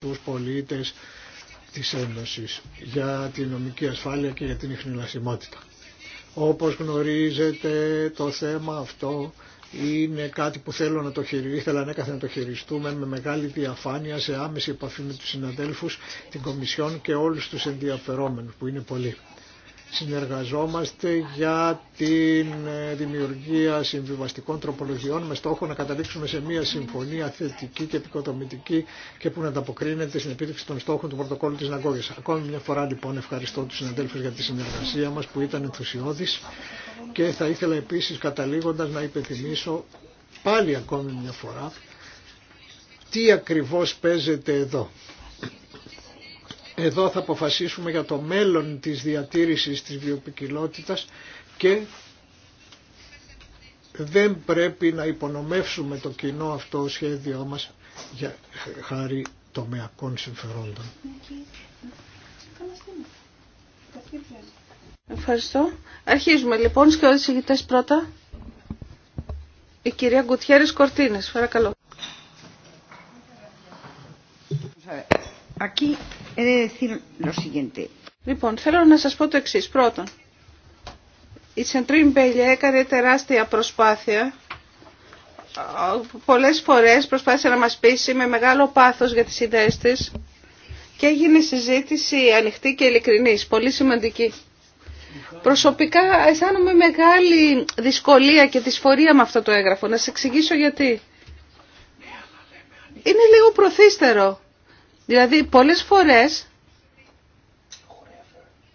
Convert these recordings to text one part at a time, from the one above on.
τους πολίτες της Ένωσης για την νομική ασφάλεια και για την ειχνηλασιμότητα. Όπως γνωρίζετε το θέμα αυτό είναι κάτι που θέλω να το ήθελα να, να το χειριστούμε με μεγάλη διαφάνεια σε άμεση επαφή με τους συναδέλφους, την Κομισιόν και όλους τους ενδιαφερόμενους που είναι πολλοί συνεργαζόμαστε για την ε, δημιουργία συμβιβαστικών τροπολογιών με στόχο να καταλήξουμε σε μια συμφωνία θετική και επικοδομητική και που να ανταποκρίνεται στην επίτευξη των στόχων του πρωτοκόλλου της Ναγκόγιας. Ακόμη μια φορά λοιπόν ευχαριστώ τους συναδέλφους για τη συνεργασία μας που ήταν ενθουσιώδης και θα ήθελα επίσης καταλήγοντας να υπενθυμίσω πάλι ακόμη μια φορά τι ακριβώς παίζεται εδώ. Εδώ θα αποφασίσουμε για το μέλλον της διατήρησης της βιοποικιλότητας και δεν πρέπει να υπονομεύσουμε το κοινό αυτό σχέδιό μας για χάρη τομεακών συμφερόντων. Ευχαριστώ. Αρχίζουμε λοιπόν οι ηγητές πρώτα. Η κυρία Γκουτιέρης Κορτίνες, παρακαλώ he Λοιπόν, θέλω να σας πω το εξής. Πρώτον, η Σεντρίν Μπέλια έκανε τεράστια προσπάθεια. Πολλές φορές προσπάθησε να μας πείσει με μεγάλο πάθος για τις ιδέες της και έγινε συζήτηση ανοιχτή και ειλικρινή, πολύ σημαντική. Προσωπικά αισθάνομαι μεγάλη δυσκολία και δυσφορία με αυτό το έγγραφο. Να σας εξηγήσω γιατί. Είναι λίγο προθύστερο Δηλαδή πολλές φορές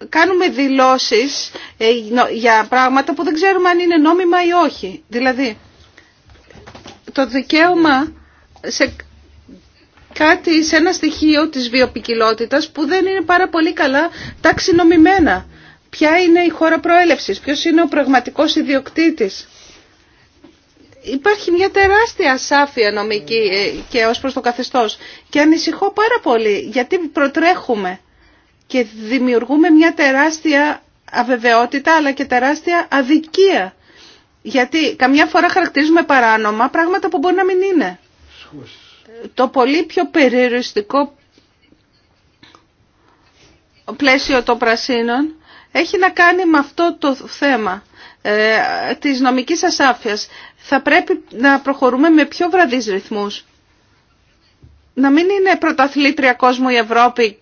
κάνουμε δηλώσεις ε, για πράγματα που δεν ξέρουμε αν είναι νόμιμα ή όχι. Δηλαδή το δικαίωμα σε κάτι, σε ένα στοιχείο της βιοπικιλότητας που δεν είναι πάρα πολύ καλά ταξινομημένα. Ποια είναι η χώρα προέλευσης, ποιος είναι ο πραγματικός ιδιοκτήτης. Υπάρχει μια τεράστια ασάφεια νομική ε, και ως προς το καθεστώς και ανησυχώ πάρα πολύ γιατί προτρέχουμε και δημιουργούμε μια τεράστια αβεβαιότητα αλλά και τεράστια αδικία. Γιατί καμιά φορά χαρακτηρίζουμε παράνομα πράγματα που μπορεί να μην είναι. Το πολύ πιο περιοριστικό πλαίσιο των πρασίνων έχει να κάνει με αυτό το θέμα. Ε, της νομικής ασάφειας. Θα πρέπει να προχωρούμε με πιο βραδείς ρυθμούς. Να μην είναι πρωταθλήτρια κόσμου η Ευρώπη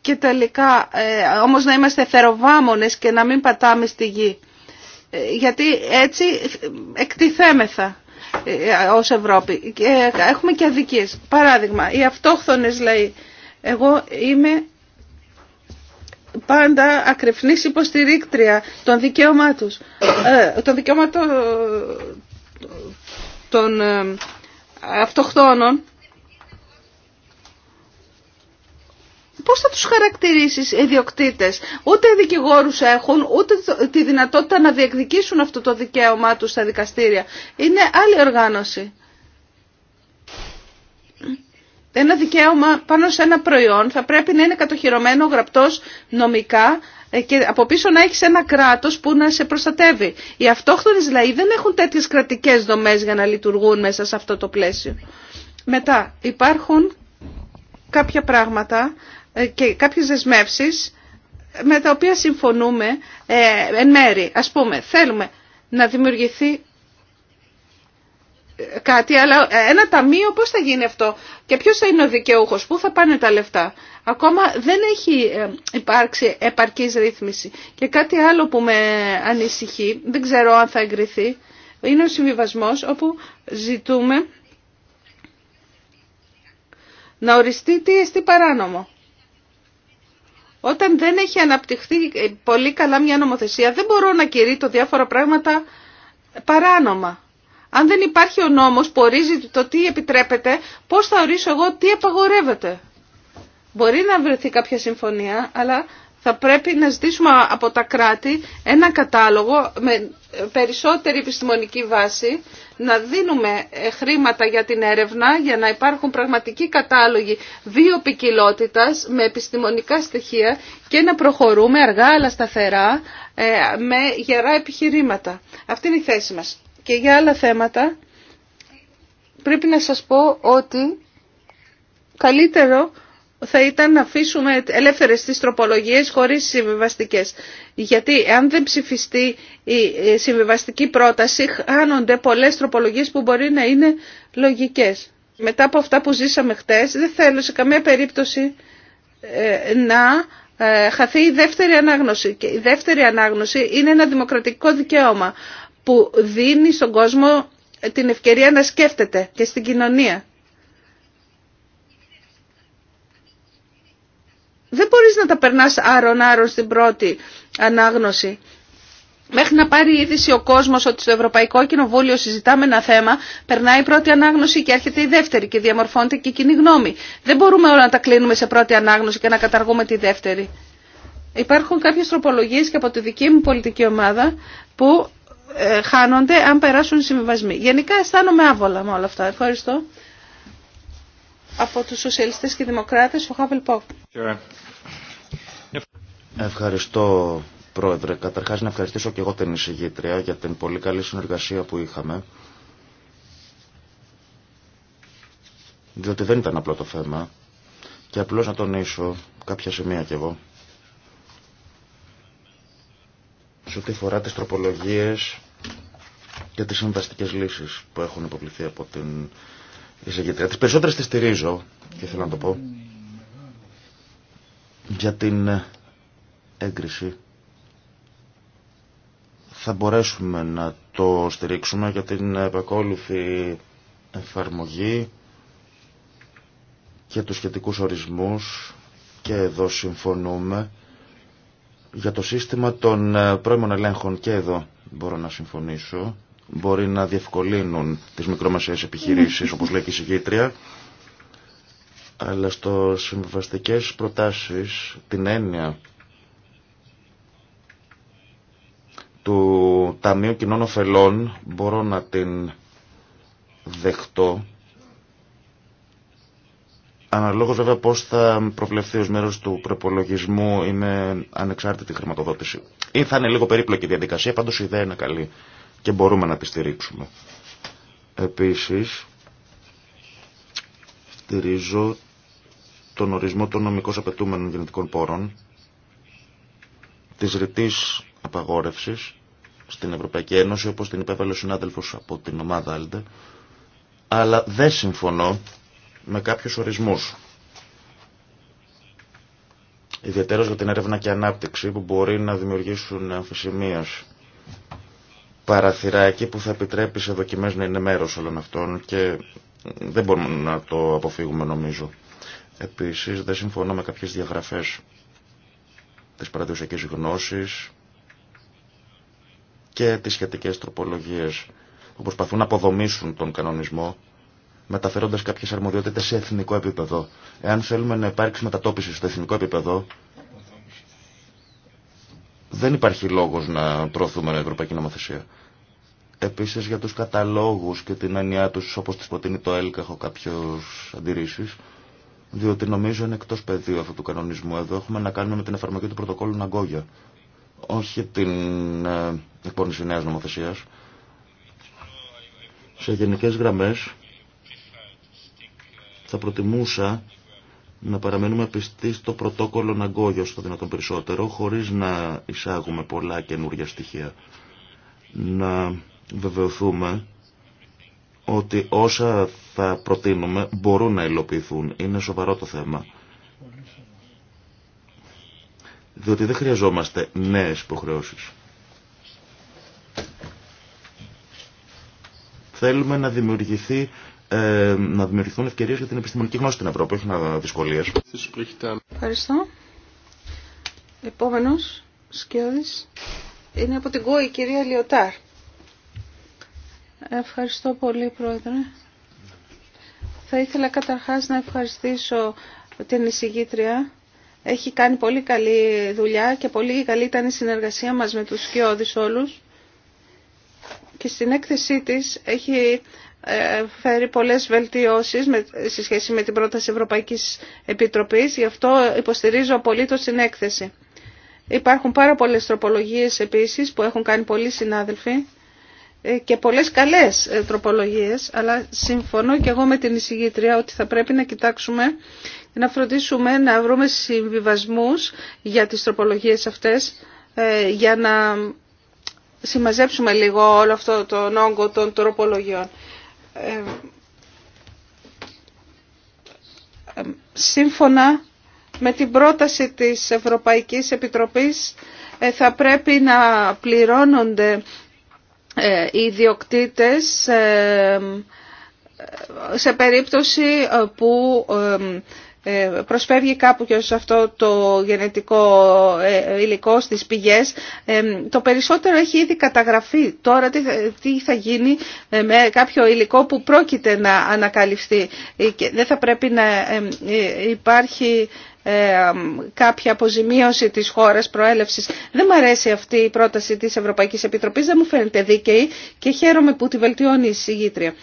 και τελικά ε, όμως να είμαστε θεροβάμονες και να μην πατάμε στη γη. Ε, γιατί έτσι εκτιθέμεθα ως Ευρώπη. Έχουμε και αδικίες. Παράδειγμα, οι αυτόχθονες λέει, εγώ είμαι πάντα ακρεφνής υποστηρίκτρια των δικαιωμάτων ε, των δικαιωμάτων των ε, αυτοχθόνων. Πώς θα τους χαρακτηρίσεις ιδιοκτήτες. Ούτε δικηγόρους έχουν, ούτε τη δυνατότητα να διεκδικήσουν αυτό το δικαίωμά τους στα δικαστήρια. Είναι άλλη οργάνωση ένα δικαίωμα πάνω σε ένα προϊόν θα πρέπει να είναι κατοχυρωμένο γραπτός νομικά ε, και από πίσω να έχεις ένα κράτος που να σε προστατεύει. Οι αυτόχθονες λαοί δεν έχουν τέτοιες κρατικές δομές για να λειτουργούν μέσα σε αυτό το πλαίσιο. Μετά υπάρχουν κάποια πράγματα ε, και κάποιες δεσμεύσει ε, με τα οποία συμφωνούμε εν μέρη. Ας πούμε θέλουμε να δημιουργηθεί κάτι, αλλά ένα ταμείο πώς θα γίνει αυτό και ποιος θα είναι ο δικαιούχος, πού θα πάνε τα λεφτά. Ακόμα δεν έχει ε, υπάρξει επαρκής ρύθμιση. Και κάτι άλλο που με ανησυχεί, δεν ξέρω αν θα εγκριθεί, είναι ο συμβιβασμός όπου ζητούμε να οριστεί τι εστί παράνομο. Όταν δεν έχει αναπτυχθεί πολύ καλά μια νομοθεσία, δεν μπορώ να κηρύττω διάφορα πράγματα παράνομα. Αν δεν υπάρχει ο νόμος που ορίζει το τι επιτρέπεται, πώς θα ορίσω εγώ τι απαγορεύεται. Μπορεί να βρεθεί κάποια συμφωνία, αλλά θα πρέπει να ζητήσουμε από τα κράτη ένα κατάλογο με περισσότερη επιστημονική βάση, να δίνουμε ε, χρήματα για την έρευνα, για να υπάρχουν πραγματικοί κατάλογοι βιοπικιλότητας με επιστημονικά στοιχεία και να προχωρούμε αργά αλλά σταθερά ε, με γερά επιχειρήματα. Αυτή είναι η θέση μας και για άλλα θέματα, πρέπει να σας πω ότι καλύτερο θα ήταν να αφήσουμε ελεύθερες τις τροπολογίες χωρίς συμβιβαστικές. Γιατί αν δεν ψηφιστεί η συμβιβαστική πρόταση, χάνονται πολλές τροπολογίες που μπορεί να είναι λογικές. Μετά από αυτά που ζήσαμε χτες, δεν θέλω σε καμία περίπτωση ε, να ε, χαθεί η δεύτερη ανάγνωση. Και η δεύτερη ανάγνωση είναι ένα δημοκρατικό δικαίωμα που δίνει στον κόσμο την ευκαιρία να σκέφτεται και στην κοινωνία. Δεν μπορείς να τα περνάς άρον-άρον στην πρώτη ανάγνωση. Μέχρι να πάρει η είδηση ο κόσμος ότι στο Ευρωπαϊκό Κοινοβούλιο συζητάμε ένα θέμα, περνάει η πρώτη ανάγνωση και έρχεται η δεύτερη και διαμορφώνεται και η κοινή γνώμη. Δεν μπορούμε όλα να τα κλείνουμε σε πρώτη ανάγνωση και να καταργούμε τη δεύτερη. Υπάρχουν κάποιες τροπολογίες και από τη δική μου πολιτική ομάδα που ε, χάνονται αν περάσουν συμβιβασμοί. Γενικά αισθάνομαι άβολα με όλα αυτά. Ευχαριστώ. Από τους σοσιαλιστές και δημοκράτες, ο Χάβελ Πόκ. Ευχαριστώ, Πρόεδρε. Καταρχάς να ευχαριστήσω και εγώ την εισηγήτρια για την πολύ καλή συνεργασία που είχαμε. Διότι δεν ήταν απλό το θέμα. Και απλώς να τονίσω κάποια σημεία κι εγώ. σε ό,τι αφορά τις τροπολογίες και τις συμβαστικές λύσεις που έχουν υποβληθεί από την εισηγητρία. Τις περισσότερες τις στηρίζω και θέλω να το πω για την έγκριση θα μπορέσουμε να το στηρίξουμε για την επακόλουθη εφαρμογή και τους σχετικούς ορισμούς και εδώ συμφωνούμε για το σύστημα των ε, πρώιμων ελέγχων και εδώ μπορώ να συμφωνήσω. Μπορεί να διευκολύνουν τις μικρομεσαίες επιχειρήσεις, όπως λέει και η συγκήτρια, αλλά στο συμβαστικές προτάσεις την έννοια του Ταμείου Κοινών Οφελών μπορώ να την δεχτώ Αναλόγως βέβαια πώς θα προβλεφθεί ως μέρος του προπολογισμού ή με ανεξάρτητη χρηματοδότηση. Ή θα είναι λίγο περίπλοκη διαδικασία, πάντως είναι ανεξαρτητη χρηματοδοτηση η θα είναι καλή και μπορούμε να τη στηρίξουμε. Επίσης, στηρίζω τον ορισμό των νομικώς απαιτούμενων γενετικών πόρων, της ρητής απαγόρευσης στην Ευρωπαϊκή Ένωση, όπως την υπέβαλε ο συνάδελφος από την ομάδα Άλντε, αλλά δεν συμφωνώ με κάποιους ορισμούς. Ιδιαίτερα για την έρευνα και ανάπτυξη που μπορεί να δημιουργήσουν αμφισημίες παραθυράκι που θα επιτρέπει σε δοκιμές να είναι μέρος όλων αυτών και δεν μπορούμε να το αποφύγουμε νομίζω. Επίσης δεν συμφωνώ με κάποιες διαγραφές της παραδοσιακής γνώσης και τις σχετικές τροπολογίες που προσπαθούν να αποδομήσουν τον κανονισμό Μεταφέροντα κάποιε αρμοδιότητες σε εθνικό επίπεδο. Εάν θέλουμε να υπάρξει μετατόπιση στο εθνικό επίπεδο, δεν υπάρχει λόγο να προωθούμε ευρωπαϊκή νομοθεσία. Επίση για του καταλόγους και την έννοιά του όπω τις προτείνει το Έλκα έχω κάποιε αντιρρήσει. διότι νομίζω είναι εκτό πεδίου αυτού του κανονισμού. Εδώ έχουμε να κάνουμε με την εφαρμογή του πρωτοκόλλου Ναγκόγια, όχι την ε, εκπόνηση νέα νομοθεσία. Σε γενικέ γραμμέ θα προτιμούσα να παραμένουμε πιστοί στο πρωτόκολλο Ναγκόγιο στο δυνατόν περισσότερο, χωρίς να εισάγουμε πολλά καινούργια στοιχεία. Να βεβαιωθούμε ότι όσα θα προτείνουμε μπορούν να υλοποιηθούν. Είναι σοβαρό το θέμα. Διότι δεν χρειαζόμαστε νέες υποχρεώσεις. Θέλουμε να δημιουργηθεί ε, να δημιουργηθούν ευκαιρίες για την επιστημονική γνώση στην Ευρώπη, όχι να δυσκολίες. Ευχαριστώ. Επόμενος σκιώδης είναι από την ΚΟΗ, η κυρία Λιωτάρ. Ευχαριστώ πολύ, Πρόεδρε. Θα ήθελα καταρχάς να ευχαριστήσω την εισηγήτρια. Έχει κάνει πολύ καλή δουλειά και πολύ καλή ήταν η συνεργασία μας με τους σκιώδεις όλους και στην έκθεσή της έχει ε, φέρει πολλές βελτιώσεις σε σχέση με την πρόταση Ευρωπαϊκής Επιτροπής, γι' αυτό υποστηρίζω απολύτως την έκθεση. Υπάρχουν πάρα πολλές τροπολογίες επίσης που έχουν κάνει πολλοί συνάδελφοι ε, και πολλές καλές ε, τροπολογίες, αλλά συμφωνώ και εγώ με την εισηγήτρια ότι θα πρέπει να κοιτάξουμε να φροντίσουμε να βρούμε συμβιβασμούς για τις τροπολογίες αυτές για να συμμαζέψουμε λίγο όλο αυτό τον όγκο των τροπολογιών. Ε, ε, σύμφωνα με την πρόταση της Ευρωπαϊκής Επιτροπής ε, θα πρέπει να πληρώνονται οι ιδιοκτήτες σε περίπτωση που ε, προσφεύγει κάπου και σε αυτό το γενετικό ε, υλικό στις πηγές. Ε, το περισσότερο έχει ήδη καταγραφεί. Τώρα τι θα γίνει με κάποιο υλικό που πρόκειται να ανακαλυφθεί. Δεν θα πρέπει να υπάρχει κάποια αποζημίωση της χώρας προέλευσης. Δεν μου αρέσει αυτή η πρόταση της Ευρωπαϊκής Επιτροπής, δεν μου φαίνεται δίκαιη και χαίρομαι που τη βελτιώνει η συγγήτρια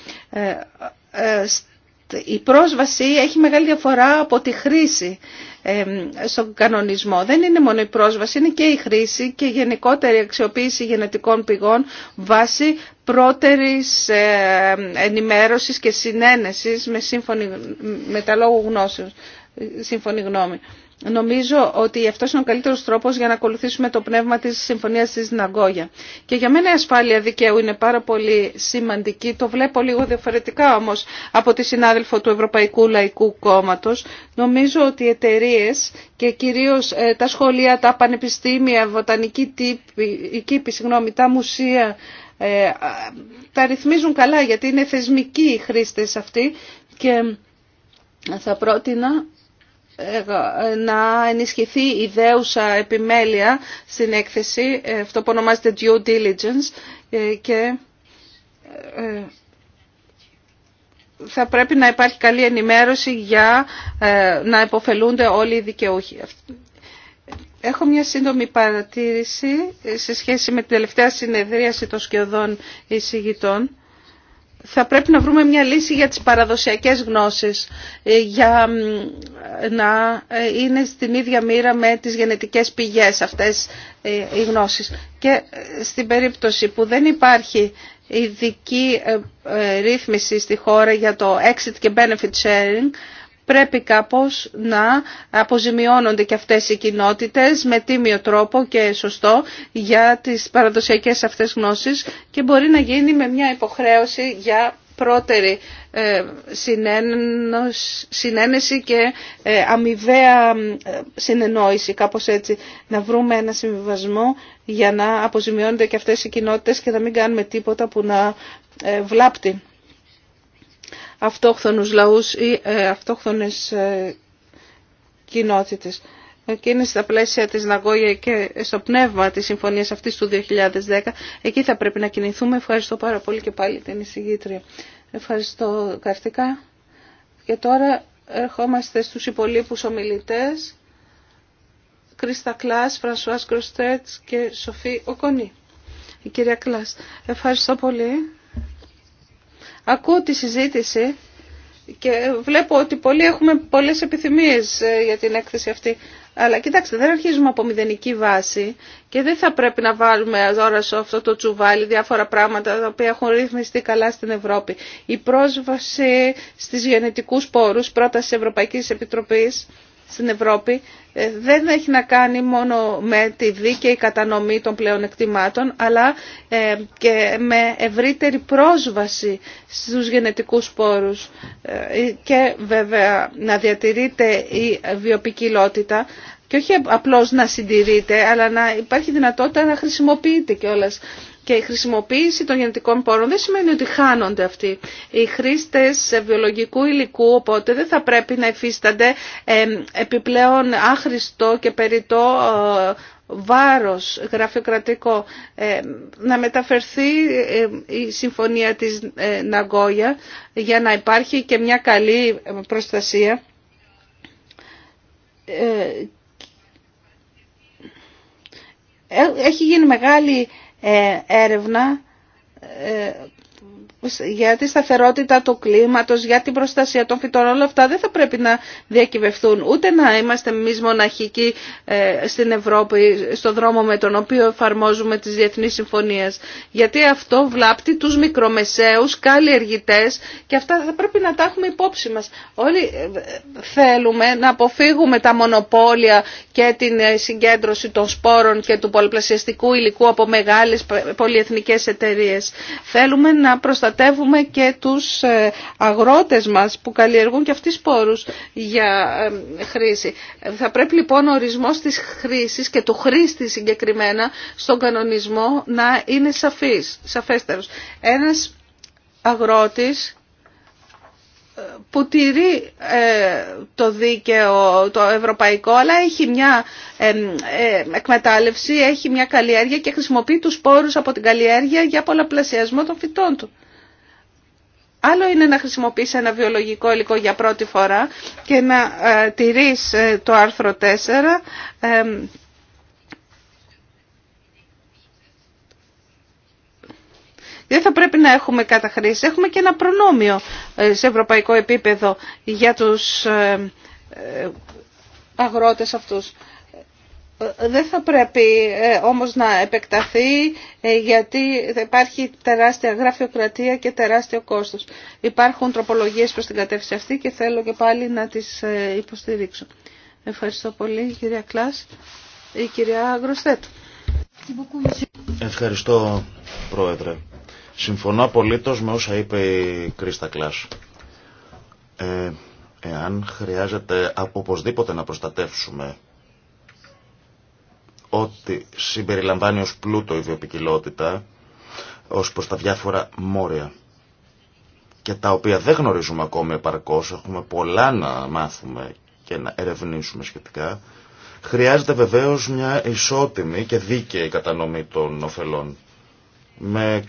η πρόσβαση έχει μεγάλη διαφορά από τη χρήση στον κανονισμό. Δεν είναι μόνο η πρόσβαση, είναι και η χρήση και η γενικότερη αξιοποίηση γενετικών πηγών βάσει πρώτερης ενημέρωσης και συνένεσης με, σύμφωνη, με τα λόγου γνώσεως, σύμφωνη γνώμη. Νομίζω ότι αυτό είναι ο καλύτερο τρόπο για να ακολουθήσουμε το πνεύμα τη Συμφωνία τη Ναγκόγια. Και για μένα η ασφάλεια δικαίου είναι πάρα πολύ σημαντική. Το βλέπω λίγο διαφορετικά όμω από τη συνάδελφο του Ευρωπαϊκού Λαϊκού Κόμματο. Νομίζω ότι οι εταιρείε και κυρίω ε, τα σχολεία, τα πανεπιστήμια, βοτανική τύπη, κήπη, συγγνώμη, τα μουσεία ε, τα ρυθμίζουν καλά γιατί είναι θεσμικοί οι χρήστε αυτοί. Και θα πρότεινα ε, να ενισχυθεί η δέουσα επιμέλεια στην έκθεση, ε, αυτό που ονομάζεται due diligence ε, και θα πρέπει να υπάρχει καλή ενημέρωση για να υποφελούνται όλοι οι δικαιούχοι. Έχω μια σύντομη παρατήρηση σε σχέση με την τελευταία συνεδρίαση των σκιωδών εισηγητών θα πρέπει να βρούμε μια λύση για τις παραδοσιακές γνώσεις, ε, για να ε, είναι στην ίδια μοίρα με τις γενετικές πηγές αυτές ε, οι γνώσεις. Και στην περίπτωση που δεν υπάρχει ειδική ρύθμιση στη χώρα για το exit και benefit sharing, πρέπει κάπως να αποζημιώνονται και αυτές οι κοινότητες με τίμιο τρόπο και σωστό για τις παραδοσιακές αυτές γνώσεις και μπορεί να γίνει με μια υποχρέωση για πρώτερη ε, συνένεση και ε, αμοιβαία ε, συνεννόηση, κάπως έτσι. Να βρούμε ένα συμβιβασμό για να αποζημιώνονται και αυτές οι κοινότητες και να μην κάνουμε τίποτα που να βλάπτει αυτόχθονους λαούς ή ε, αυτόχθονες ε, κοινότητες. Και είναι στα πλαίσια της Ναγκόγια και στο πνεύμα της συμφωνίας αυτής του 2010. Εκεί θα πρέπει να κινηθούμε. Ευχαριστώ πάρα πολύ και πάλι την εισηγήτρια. Ευχαριστώ καρτικά. Και τώρα ερχόμαστε στους υπολείπους ομιλητές. Κρίστα Κλάς, Φρανσουάς Κροστέτς και Σοφή Οκονή. Η κυρία Κλάς. Ευχαριστώ πολύ. Ακούω τη συζήτηση και βλέπω ότι πολλοί έχουμε πολλές επιθυμίες ε, για την έκθεση αυτή. Αλλά κοιτάξτε, δεν αρχίζουμε από μηδενική βάση και δεν θα πρέπει να βάλουμε τώρα σε αυτό το τσουβάλι διάφορα πράγματα τα οποία έχουν ρυθμιστεί καλά στην Ευρώπη. Η πρόσβαση στις γενετικούς πόρους, πρόταση Ευρωπαϊκής Επιτροπής, στην Ευρώπη ε, δεν έχει να κάνει μόνο με τη δίκαιη κατανομή των πλέον εκτιμάτων, αλλά ε, και με ευρύτερη πρόσβαση στους γενετικούς πόρους ε, και βέβαια να διατηρείται η βιοπικιλότητα και όχι απλώς να συντηρείται, αλλά να υπάρχει δυνατότητα να χρησιμοποιείται κιόλας και η χρησιμοποίηση των γενετικών πόρων δεν σημαίνει ότι χάνονται αυτοί. Οι χρήστε βιολογικού υλικού οπότε δεν θα πρέπει να υφίστανται επιπλέον άχρηστο και περιττό ε, βάρος γραφειοκρατικό ε, να μεταφερθεί ε, η συμφωνία της Ναγκόγια για να υπάρχει και μια καλή προστασία έχει γίνει μεγάλη ε, έρευνα ε, για τη σταθερότητα του κλίματος, για την προστασία των φυτών, όλα αυτά δεν θα πρέπει να διακυβευθούν ούτε να είμαστε εμεί μοναχικοί ε, στην Ευρώπη, στον δρόμο με τον οποίο εφαρμόζουμε τις διεθνείς συμφωνίες. Γιατί αυτό βλάπτει τους μικρομεσαίους καλλιεργητές και αυτά θα πρέπει να τα έχουμε υπόψη μας. Όλοι ε, θέλουμε να αποφύγουμε τα μονοπόλια και την ε, συγκέντρωση των σπόρων και του πολυπλασιαστικού υλικού από μεγάλες πολυεθνικές εταιρείε. Θέλουμε να προστατεύουμε και τους ε, αγρότες μας που καλλιεργούν και αυτοί σπόρους για ε, χρήση. Θα πρέπει λοιπόν ο ορισμός της χρήσης και του χρήστη συγκεκριμένα στον κανονισμό να είναι σαφής, σαφέστερος. Ένας αγρότης ε, που τηρεί το δίκαιο το ευρωπαϊκό αλλά έχει μια εκμετάλλευση, έχει μια καλλιέργεια και χρησιμοποιεί τους σπόρους από την καλλιέργεια για πολλαπλασιασμό των φυτών του. Άλλο είναι να χρησιμοποιείς ένα βιολογικό υλικό για πρώτη φορά και να ε, τηρείς ε, το άρθρο 4 Δεν θα πρέπει να έχουμε καταχρήσει, Έχουμε και ένα προνόμιο ε, σε ευρωπαϊκό επίπεδο για τους αγρότες αυτούς. Δεν θα πρέπει ε, όμως να επεκταθεί ε, γιατί υπάρχει τεράστια γραφειοκρατία και τεράστιο κόστος. Υπάρχουν τροπολογίες προς την κατεύθυνση αυτή και θέλω και πάλι να τις ε, υποστηρίξω. Ευχαριστώ πολύ κυρία Κλάς. Η κυρία Γκροστέτ. Ευχαριστώ πρόεδρε. Συμφωνώ απολύτως με όσα είπε η Κρίστα Κλάς. Ε, εάν χρειάζεται οπωσδήποτε να προστατεύσουμε ό,τι συμπεριλαμβάνει ως πλούτο η βιοπικιλότητα ως προς τα διάφορα μόρια και τα οποία δεν γνωρίζουμε ακόμη επαρκώς, έχουμε πολλά να μάθουμε και να ερευνήσουμε σχετικά, χρειάζεται βεβαίως μια ισότιμη και δίκαιη κατανομή των ωφελών με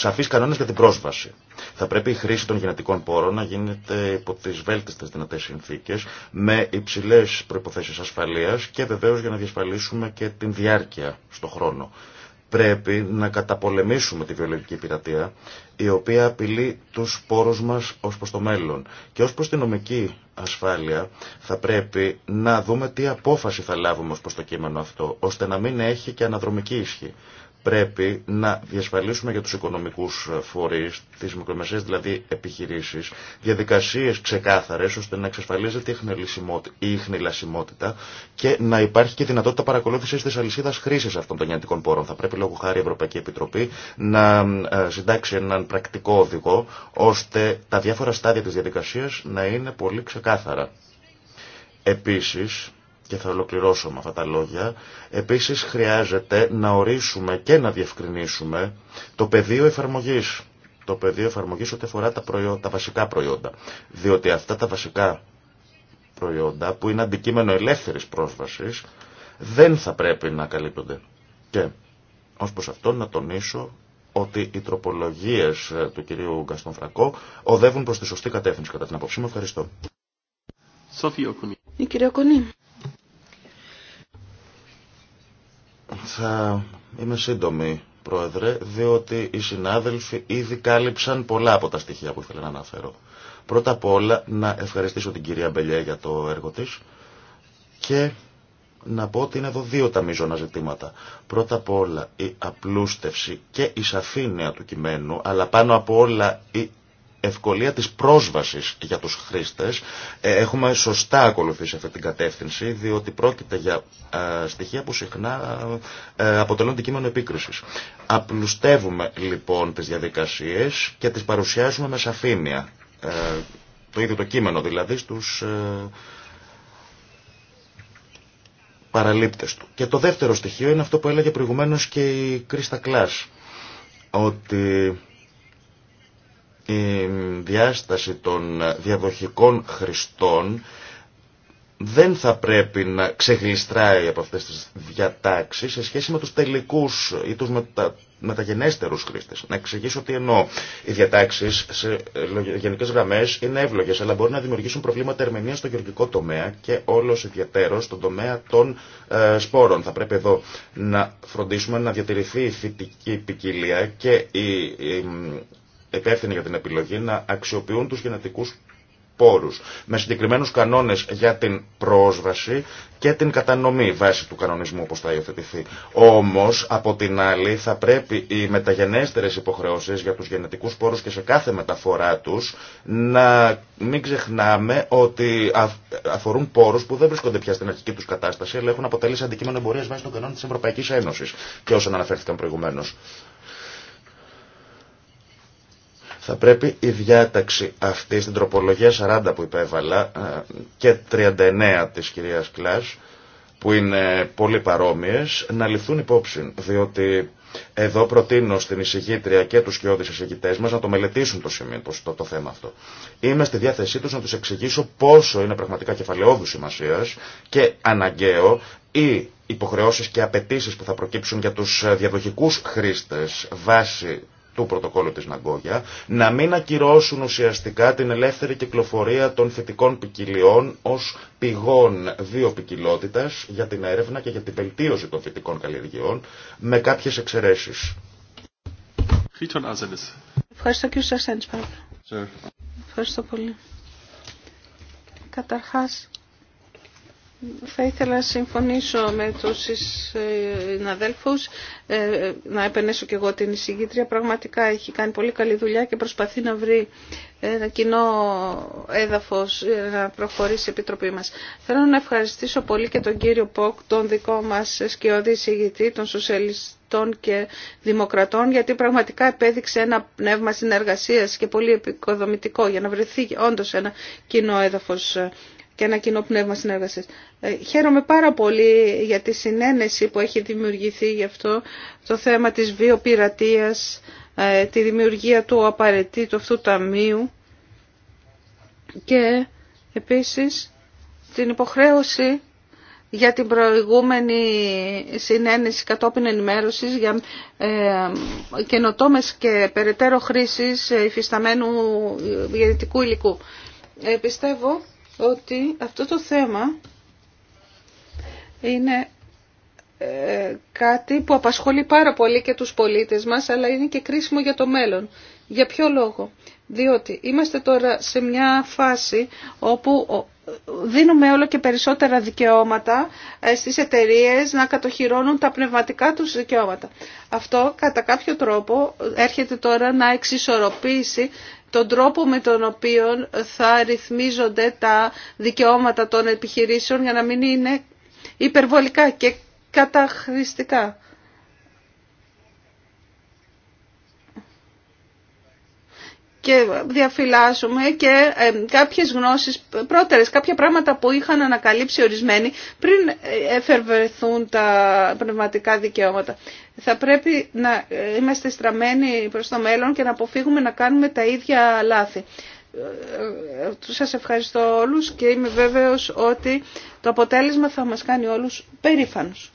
σαφεί κανόνε για την πρόσβαση. Θα πρέπει η χρήση των γενετικών πόρων να γίνεται υπό τι βέλτιστε δυνατέ συνθήκε, με υψηλέ προποθέσει ασφαλεία και βεβαίω για να διασφαλίσουμε και την διάρκεια στον χρόνο. Πρέπει να καταπολεμήσουμε τη βιολογική πειρατεία η οποία απειλεί τους πόρους μας ως προς το μέλλον. Και ως προς την νομική ασφάλεια θα πρέπει να δούμε τι απόφαση θα λάβουμε ως προς το κείμενο αυτό, ώστε να μην έχει και αναδρομική ίσχυ. Πρέπει να διασφαλίσουμε για τους οικονομικούς φορείς, τις μικρομεσαίες δηλαδή επιχειρήσεις, διαδικασίες ξεκάθαρες ώστε να εξασφαλίζεται η χνηλασιμότητα και να υπάρχει και δυνατότητα παρακολούθησης της αλυσίδας χρήσης αυτών των γενετικών πόρων. Θα πρέπει λόγω χάρη η Ευρωπαϊκή Επιτροπή να ε, συντάξει έναν πρακτικό οδηγό, ώστε τα διάφορα στάδια της διαδικασίας να είναι πολύ ξεκάθαρα. Επίσης, και θα ολοκληρώσω με αυτά τα λόγια, επίσης χρειάζεται να ορίσουμε και να διευκρινίσουμε το πεδίο εφαρμογής. Το πεδίο εφαρμογής ό,τι αφορά τα, τα βασικά προϊόντα. Διότι αυτά τα βασικά προϊόντα που είναι αντικείμενο ελεύθερης πρόσβασης δεν θα πρέπει να καλύπτονται. Και ως προς αυτό να τονίσω ότι οι τροπολογίες ε, του κυρίου Γκαστον Φρακό οδεύουν προς τη σωστή κατεύθυνση κατά την απόψη μου. Ευχαριστώ. Η κυρία Κονή. Θα είμαι σύντομη, Πρόεδρε, διότι οι συνάδελφοι ήδη κάλυψαν πολλά από τα στοιχεία που ήθελα να αναφέρω. Πρώτα απ' όλα να ευχαριστήσω την κυρία Μπελιέ για το έργο της και να πω ότι είναι εδώ δύο τα μείζωνα ζητήματα. Πρώτα απ' όλα η απλούστευση και η σαφήνεια του κειμένου, αλλά πάνω απ' όλα η ευκολία της πρόσβασης για τους χρήστες. Ε, έχουμε σωστά ακολουθήσει αυτή την κατεύθυνση, διότι πρόκειται για στοιχεία που συχνά ε, αποτελούν κείμενο επίκρισης. Απλουστεύουμε λοιπόν τις διαδικασίες και τις παρουσιάζουμε με σαφήνεια. Ε, το ίδιο το κείμενο δηλαδή στους παραλήπτες του. Και το δεύτερο στοιχείο είναι αυτό που έλεγε προηγουμένως και η Κρίστα Κλάς, ότι η διάσταση των διαδοχικών χρηστών δεν θα πρέπει να ξεγλιστράει από αυτές τις διατάξεις σε σχέση με τους τελικούς ή τους μετα... μεταγενέστερους χρήστες. Να εξηγήσω τι εννοώ. Οι διατάξεις σε γενικές γραμμές είναι εύλογες, αλλά μπορεί να δημιουργήσουν προβλήματα ερμηνεία στο γεωργικό τομέα και όλος ιδιαίτερο στον τομέα των ε, σπόρων. Θα πρέπει εδώ να φροντίσουμε να διατηρηθεί η θητική ποικιλία και η, η για την επιλογή να αξιοποιούν τους γενετικούς πόρους, με συγκεκριμένους κανόνες για την πρόσβαση και την κατανομή βάσει του κανονισμού όπως θα υιοθετηθεί. Όμως, από την άλλη, θα πρέπει οι μεταγενέστερες υποχρεώσεις για τους γενετικούς πόρους και σε κάθε μεταφορά τους να μην ξεχνάμε ότι αφορούν πόρους που δεν βρίσκονται πια στην αρχική τους κατάσταση αλλά έχουν αποτελέσει αντικείμενο εμπορίας βάσει των κανόνων της Ευρωπαϊκής Ένωσης και όσων αναφέρθηκαν προηγουμένως. Θα πρέπει η διάταξη αυτή στην τροπολογία 40 που υπέβαλα ε, και 39 της κυρίας Κλάς που είναι πολύ παρόμοιες να ληφθούν υπόψη διότι εδώ προτείνω στην εισηγήτρια και τους κοιόδης εισηγητές μας να το μελετήσουν το, σημείο, το, το θέμα αυτό. Είμαι στη διάθεσή τους να τους εξηγήσω πόσο είναι πραγματικά κεφαλαιόδου σημασία και αναγκαίο ή υποχρεώσεις και απαιτήσει που θα προκύψουν για τους διαδοχικούς χρήστες βάσει του πρωτοκόλλου της Ναγκόγια να μην ακυρώσουν ουσιαστικά την ελεύθερη κυκλοφορία των φυτικών ποικιλιών ως πηγών ποικιλότητας για την έρευνα και για την βελτίωση των φυτικών καλλιεργειών με κάποιες εξαιρέσεις. Ευχαριστώ Ευχαριστώ πολύ. Καταρχάς, θα ήθελα να συμφωνήσω με τους συναδέλφους, ε, να επενέσω και εγώ την εισηγήτρια. Πραγματικά έχει κάνει πολύ καλή δουλειά και προσπαθεί να βρει ένα κοινό έδαφος να προχωρήσει η Επιτροπή μας. Θέλω να ευχαριστήσω πολύ και τον κύριο Ποκ, τον δικό μας σκιώδη εισηγητή, τον σοσιαλιστών και δημοκρατών, γιατί πραγματικά επέδειξε ένα πνεύμα συνεργασίας και πολύ επικοδομητικό για να βρεθεί όντως ένα κοινό έδαφος και ένα κοινό πνεύμα συνεργασίας. Ε, χαίρομαι πάρα πολύ για τη συνένεση που έχει δημιουργηθεί γι' αυτό το θέμα της βιοπειρατείας, ε, τη δημιουργία του απαραίτητου αυτού ταμείου και επίσης την υποχρέωση για την προηγούμενη συνένεση κατόπιν ενημέρωσης για ε, καινοτόμες και περαιτέρω χρήσης ε, υφισταμένου γενετικού υλικού. πιστεύω ότι αυτό το θέμα είναι ε, κάτι που απασχολεί πάρα πολύ και τους πολίτες μας, αλλά είναι και κρίσιμο για το μέλλον. Για ποιο λόγο. Διότι είμαστε τώρα σε μια φάση όπου δίνουμε όλο και περισσότερα δικαιώματα ε, στις εταιρείες να κατοχυρώνουν τα πνευματικά τους δικαιώματα. Αυτό κατά κάποιο τρόπο έρχεται τώρα να εξισορροπήσει τον τρόπο με τον οποίο θα ρυθμίζονται τα δικαιώματα των επιχειρήσεων για να μην είναι υπερβολικά και καταχρηστικά. και διαφυλάσσουμε και ε, κάποιες γνώσεις πρώτερες, κάποια πράγματα που είχαν ανακαλύψει ορισμένοι πριν εφερβερθούν ε, τα πνευματικά δικαιώματα θα πρέπει να είμαστε στραμμένοι προς το μέλλον και να αποφύγουμε να κάνουμε τα ίδια λάθη. Σας ευχαριστώ όλους και είμαι βέβαιος ότι το αποτέλεσμα θα μας κάνει όλους περήφανους.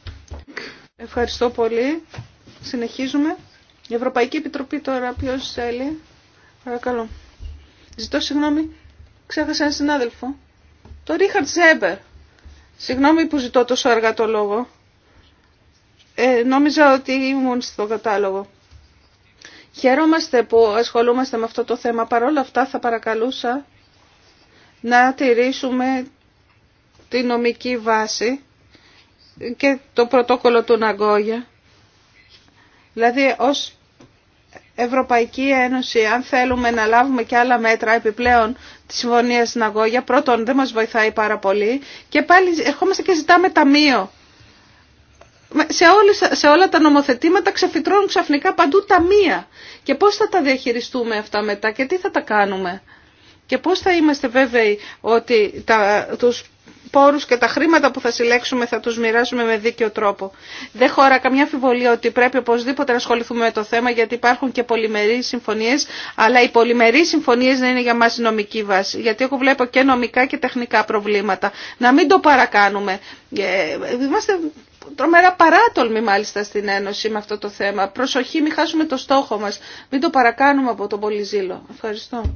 Ευχαριστώ πολύ. Συνεχίζουμε. Η Ευρωπαϊκή Επιτροπή τώρα ποιος θέλει. Παρακαλώ. Ζητώ συγγνώμη. Ξέχασα έναν συνάδελφο. Το Ρίχαρτ Ζέμπερ. Συγγνώμη που ζητώ τόσο αργά το λόγο. Ε, νόμιζα ότι ήμουν στο κατάλογο. Χαίρομαστε που ασχολούμαστε με αυτό το θέμα. Παρ' όλα αυτά θα παρακαλούσα να τηρήσουμε τη νομική βάση και το πρωτόκολλο του Ναγκόγια. Δηλαδή ως Ευρωπαϊκή Ένωση, αν θέλουμε να λάβουμε και άλλα μέτρα επιπλέον της Συμφωνίας Ναγκόγια, πρώτον δεν μας βοηθάει πάρα πολύ και πάλι ερχόμαστε και ζητάμε ταμείο σε, σε όλα τα νομοθετήματα ξεφυτρώνουν ξαφνικά παντού τα μία. Και πώς θα τα διαχειριστούμε αυτά μετά και τι θα τα κάνουμε. Και πώς θα είμαστε βέβαιοι ότι τα, τους πόρους και τα χρήματα που θα συλλέξουμε θα τους μοιράσουμε με δίκαιο τρόπο. Δεν χωρά καμιά αμφιβολία ότι πρέπει οπωσδήποτε να ασχοληθούμε με το θέμα γιατί υπάρχουν και πολυμερείς συμφωνίες, αλλά οι πολυμερείς συμφωνίες δεν είναι για μας νομική βάση. Γιατί εγώ βλέπω και νομικά και τεχνικά προβλήματα. Να μην το παρακάνουμε. Ε, είμαστε τρομερά παράτολμη μάλιστα στην Ένωση με αυτό το θέμα. Προσοχή, μην χάσουμε το στόχο μας. Μην το παρακάνουμε από τον πολυζήλο. Ευχαριστώ.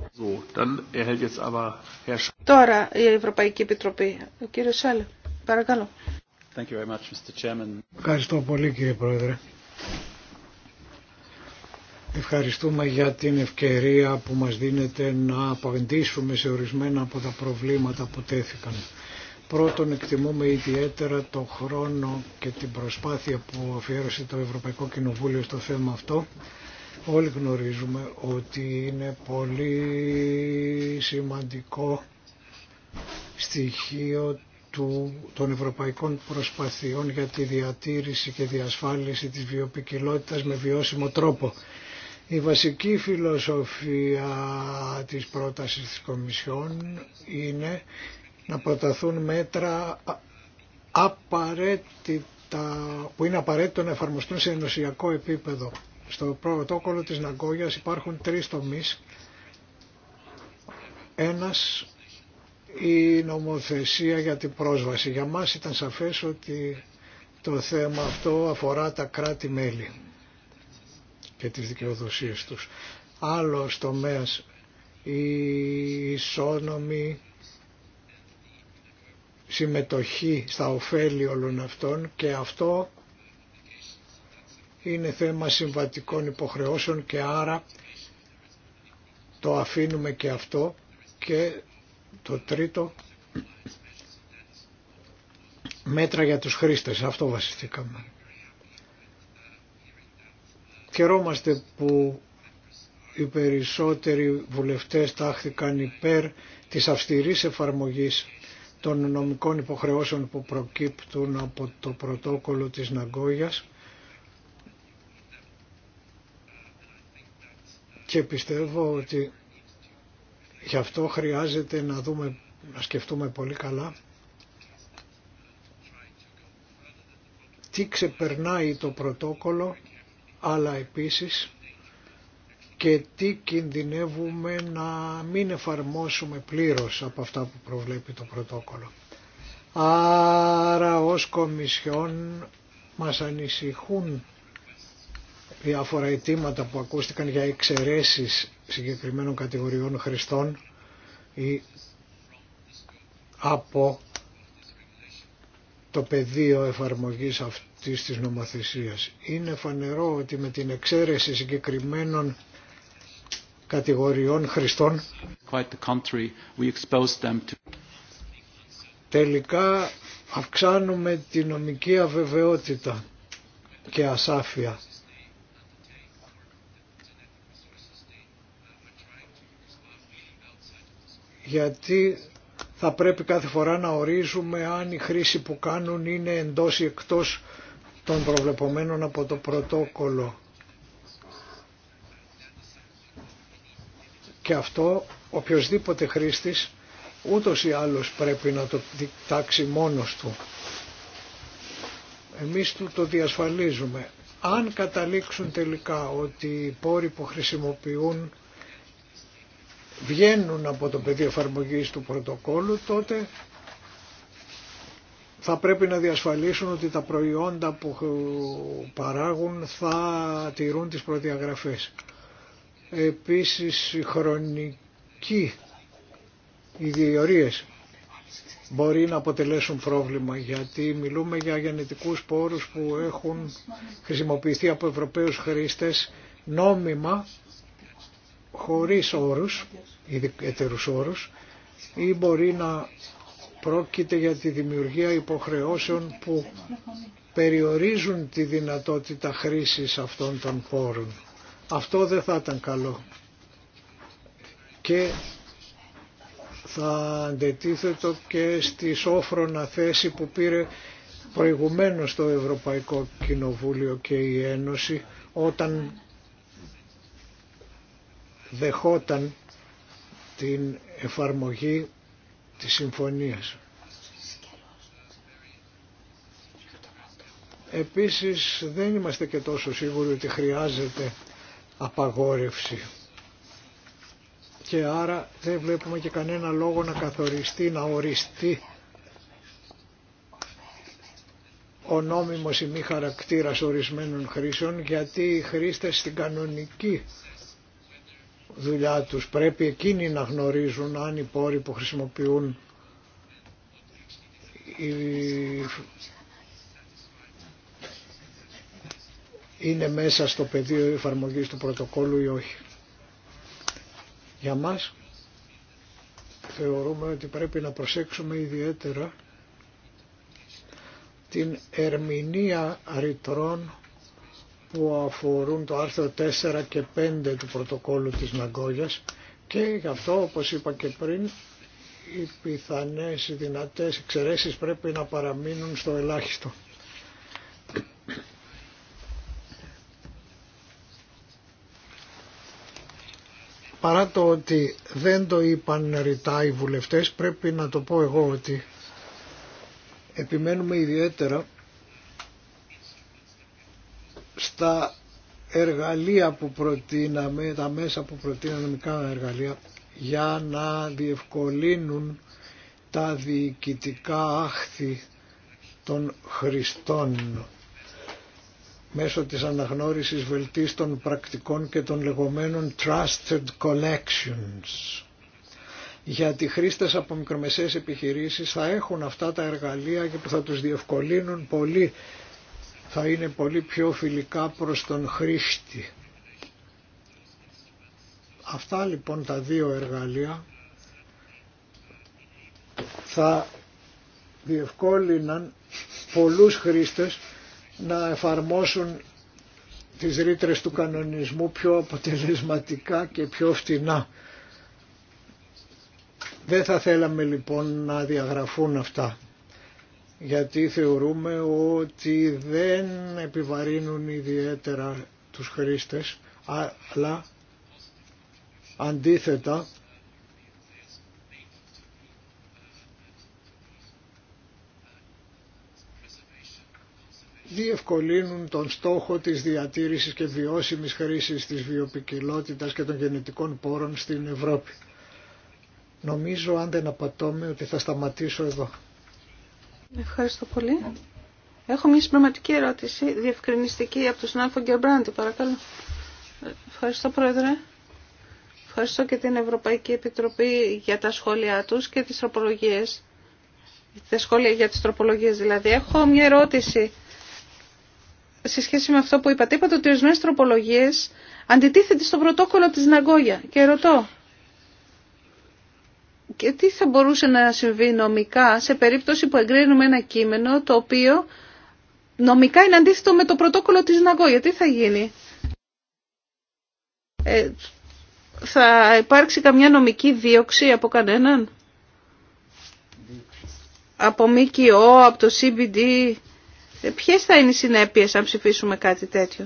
Τώρα η Ευρωπαϊκή Επιτροπή. Ο κύριος Σάλε, παρακαλώ. Thank you very much, Mr. Ευχαριστώ πολύ κύριε Πρόεδρε. Ευχαριστούμε για την ευκαιρία που μας δίνεται να απαντήσουμε σε ορισμένα από τα προβλήματα που τέθηκαν. Πρώτον εκτιμούμε ιδιαίτερα το χρόνο και την προσπάθεια που αφιέρωσε το Ευρωπαϊκό Κοινοβούλιο στο θέμα αυτό. Όλοι γνωρίζουμε ότι είναι πολύ σημαντικό στοιχείο του, των ευρωπαϊκών προσπαθειών για τη διατήρηση και διασφάλιση της βιοπικιλότητας με βιώσιμο τρόπο. Η βασική φιλοσοφία της πρότασης της Κομισιόν είναι να προταθούν μέτρα απαραίτητα, που είναι απαραίτητο να εφαρμοστούν σε ενωσιακό επίπεδο. Στο πρωτόκολλο της Ναγκόγιας υπάρχουν τρεις τομείς. Ένας η νομοθεσία για την πρόσβαση. Για μας ήταν σαφές ότι το θέμα αυτό αφορά τα κράτη-μέλη και τις δικαιοδοσίες τους. Άλλος τομέας η ισόνομη συμμετοχή στα ωφέλη όλων αυτών και αυτό είναι θέμα συμβατικών υποχρεώσεων και άρα το αφήνουμε και αυτό και το τρίτο μέτρα για τους χρήστες. Αυτό βασιστήκαμε. Χαιρόμαστε που οι περισσότεροι βουλευτές τάχθηκαν υπέρ της αυστηρής εφαρμογής των νομικών υποχρεώσεων που προκύπτουν από το πρωτόκολλο της Ναγκόγιας και πιστεύω ότι γι' αυτό χρειάζεται να, δούμε, να σκεφτούμε πολύ καλά τι ξεπερνάει το πρωτόκολλο αλλά επίσης και τι κινδυνεύουμε να μην εφαρμόσουμε πλήρως από αυτά που προβλέπει το πρωτόκολλο. Άρα ως Κομισιόν μας ανησυχούν διάφορα αιτήματα που ακούστηκαν για εξαιρέσει συγκεκριμένων κατηγοριών χρηστών ή από το πεδίο εφαρμογής αυτής της νομοθεσίας. Είναι φανερό ότι με την εξαίρεση συγκεκριμένων κατηγοριών χρηστών. Τελικά αυξάνουμε την νομική αβεβαιότητα και ασάφεια. Γιατί θα πρέπει κάθε φορά να ορίζουμε αν η χρήση που κάνουν είναι εντός ή εκτός των προβλεπομένων από το πρωτόκολλο. Και αυτό οποιοδήποτε χρήστης ούτως ή άλλως πρέπει να το διτάξει μόνος του. Εμείς του το διασφαλίζουμε. Αν καταλήξουν τελικά ότι οι πόροι που χρησιμοποιούν βγαίνουν από το πεδίο εφαρμογή του πρωτοκόλλου τότε θα πρέπει να διασφαλίσουν ότι τα προϊόντα που παράγουν θα τηρούν τις προδιαγραφές. Επίσης οι χρονικοί, μπορεί να αποτελέσουν πρόβλημα γιατί μιλούμε για γενετικούς πόρους που έχουν χρησιμοποιηθεί από Ευρωπαίους χρήστες νόμιμα χωρίς όρους, ιδιαίτερους όρους ή μπορεί να πρόκειται για τη δημιουργία υποχρεώσεων που περιορίζουν τη δυνατότητα χρήσης αυτών των πόρων. Αυτό δεν θα ήταν καλό. Και θα αντετίθετο και στη σόφρονα θέση που πήρε προηγουμένως το Ευρωπαϊκό Κοινοβούλιο και η Ένωση όταν δεχόταν την εφαρμογή της συμφωνίας. Επίσης δεν είμαστε και τόσο σίγουροι ότι χρειάζεται απαγόρευση. Και άρα δεν βλέπουμε και κανένα λόγο να καθοριστεί, να οριστεί ο νόμιμος ή μη χαρακτήρας ορισμένων χρήσεων γιατί οι χρήστες στην κανονική δουλειά τους πρέπει εκείνοι να γνωρίζουν αν οι πόροι που χρησιμοποιούν οι είναι μέσα στο πεδίο εφαρμογής του πρωτοκόλου ή όχι. Για μας θεωρούμε ότι πρέπει να προσέξουμε ιδιαίτερα την ερμηνεία ρητρών που αφορούν το άρθρο 4 και 5 του πρωτοκόλου της Ναγκόγιας και γι' αυτό όπως είπα και πριν οι πιθανές δυνατές εξαιρέσεις πρέπει να παραμείνουν στο ελάχιστο. παρά το ότι δεν το είπαν ρητά οι βουλευτές πρέπει να το πω εγώ ότι επιμένουμε ιδιαίτερα στα εργαλεία που προτείναμε, τα μέσα που προτείναμε μικρά εργαλεία για να διευκολύνουν τα διοικητικά άχθη των χριστών μέσω της αναγνώρισης βελτίστων πρακτικών και των λεγόμενων Trusted Collections. Γιατί χρήστες από μικρομεσαίες επιχειρήσεις θα έχουν αυτά τα εργαλεία και που θα τους διευκολύνουν πολύ, θα είναι πολύ πιο φιλικά προς τον χρήστη. Αυτά λοιπόν τα δύο εργαλεία θα διευκόλυναν πολλούς χρήστες να εφαρμόσουν τις ρήτρε του κανονισμού πιο αποτελεσματικά και πιο φτηνά. Δεν θα θέλαμε λοιπόν να διαγραφούν αυτά γιατί θεωρούμε ότι δεν επιβαρύνουν ιδιαίτερα τους χρήστες αλλά αντίθετα διευκολύνουν τον στόχο της διατήρησης και βιώσιμης χρήσης της βιοπικιλότητας και των γενετικών πόρων στην Ευρώπη. Νομίζω αν δεν απατώμε ότι θα σταματήσω εδώ. Ευχαριστώ πολύ. Έχω μια συμπληρωματική ερώτηση, διευκρινιστική από τον συνάδελφο Γκερμπράντη, παρακαλώ. Ευχαριστώ Πρόεδρε. Ευχαριστώ και την Ευρωπαϊκή Επιτροπή για τα σχόλιά τους και τις τροπολογίες. Τα σχόλια για τις τροπολογίες δηλαδή. Έχω μια ερώτηση σε σχέση με αυτό που είπατε. Είπατε ότι ορισμένε τροπολογίε αντιτίθεται στο πρωτόκολλο της Ναγκόγια. Και ρωτώ, και τι θα μπορούσε να συμβεί νομικά σε περίπτωση που εγκρίνουμε ένα κείμενο το οποίο νομικά είναι αντίθετο με το πρωτόκολλο της Ναγκόγια. Τι θα γίνει. Ε, θα υπάρξει καμιά νομική δίωξη από κανέναν. Από ΜΚΟ, από το CBD, ε, ποιες θα είναι οι συνέπειες αν ψηφίσουμε κάτι τέτοιο.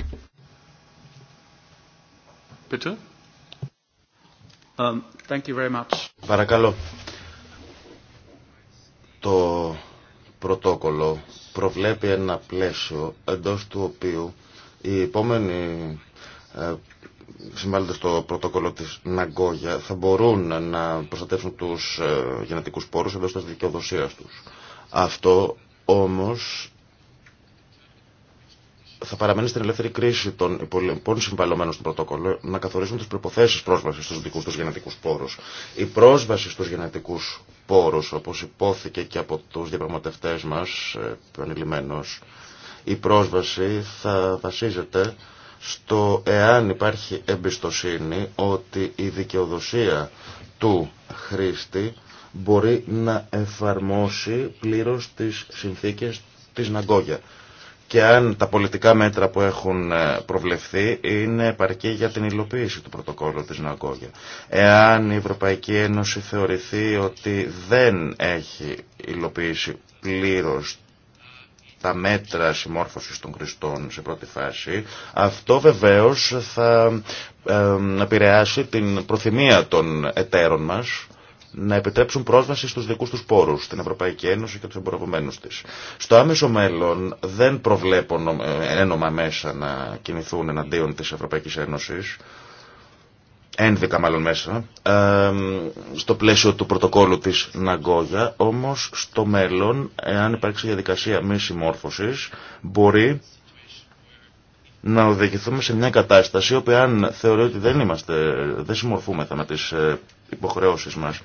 Um, Παρακαλώ. Το πρωτόκολλο προβλέπει ένα πλαίσιο εντός του οποίου οι επόμενοι ε, συμβάλλοντες στο πρωτόκολλο της Ναγκόγια θα μπορούν να προστατεύσουν τους ε, γενετικούς πόρους εντός της δικαιοδοσίας τους. Αυτό όμως θα παραμένει στην ελεύθερη κρίση των υπολοιπών συμβαλωμένων στον πρωτόκολλο να καθορίσουν τι προποθέσει πρόσβαση στου δικού του γενετικού πόρου. Η πρόσβαση στου γενετικού πόρου, όπω υπόθηκε και από του διαπραγματευτέ μα ε, επανειλημμένω, η πρόσβαση θα βασίζεται στο εάν υπάρχει εμπιστοσύνη ότι η δικαιοδοσία του χρήστη μπορεί να εφαρμόσει πλήρως τις συνθήκες της Ναγκόγια και αν τα πολιτικά μέτρα που έχουν ε, προβλεφθεί είναι επαρκή για την υλοποίηση του πρωτοκόλλου της Ναγκόγια. Εάν η Ευρωπαϊκή Ένωση θεωρηθεί ότι δεν έχει υλοποιήσει πλήρως τα μέτρα συμμόρφωσης των κριστών σε πρώτη φάση, αυτό βεβαίως θα ε, επηρεάσει την προθυμία των εταίρων μας να επιτρέψουν πρόσβαση στους δικούς τους πόρους, στην Ευρωπαϊκή Ένωση και τους εμπορευμένους της. Στο άμεσο μέλλον δεν προβλέπω ένομα μέσα να κινηθούν εναντίον της Ευρωπαϊκής Ένωσης, ένδικα μάλλον μέσα, στο πλαίσιο του πρωτοκόλου της Ναγκόγια, όμως στο μέλλον, εάν υπάρξει διαδικασία μη συμμόρφωσης, μπορεί να οδηγηθούμε σε μια κατάσταση όπου αν θεωρεί ότι δεν, είμαστε, δεν συμμορφούμεθα με τις ε, υποχρεώσεις μας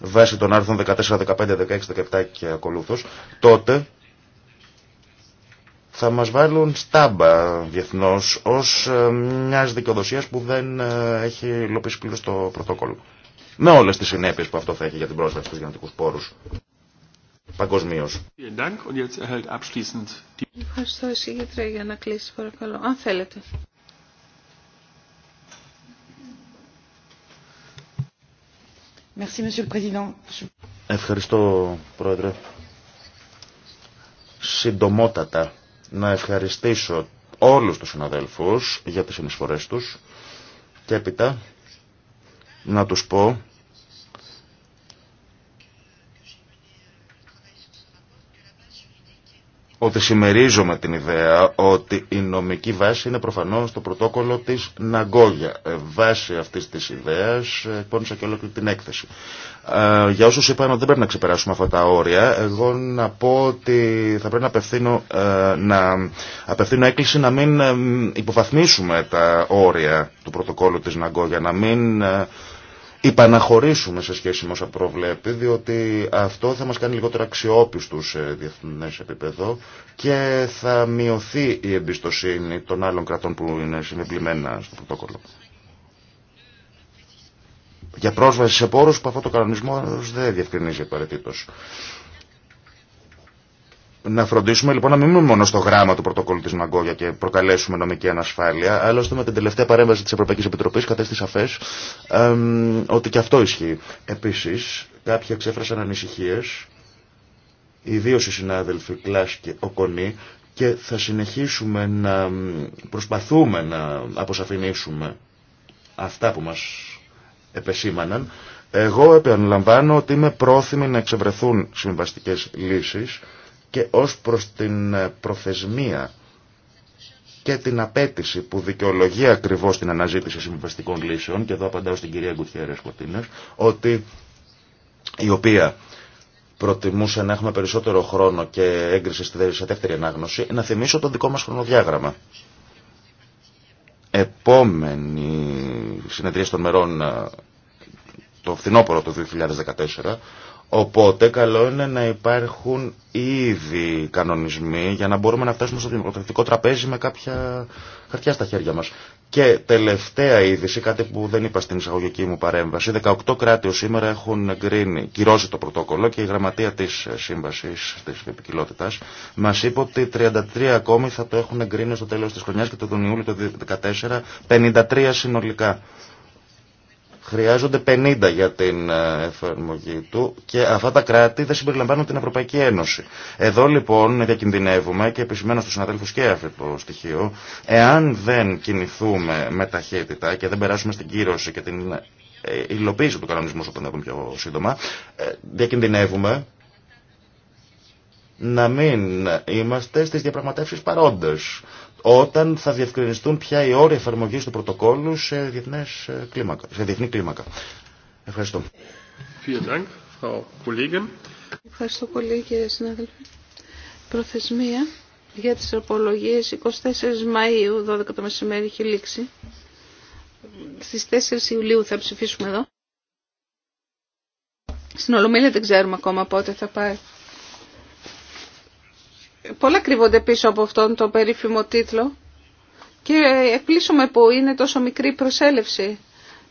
βάσει των άρθρων 14, 15, 16, 17 και ακολούθως, τότε θα μας βάλουν στάμπα διεθνώς ως ε, μιας δικαιοδοσίας που δεν ε, έχει υλοποιήσει πλήρως το πρωτόκολλο. Με όλες τις συνέπειες που αυτό θα έχει για την πρόσβαση στους γενετικούς πόρους. Παγκοσμίω. Ευχαριστώ, για να κλείσει, παρακαλώ. Αν θέλετε. Ευχαριστώ, Πρόεδρε. Συντομότατα, να ευχαριστήσω όλους τους συναδέλφους για τις συνεισφορές τους και έπειτα να τους πω ότι συμμερίζομαι την ιδέα ότι η νομική βάση είναι προφανώς το πρωτόκολλο της Ναγκόγια. Ε, Βάσει αυτής της ιδέας ε, εκπώνησα και ολόκληρη την έκθεση. Ε, για όσους είπαν ότι δεν πρέπει να ξεπεράσουμε αυτά τα όρια, εγώ να πω ότι θα πρέπει να απευθύνω, να απευθύνω έκκληση να μην υποβαθμίσουμε τα όρια του πρωτοκόλλου της Ναγκόγια, να μην υπαναχωρήσουμε σε σχέση με όσα προβλέπει, διότι αυτό θα μας κάνει λιγότερο αξιόπιστο σε διεθνές επίπεδο και θα μειωθεί η εμπιστοσύνη των άλλων κρατών που είναι συνεπλημένα στο πρωτόκολλο. Για πρόσβαση σε πόρους που αυτό το κανονισμό δεν διευκρινίζει απαραίτητος. Να φροντίσουμε λοιπόν να μην μείνουμε μόνο στο γράμμα του πρωτοκόλλου τη Μαγκόγια και προκαλέσουμε νομική ανασφάλεια. Άλλωστε με την τελευταία παρέμβαση τη Ευρωπαϊκή Επιτροπή κατέστη σαφέ ότι και αυτό ισχύει. Επίση, κάποιοι εξέφρασαν ανησυχίε, ιδίω οι συνάδελφοι Κλά και Οκονή, και θα συνεχίσουμε να προσπαθούμε να αποσαφηνίσουμε αυτά που μα επεσήμαναν. Εγώ επαναλαμβάνω ότι είμαι πρόθυμη να εξευρεθούν συμβαστικέ λύσει και ως προς την ε, προθεσμία και την απέτηση που δικαιολογεί ακριβώς την αναζήτηση συμβαστικών λύσεων και εδώ απαντάω στην κυρία Γκουτιέρες Κοτίνε, ότι η οποία προτιμούσε να έχουμε περισσότερο χρόνο και έγκρισε στη δεύτερη ανάγνωση να θυμίσω το δικό μας χρονοδιάγραμμα επόμενη συνεδρία των μερών ε, το φθινόπωρο του 2014 Οπότε καλό είναι να υπάρχουν ήδη κανονισμοί για να μπορούμε να φτάσουμε στο δημοκρατικό τραπέζι με κάποια χαρτιά στα χέρια μας. Και τελευταία είδηση, κάτι που δεν είπα στην εισαγωγική μου παρέμβαση, 18 κράτη σήμερα έχουν εγκρίνει, κυρώσει το πρωτόκολλο και η γραμματεία της σύμβασης της επικοινότητας μας είπε ότι 33 ακόμη θα το έχουν εγκρίνει στο τέλος της χρονιάς και το τον Ιούλιο το 2014 53 συνολικά. Χρειάζονται 50 για την ε, εφαρμογή του και αυτά τα κράτη δεν συμπεριλαμβάνουν την Ευρωπαϊκή Ένωση. Εδώ λοιπόν διακινδυνεύουμε και επισημένω στους συναδέλφους και αυτό το στοιχείο, εάν δεν κινηθούμε με ταχύτητα και δεν περάσουμε στην κύρωση και την ε, υλοποίηση του κανονισμού όπω τον πιο σύντομα, ε, διακινδυνεύουμε να μην είμαστε στις διαπραγματεύσεις παρόντες όταν θα διευκρινιστούν πια οι όροι εφαρμογή του πρωτοκόλου σε, διεθνές ε, κλίμακα, σε διεθνή κλίμακα. Ευχαριστώ. Ευχαριστώ πολύ κύριε συνάδελφε. Προθεσμία για τις απολογίες 24 Μαΐου, 12 το μεσημέρι έχει λήξει. Στις 4 Ιουλίου θα ψηφίσουμε εδώ. Στην Ολομέλεια δεν ξέρουμε ακόμα πότε θα πάει πολλά κρύβονται πίσω από αυτόν τον περίφημο τίτλο και εκπλήσουμε που είναι τόσο μικρή προσέλευση.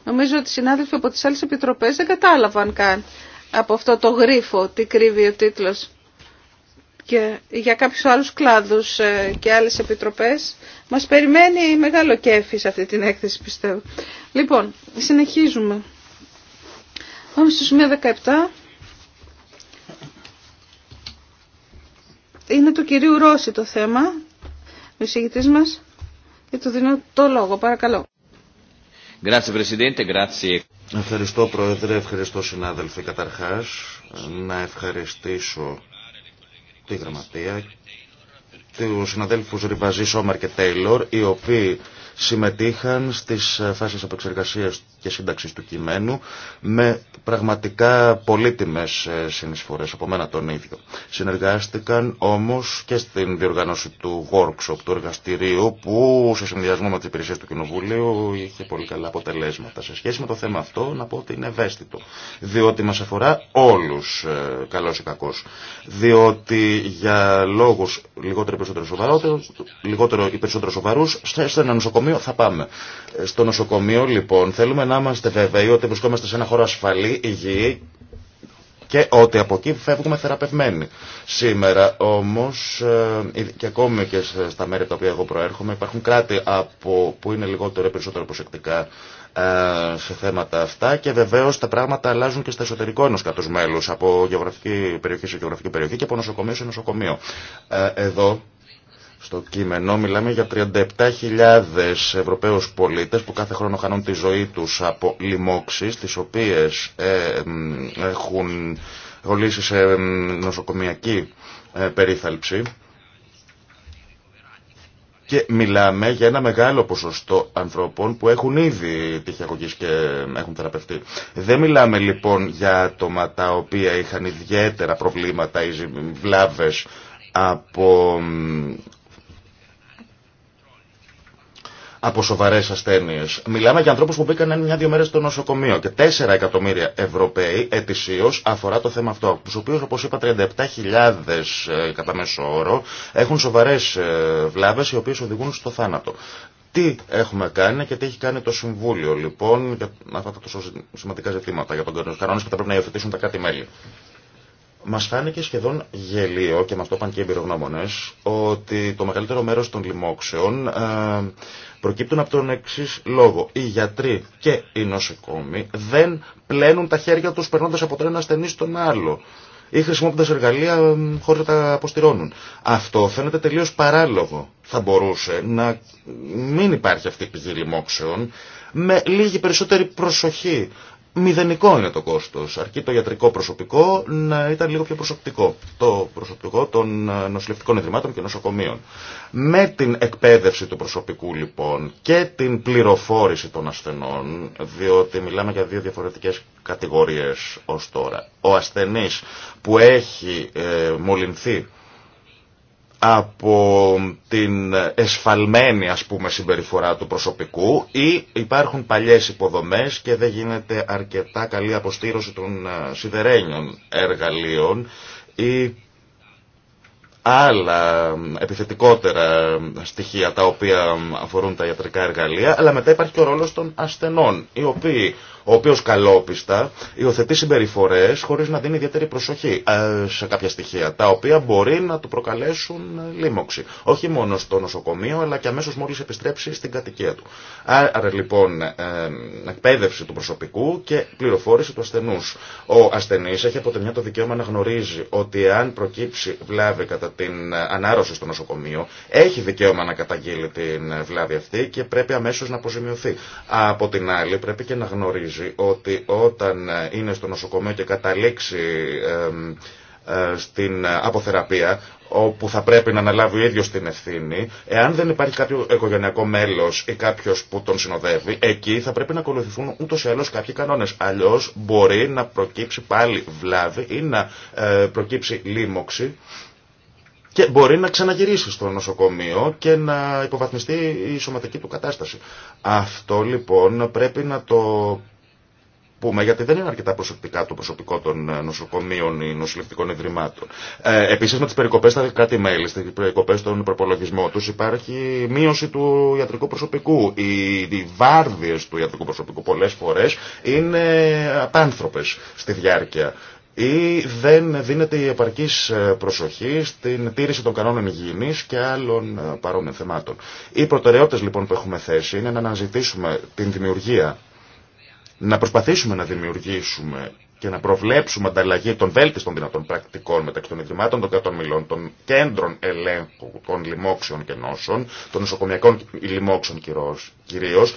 Νομίζω ότι οι συνάδελφοι από τις άλλες επιτροπές δεν κατάλαβαν καν από αυτό το γρίφο τι κρύβει ο τίτλος. Και για κάποιους άλλους κλάδους ε, και άλλες επιτροπές μας περιμένει μεγάλο κέφι σε αυτή την έκθεση πιστεύω. Λοιπόν, συνεχίζουμε. Πάμε στο σημείο 17. Είναι του κυρίου Ρώση το θέμα, ο εισηγητής μας, και του δίνω το λόγο. Παρακαλώ. Ευχαριστώ Πρόεδρε, ευχαριστώ συνάδελφοι. Καταρχάς, να ευχαριστήσω τη Γραμματεία, του συναδέλφου Ριβαζή Σόμαρ και Τέιλορ, οι οποίοι συμμετείχαν στις ε, φάσεις επεξεργασίας και σύνταξης του κειμένου με πραγματικά πολύτιμες ε, συνεισφορές από μένα τον ίδιο. Συνεργάστηκαν όμως και στην διοργάνωση του workshop, του εργαστηρίου που σε συνδυασμό με τις υπηρεσίες του Κοινοβουλίου είχε πολύ καλά αποτελέσματα. Σε σχέση με το θέμα αυτό να πω ότι είναι ευαίσθητο, διότι μας αφορά όλους ε, καλός ή κακός. Διότι για λόγους λιγότερο ή περισσότερο σοβαρούς, σε ένα νοσοκομείο θα πάμε. Ε, στο νοσοκομείο λοιπόν θέλουμε να είμαστε βέβαιοι ότι βρισκόμαστε σε ένα χώρο ασφαλή, υγιή και ότι από εκεί φεύγουμε θεραπευμένοι. Σήμερα όμως ε, και ακόμη και στα μέρη τα οποία εγώ προέρχομαι υπάρχουν κράτη από που είναι λιγότερο ή περισσότερο προσεκτικά ε, σε θέματα αυτά και βεβαίω τα πράγματα αλλάζουν και στα εσωτερικό ενό κάτω μέλου από γεωγραφική περιοχή σε γεωγραφική περιοχή και από νοσοκομείο σε νοσοκομείο. Εδώ το κείμενο μιλάμε για 37.000 Ευρωπαίους πολίτες που κάθε χρόνο χάνουν τη ζωή τους από λοιμώξεις τις οποίες ε, έχουν ρωλήσει σε νοσοκομιακή ε, περίθαλψη και μιλάμε για ένα μεγάλο ποσοστό ανθρώπων που έχουν ήδη τυχιακογής και έχουν θεραπευτεί. Δεν μιλάμε λοιπόν για άτομα τα οποία είχαν ιδιαίτερα προβλήματα ή βλάβες από από σοβαρέ ασθένειε. Μιλάμε για ανθρώπου που μπήκαν μια-δύο μέρε στο νοσοκομείο και 4 εκατομμύρια Ευρωπαίοι ετησίω αφορά το θέμα αυτό. Του οποίου, όπω είπα, 37.000 ε, κατά μέσο όρο έχουν σοβαρέ ε, βλάβε οι οποίε οδηγούν στο θάνατο. Τι έχουμε κάνει και τι έχει κάνει το Συμβούλιο λοιπόν για αυτά τα τόσο σημαντικά ζητήματα για τον κανόνα και θα πρέπει να υιοθετήσουν τα κάτι μελη μας φάνηκε σχεδόν γελίο και με το είπαν και οι εμπειρογνώμονες ότι το μεγαλύτερο μέρος των λοιμόξεων ε, προκύπτουν από τον εξή λόγο. Οι γιατροί και οι νοσοκόμοι δεν πλένουν τα χέρια τους περνώντας από τον ένα ασθενή στον άλλο ή χρησιμοποιώντας εργαλεία ε, χωρίς να τα αποστηρώνουν. Αυτό φαίνεται τελείως παράλογο. Θα μπορούσε να μην υπάρχει αυτή η πηγή λοιμόξεων με λίγη περισσότερη προσοχή, μηδενικό είναι το κόστος. Αρκεί το ιατρικό προσωπικό να ήταν λίγο πιο προσωπικό. Το προσωπικό των ε, νοσηλευτικών ιδρυμάτων και νοσοκομείων. Με την εκπαίδευση του προσωπικού λοιπόν και την πληροφόρηση των ασθενών, διότι μιλάμε για δύο διαφορετικές κατηγορίες ως τώρα. Ο ασθενής που έχει ε, μολυνθεί από την εσφαλμένη ας πούμε συμπεριφορά του προσωπικού ή υπάρχουν παλιές υποδομές και δεν γίνεται αρκετά καλή αποστήρωση των ε, σιδερένιων εργαλείων ή άλλα ε, επιθετικότερα στοιχεία τα οποία αφορούν τα ιατρικά εργαλεία αλλά μετά υπάρχει και ο ρόλος των ασθενών οι οποίοι ο οποίος καλόπιστα υιοθετεί συμπεριφορές χωρίς να δίνει ιδιαίτερη προσοχή ε, σε κάποια στοιχεία, τα οποία μπορεί να του προκαλέσουν ε, λίμωξη. Όχι μόνο στο νοσοκομείο, αλλά και αμέσως μόλις επιστρέψει στην κατοικία του. Άρα λοιπόν, ε, εκπαίδευση του προσωπικού και πληροφόρηση του ασθενούς. Ο ασθενής έχει από τη μια το δικαίωμα να γνωρίζει ότι αν προκύψει βλάβη κατά την ανάρρωση στο νοσοκομείο, έχει δικαίωμα να καταγγείλει την βλάβη αυτή και πρέπει αμέσως να αποζημιωθεί. Από την άλλη πρέπει και να γνωρίζει ότι όταν ε, είναι στο νοσοκομείο και καταλήξει ε, στην αποθεραπεία, όπου θα πρέπει να αναλάβει ο ίδιος την ευθύνη, εάν δεν υπάρχει κάποιο οικογενειακό μέλος ή κάποιος που τον συνοδεύει, εκεί θα πρέπει να ακολουθηθούν ούτως ή άλλως κάποιοι κανόνες. Αλλιώς μπορεί να προκύψει πάλι βλάβη ή να ε, προκύψει λίμωξη και μπορεί να ξαναγυρίσει στο νοσοκομείο και να υποβαθμιστεί η σωματική του κατάσταση. Αυτό λοιπόν πρέπει να το πούμε, γιατί δεν είναι αρκετά προσωπικά το προσωπικό των ε, νοσοκομείων ή νοσηλευτικών ιδρυμάτων. Ε, Επίση, με τι περικοπέ στα κράτη μέλη, στι περικοπέ των προπολογισμό του, υπάρχει μείωση του ιατρικού προσωπικού. Οι, οι βάρδιε του ιατρικού προσωπικού πολλέ φορέ είναι απάνθρωπε στη διάρκεια ή δεν δίνεται η επαρκής ε, προσοχή στην τήρηση των κανόνων υγιεινής και άλλων ε, παρόμοιων θεμάτων. Οι προτεραιότητες λοιπόν που έχουμε θέσει είναι να αναζητήσουμε την δημιουργία να προσπαθήσουμε να δημιουργήσουμε και να προβλέψουμε ανταλλαγή των βέλτιστων δυνατών πρακτικών μεταξύ των Ιδρυμάτων των Κατών Μιλών, των κέντρων ελέγχου των λοιμόξεων και νόσων, των νοσοκομιακών λοιμόξεων κυρίω,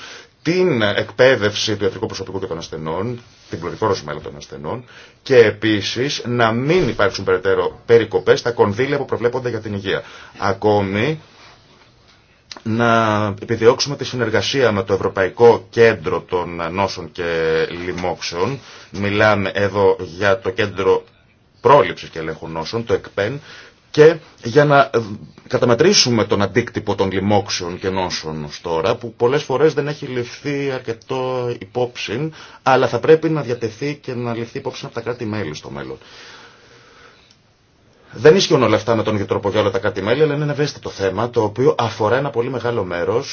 την εκπαίδευση του ιατρικού προσωπικού και των ασθενών, την πληροφόρηση μάλλον των ασθενών, και επίση να μην υπάρξουν περαιτέρω περικοπέ στα κονδύλια που προβλέπονται για την υγεία. Ακόμη να επιδιώξουμε τη συνεργασία με το Ευρωπαϊκό Κέντρο των Νόσων και Λοιμόξεων. Μιλάμε εδώ για το Κέντρο Πρόληψης και Ελέγχου Νόσων, το ΕΚΠΕΝ, και για να καταμετρήσουμε τον αντίκτυπο των λοιμόξεων και νόσων τώρα, που πολλές φορές δεν έχει ληφθεί αρκετό υπόψη, αλλά θα πρέπει να διατεθεί και να ληφθεί υπόψη από τα κράτη-μέλη στο μέλλον. Δεν ίσχυουν όλα αυτά με τον ίδιο τρόπο για όλα τα κάτι μέλη, αλλά είναι ένα ευαίσθητο θέμα το οποίο αφορά ένα πολύ μεγάλο μέρο.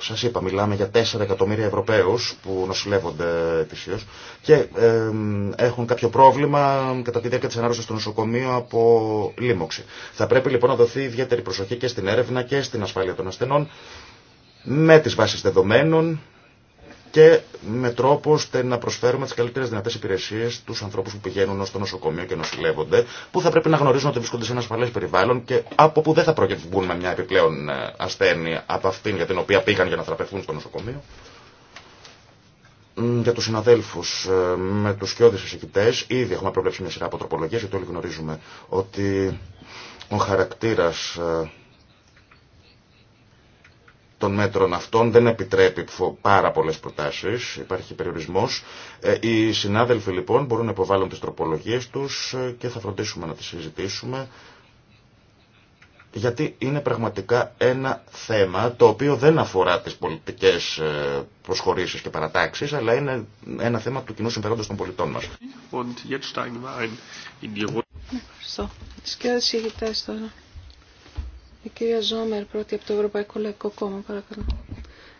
Σα είπα, μιλάμε για 4 εκατομμύρια Ευρωπαίου που νοσηλεύονται ετησίω και ε, έχουν κάποιο πρόβλημα κατά τη διάρκεια τη ανάρρωση στο νοσοκομείο από λίμωξη. Θα πρέπει λοιπόν να δοθεί ιδιαίτερη προσοχή και στην έρευνα και στην ασφάλεια των ασθενών με τι βάσει δεδομένων και με τρόπο ώστε να προσφέρουμε τι καλύτερε δυνατέ υπηρεσίε στου ανθρώπου που πηγαίνουν ω το νοσοκομείο και νοσηλεύονται, που θα πρέπει να γνωρίζουν ότι βρίσκονται σε ένα ασφαλέ περιβάλλον και από που δεν θα πρόκειται με μια επιπλέον ε, ασθένεια από αυτήν για την οποία πήγαν για να θεραπευτούν στο νοσοκομείο. Για του συναδέλφου ε, με του σκιώδει εισηγητέ, ήδη έχουμε προβλέψει μια σειρά από τροπολογίε, γιατί όλοι γνωρίζουμε ότι ο χαρακτήρα ε, των μέτρων αυτών δεν επιτρέπει πάρα πολλές προτάσεις, υπάρχει περιορισμός. Ε, οι συνάδελφοι λοιπόν μπορούν να υποβάλουν τις τροπολογίες τους ε, και θα φροντίσουμε να τις συζητήσουμε γιατί είναι πραγματικά ένα θέμα το οποίο δεν αφορά τις πολιτικές ε, προσχωρήσεις και παρατάξεις, αλλά είναι ένα θέμα του κοινού συμφέροντος των πολιτών μας. τώρα. Η κυρία Ζόμερ, πρώτη από το Ευρωπαϊκό Λαϊκό Κόμμα, παρακαλώ.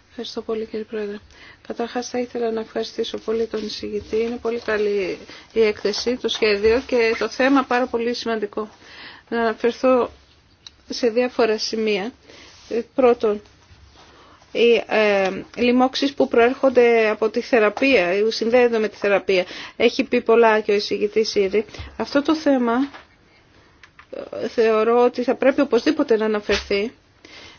Ευχαριστώ πολύ κύριε Πρόεδρε. Καταρχά θα ήθελα να ευχαριστήσω πολύ τον εισηγητή. Είναι πολύ καλή η έκθεση, το σχέδιο και το θέμα πάρα πολύ σημαντικό. Να αναφερθώ σε διάφορα σημεία. Πρώτον, οι ε, λοιμώξεις που προέρχονται από τη θεραπεία, που συνδέονται με τη θεραπεία. Έχει πει πολλά και ο εισηγητής ήδη. Αυτό το θέμα θεωρώ ότι θα πρέπει οπωσδήποτε να αναφερθεί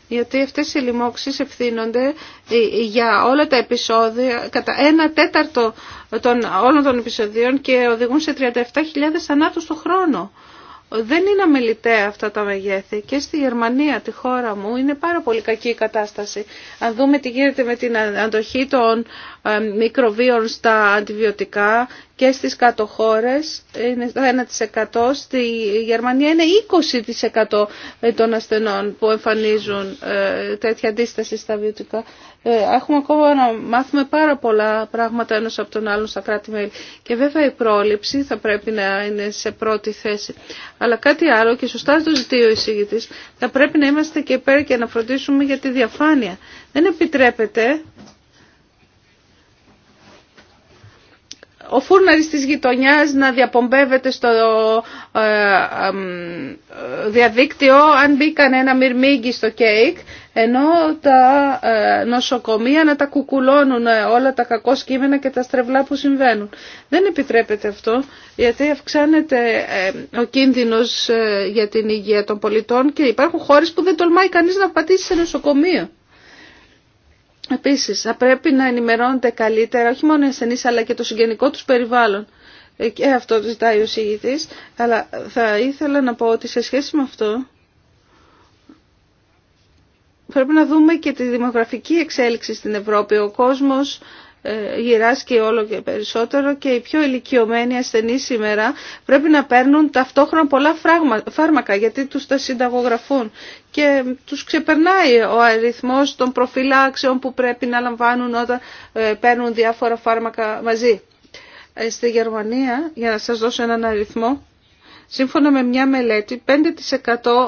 γιατί αυτές οι λοιμώξεις ευθύνονται ε, για όλα τα επεισόδια, κατά ένα τέταρτο των, όλων των επεισοδίων και οδηγούν σε 37.000 θανάτους το χρόνο δεν είναι αμεληταία αυτά τα μεγέθη και στη Γερμανία, τη χώρα μου, είναι πάρα πολύ κακή η κατάσταση. Αν δούμε τι γίνεται με την αντοχή των ε, μικροβίων στα αντιβιωτικά και στις κάτω είναι 1%, στη Γερμανία είναι 20% των ασθενών που εμφανίζουν ε, τέτοια αντίσταση στα βιωτικά. Ε, έχουμε ακόμα να μάθουμε πάρα πολλά πράγματα ένα από τον άλλον στα κράτη-μέλη. Και βέβαια η πρόληψη θα πρέπει να είναι σε πρώτη θέση. Αλλά κάτι άλλο και σωστά το ζητεί ο εισηγητή, θα πρέπει να είμαστε και υπέρ και να φροντίσουμε για τη διαφάνεια. Δεν επιτρέπεται ο φούρναρης της γειτονιάς να διαπομπεύεται στο ε, διαδίκτυο αν μπήκαν ένα μυρμήγκι στο κέικ, ενώ τα ε, νοσοκομεία να τα κουκουλώνουν ε, όλα τα κακό σκήμενα και τα στρεβλά που συμβαίνουν. Δεν επιτρέπεται αυτό, γιατί αυξάνεται ο κίνδυνος για την υγεία των πολιτών και υπάρχουν χώρες που δεν τολμάει κανείς να πατήσει σε νοσοκομείο. Επίσης, θα πρέπει να ενημερώνεται καλύτερα όχι μόνο οι ασθενείς αλλά και το συγγενικό τους περιβάλλον. Ε, και αυτό ζητάει ο συγητής, αλλά θα ήθελα να πω ότι σε σχέση με αυτό πρέπει να δούμε και τη δημογραφική εξέλιξη στην Ευρώπη. Ο κόσμος ε, γυράσκει όλο και περισσότερο και οι πιο ηλικιωμένοι ασθενείς σήμερα πρέπει να παίρνουν ταυτόχρονα πολλά φάρμακα γιατί τους τα συνταγογραφούν και τους ξεπερνάει ο αριθμός των προφυλάξεων που πρέπει να λαμβάνουν όταν ε, παίρνουν διάφορα φάρμακα μαζί. Ε, στη Γερμανία, για να σας δώσω έναν αριθμό, Σύμφωνα με μια μελέτη, 5%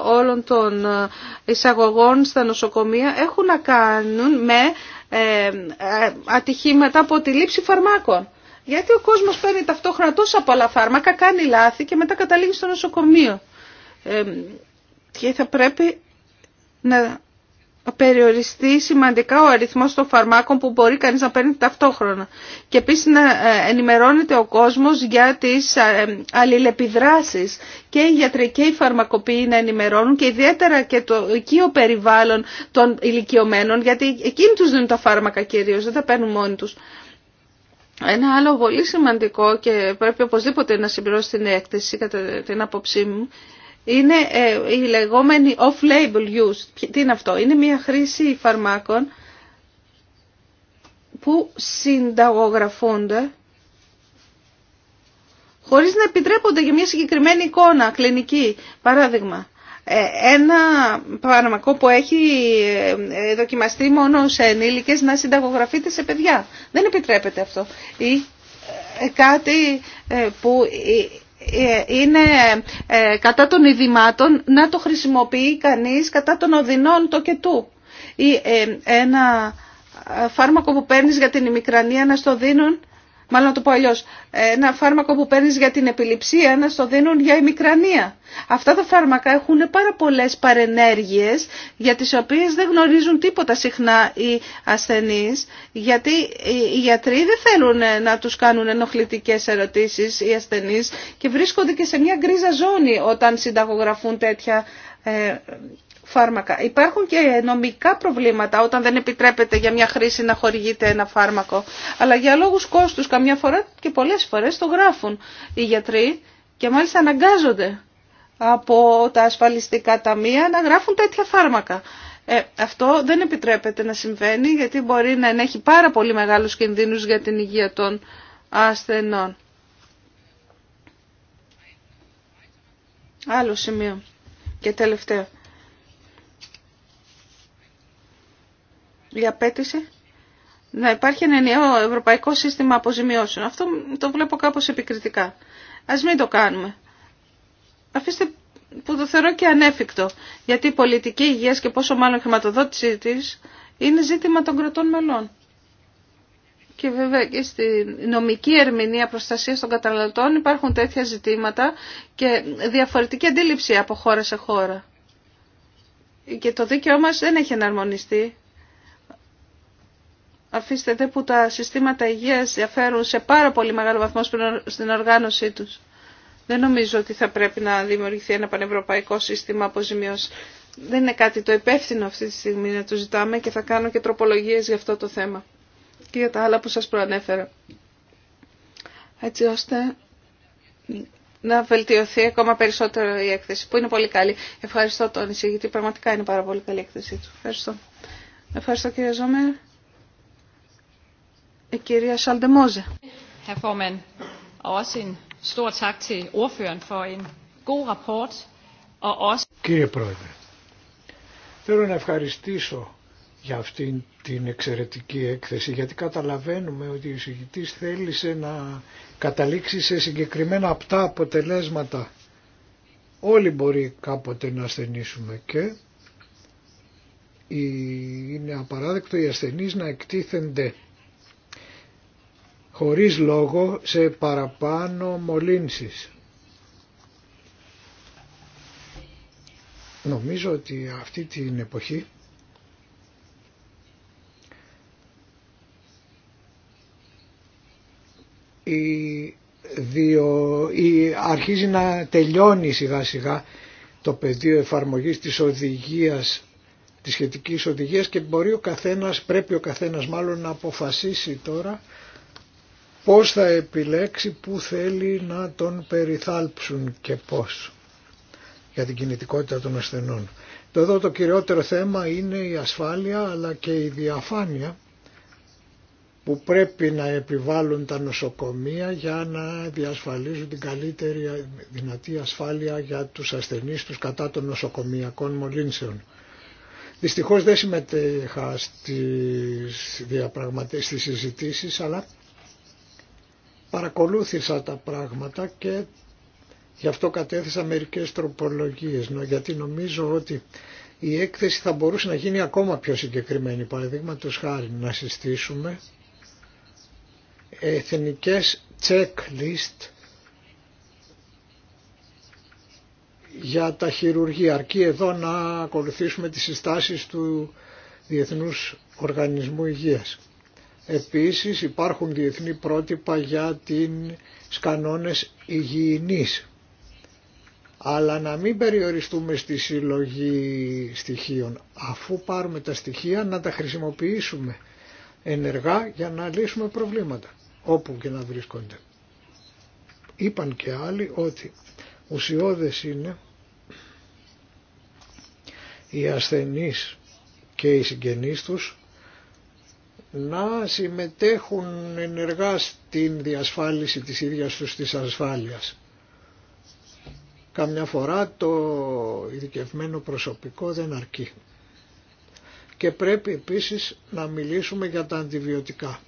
όλων των εισαγωγών στα νοσοκομεία έχουν να κάνουν με ε, ε, ατυχήματα από τη λήψη φαρμάκων. Γιατί ο κόσμος παίρνει ταυτόχρονα τόσα πολλά φάρμακα, κάνει λάθη και μετά καταλήγει στο νοσοκομείο. Ε, και θα πρέπει να περιοριστεί σημαντικά ο αριθμός των φαρμάκων που μπορεί κανείς να παίρνει ταυτόχρονα και επίσης να ε, ενημερώνεται ο κόσμος για τις ε, ε, αλληλεπιδράσεις και οι γιατροί και οι φαρμακοποιοί να ενημερώνουν και ιδιαίτερα και το οικείο περιβάλλον των ηλικιωμένων γιατί εκείνοι τους δίνουν τα φάρμακα κυρίως, δεν τα παίρνουν μόνοι τους. Ένα άλλο πολύ σημαντικό και πρέπει οπωσδήποτε να συμπληρώσει την έκθεση κατά την άποψή μου είναι ε, η λεγόμενη off-label use. Τι είναι αυτό. Είναι μια χρήση φαρμάκων που συνταγογραφούνται χωρίς να επιτρέπονται για μια συγκεκριμένη εικόνα κλινική. Παράδειγμα, ε, ένα φαρμακό που έχει ε, δοκιμαστεί μόνο σε ενήλικες να συνταγογραφείται σε παιδιά. Δεν επιτρέπεται αυτό. Ή κάτι που ε, είναι ε, κατά των ειδημάτων να το χρησιμοποιεί κανείς κατά των οδυνών το και του. Ή ε, ένα φάρμακο που παίρνεις για την ημικρανία να στο δίνουν μάλλον να το πω αλλιώ, ένα φάρμακο που παίρνει για την επιληψία να στο δίνουν για ημικρανία. Αυτά τα φάρμακα έχουν πάρα πολλέ παρενέργειε για τι οποίε δεν γνωρίζουν τίποτα συχνά οι ασθενεί, γιατί οι γιατροί δεν θέλουν να του κάνουν ενοχλητικέ ερωτήσει οι ασθενεί και βρίσκονται και σε μια γκρίζα ζώνη όταν συνταγογραφούν τέτοια ε, φάρμακα. Υπάρχουν και νομικά προβλήματα όταν δεν επιτρέπεται για μια χρήση να χορηγείται ένα φάρμακο. Αλλά για λόγους κόστους καμιά φορά και πολλές φορές το γράφουν οι γιατροί και μάλιστα αναγκάζονται από τα ασφαλιστικά ταμεία να γράφουν τέτοια φάρμακα. Ε, αυτό δεν επιτρέπεται να συμβαίνει γιατί μπορεί να ενέχει πάρα πολύ μεγάλους κινδύνους για την υγεία των ασθενών. Άλλο σημείο και τελευταίο. η απέτηση να υπάρχει ένα νέο ευρωπαϊκό σύστημα αποζημιώσεων. Αυτό το βλέπω κάπως επικριτικά. Ας μην το κάνουμε. Αφήστε που το θεωρώ και ανέφικτο, γιατί η πολιτική υγεία και πόσο μάλλον η χρηματοδότησή τη είναι ζήτημα των κρατών μελών. Και βέβαια και στη νομική ερμηνεία προστασία των καταναλωτών υπάρχουν τέτοια ζητήματα και διαφορετική αντίληψη από χώρα σε χώρα. Και το δίκαιό μα δεν έχει εναρμονιστεί. Αφήστε δε που τα συστήματα υγείας διαφέρουν σε πάρα πολύ μεγάλο βαθμό στην οργάνωσή τους. Δεν νομίζω ότι θα πρέπει να δημιουργηθεί ένα πανευρωπαϊκό σύστημα αποζημίωση. Δεν είναι κάτι το υπεύθυνο αυτή τη στιγμή να το ζητάμε και θα κάνω και τροπολογίες για αυτό το θέμα και για τα άλλα που σας προανέφερα. Έτσι ώστε να βελτιωθεί ακόμα περισσότερο η έκθεση, που είναι πολύ καλή. Ευχαριστώ τον εισηγητή, πραγματικά είναι πάρα πολύ καλή η έκθεσή του. Ευχαριστώ. Ευχαριστώ κύριε Ζώμερ. Κύριε Πρόεδρε, θέλω να ευχαριστήσω για αυτήν την εξαιρετική έκθεση γιατί καταλαβαίνουμε ότι ο εισηγητής θέλησε να καταλήξει σε συγκεκριμένα απτά αποτελέσματα. Όλοι μπορεί κάποτε να ασθενήσουμε και είναι απαράδεκτο οι ασθενείς να εκτίθενται χωρίς λόγο σε παραπάνω μολύνσεις. Νομίζω ότι αυτή την εποχή η, διο, αρχίζει να τελειώνει σιγά σιγά το πεδίο εφαρμογής της οδηγίας της σχετικής οδηγίας και μπορεί ο καθένας, πρέπει ο καθένας μάλλον να αποφασίσει τώρα πώς θα επιλέξει που θέλει να τον περιθάλψουν και πώς για την κινητικότητα των ασθενών. Το εδώ το κυριότερο θέμα είναι η ασφάλεια αλλά και η διαφάνεια που πρέπει να επιβάλλουν τα νοσοκομεία για να διασφαλίζουν την καλύτερη δυνατή ασφάλεια για τους ασθενείς τους κατά των νοσοκομειακών μολύνσεων. Δυστυχώς δεν συμμετέχα στις, διαπραγματε... στις συζητήσεις αλλά παρακολούθησα τα πράγματα και γι' αυτό κατέθεσα μερικές τροπολογίες, γιατί νομίζω ότι η έκθεση θα μπορούσε να γίνει ακόμα πιο συγκεκριμένη. Παραδείγματος χάρη να συστήσουμε εθνικές checklist για τα χειρουργία. Αρκεί εδώ να ακολουθήσουμε τις συστάσεις του Διεθνούς Οργανισμού Υγείας. Επίσης υπάρχουν διεθνή πρότυπα για την σκανόνες υγιεινής. Αλλά να μην περιοριστούμε στη συλλογή στοιχείων. Αφού πάρουμε τα στοιχεία να τα χρησιμοποιήσουμε ενεργά για να λύσουμε προβλήματα όπου και να βρίσκονται. Είπαν και άλλοι ότι ουσιώδες είναι οι ασθενείς και οι συγγενείς τους να συμμετέχουν ενεργά στην διασφάλιση της ίδιας τους της ασφάλειας. Καμιά φορά το ειδικευμένο προσωπικό δεν αρκεί. Και πρέπει επίσης να μιλήσουμε για τα αντιβιωτικά.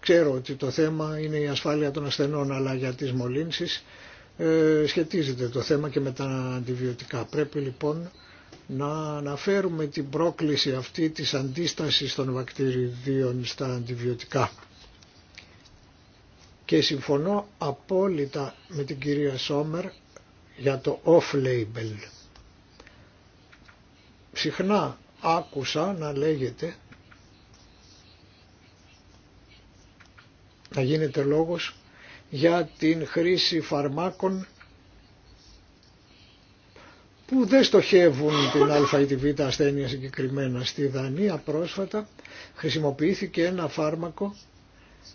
Ξέρω ότι το θέμα είναι η ασφάλεια των ασθενών, αλλά για τις μολύνσεις ε, σχετίζεται το θέμα και με τα αντιβιωτικά. Πρέπει λοιπόν να αναφέρουμε την πρόκληση αυτή της αντίστασης των βακτηριδίων στα αντιβιωτικά. Και συμφωνώ απόλυτα με την κυρία Σόμερ για το off-label. Συχνά άκουσα να λέγεται να γίνεται λόγος για την χρήση φαρμάκων που δεν στοχεύουν την α ή τη β ασθένεια συγκεκριμένα. Στη Δανία πρόσφατα χρησιμοποιήθηκε ένα φάρμακο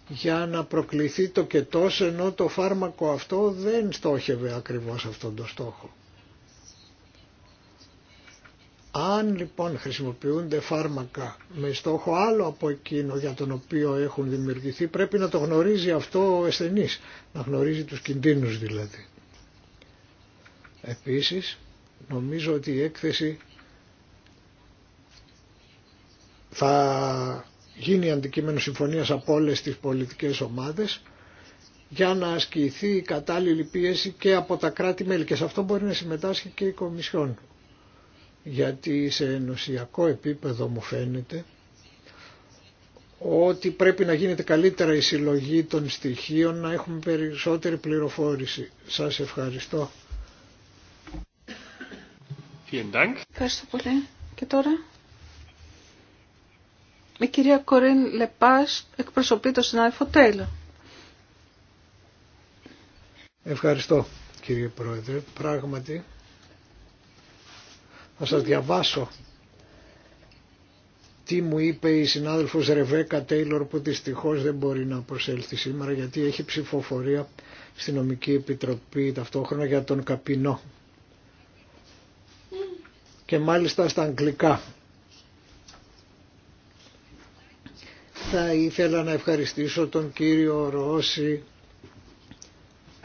για να προκληθεί το κετός ενώ το φάρμακο αυτό δεν στόχευε ακριβώς αυτόν τον στόχο. Αν λοιπόν χρησιμοποιούνται φάρμακα με στόχο άλλο από εκείνο για τον οποίο έχουν δημιουργηθεί πρέπει να το γνωρίζει αυτό ο να γνωρίζει τους κινδύνους δηλαδή. Επίσης Νομίζω ότι η έκθεση θα γίνει αντικείμενο συμφωνίας από όλε τις πολιτικές ομάδες για να ασκηθεί η κατάλληλη πίεση και από τα κράτη-μέλη και σε αυτό μπορεί να συμμετάσχει και η Κομισιόν γιατί σε ενωσιακό επίπεδο μου φαίνεται ότι πρέπει να γίνεται καλύτερα η συλλογή των στοιχείων να έχουμε περισσότερη πληροφόρηση. Σας ευχαριστώ. Ευχαριστώ πολύ. Και τώρα η κυρία Κορίν Λεπάς εκπροσωπεί το συνάδελφο Τέιλο. Ευχαριστώ κύριε Πρόεδρε. Πράγματι θα σας διαβάσω τι μου είπε η συνάδελφος Ρεβέκα Τέιλορ που δυστυχώ δεν μπορεί να προσέλθει σήμερα γιατί έχει ψηφοφορία στην Νομική Επιτροπή ταυτόχρονα για τον Καπινό και μάλιστα στα αγγλικά. Θα ήθελα να ευχαριστήσω τον κύριο Ρώση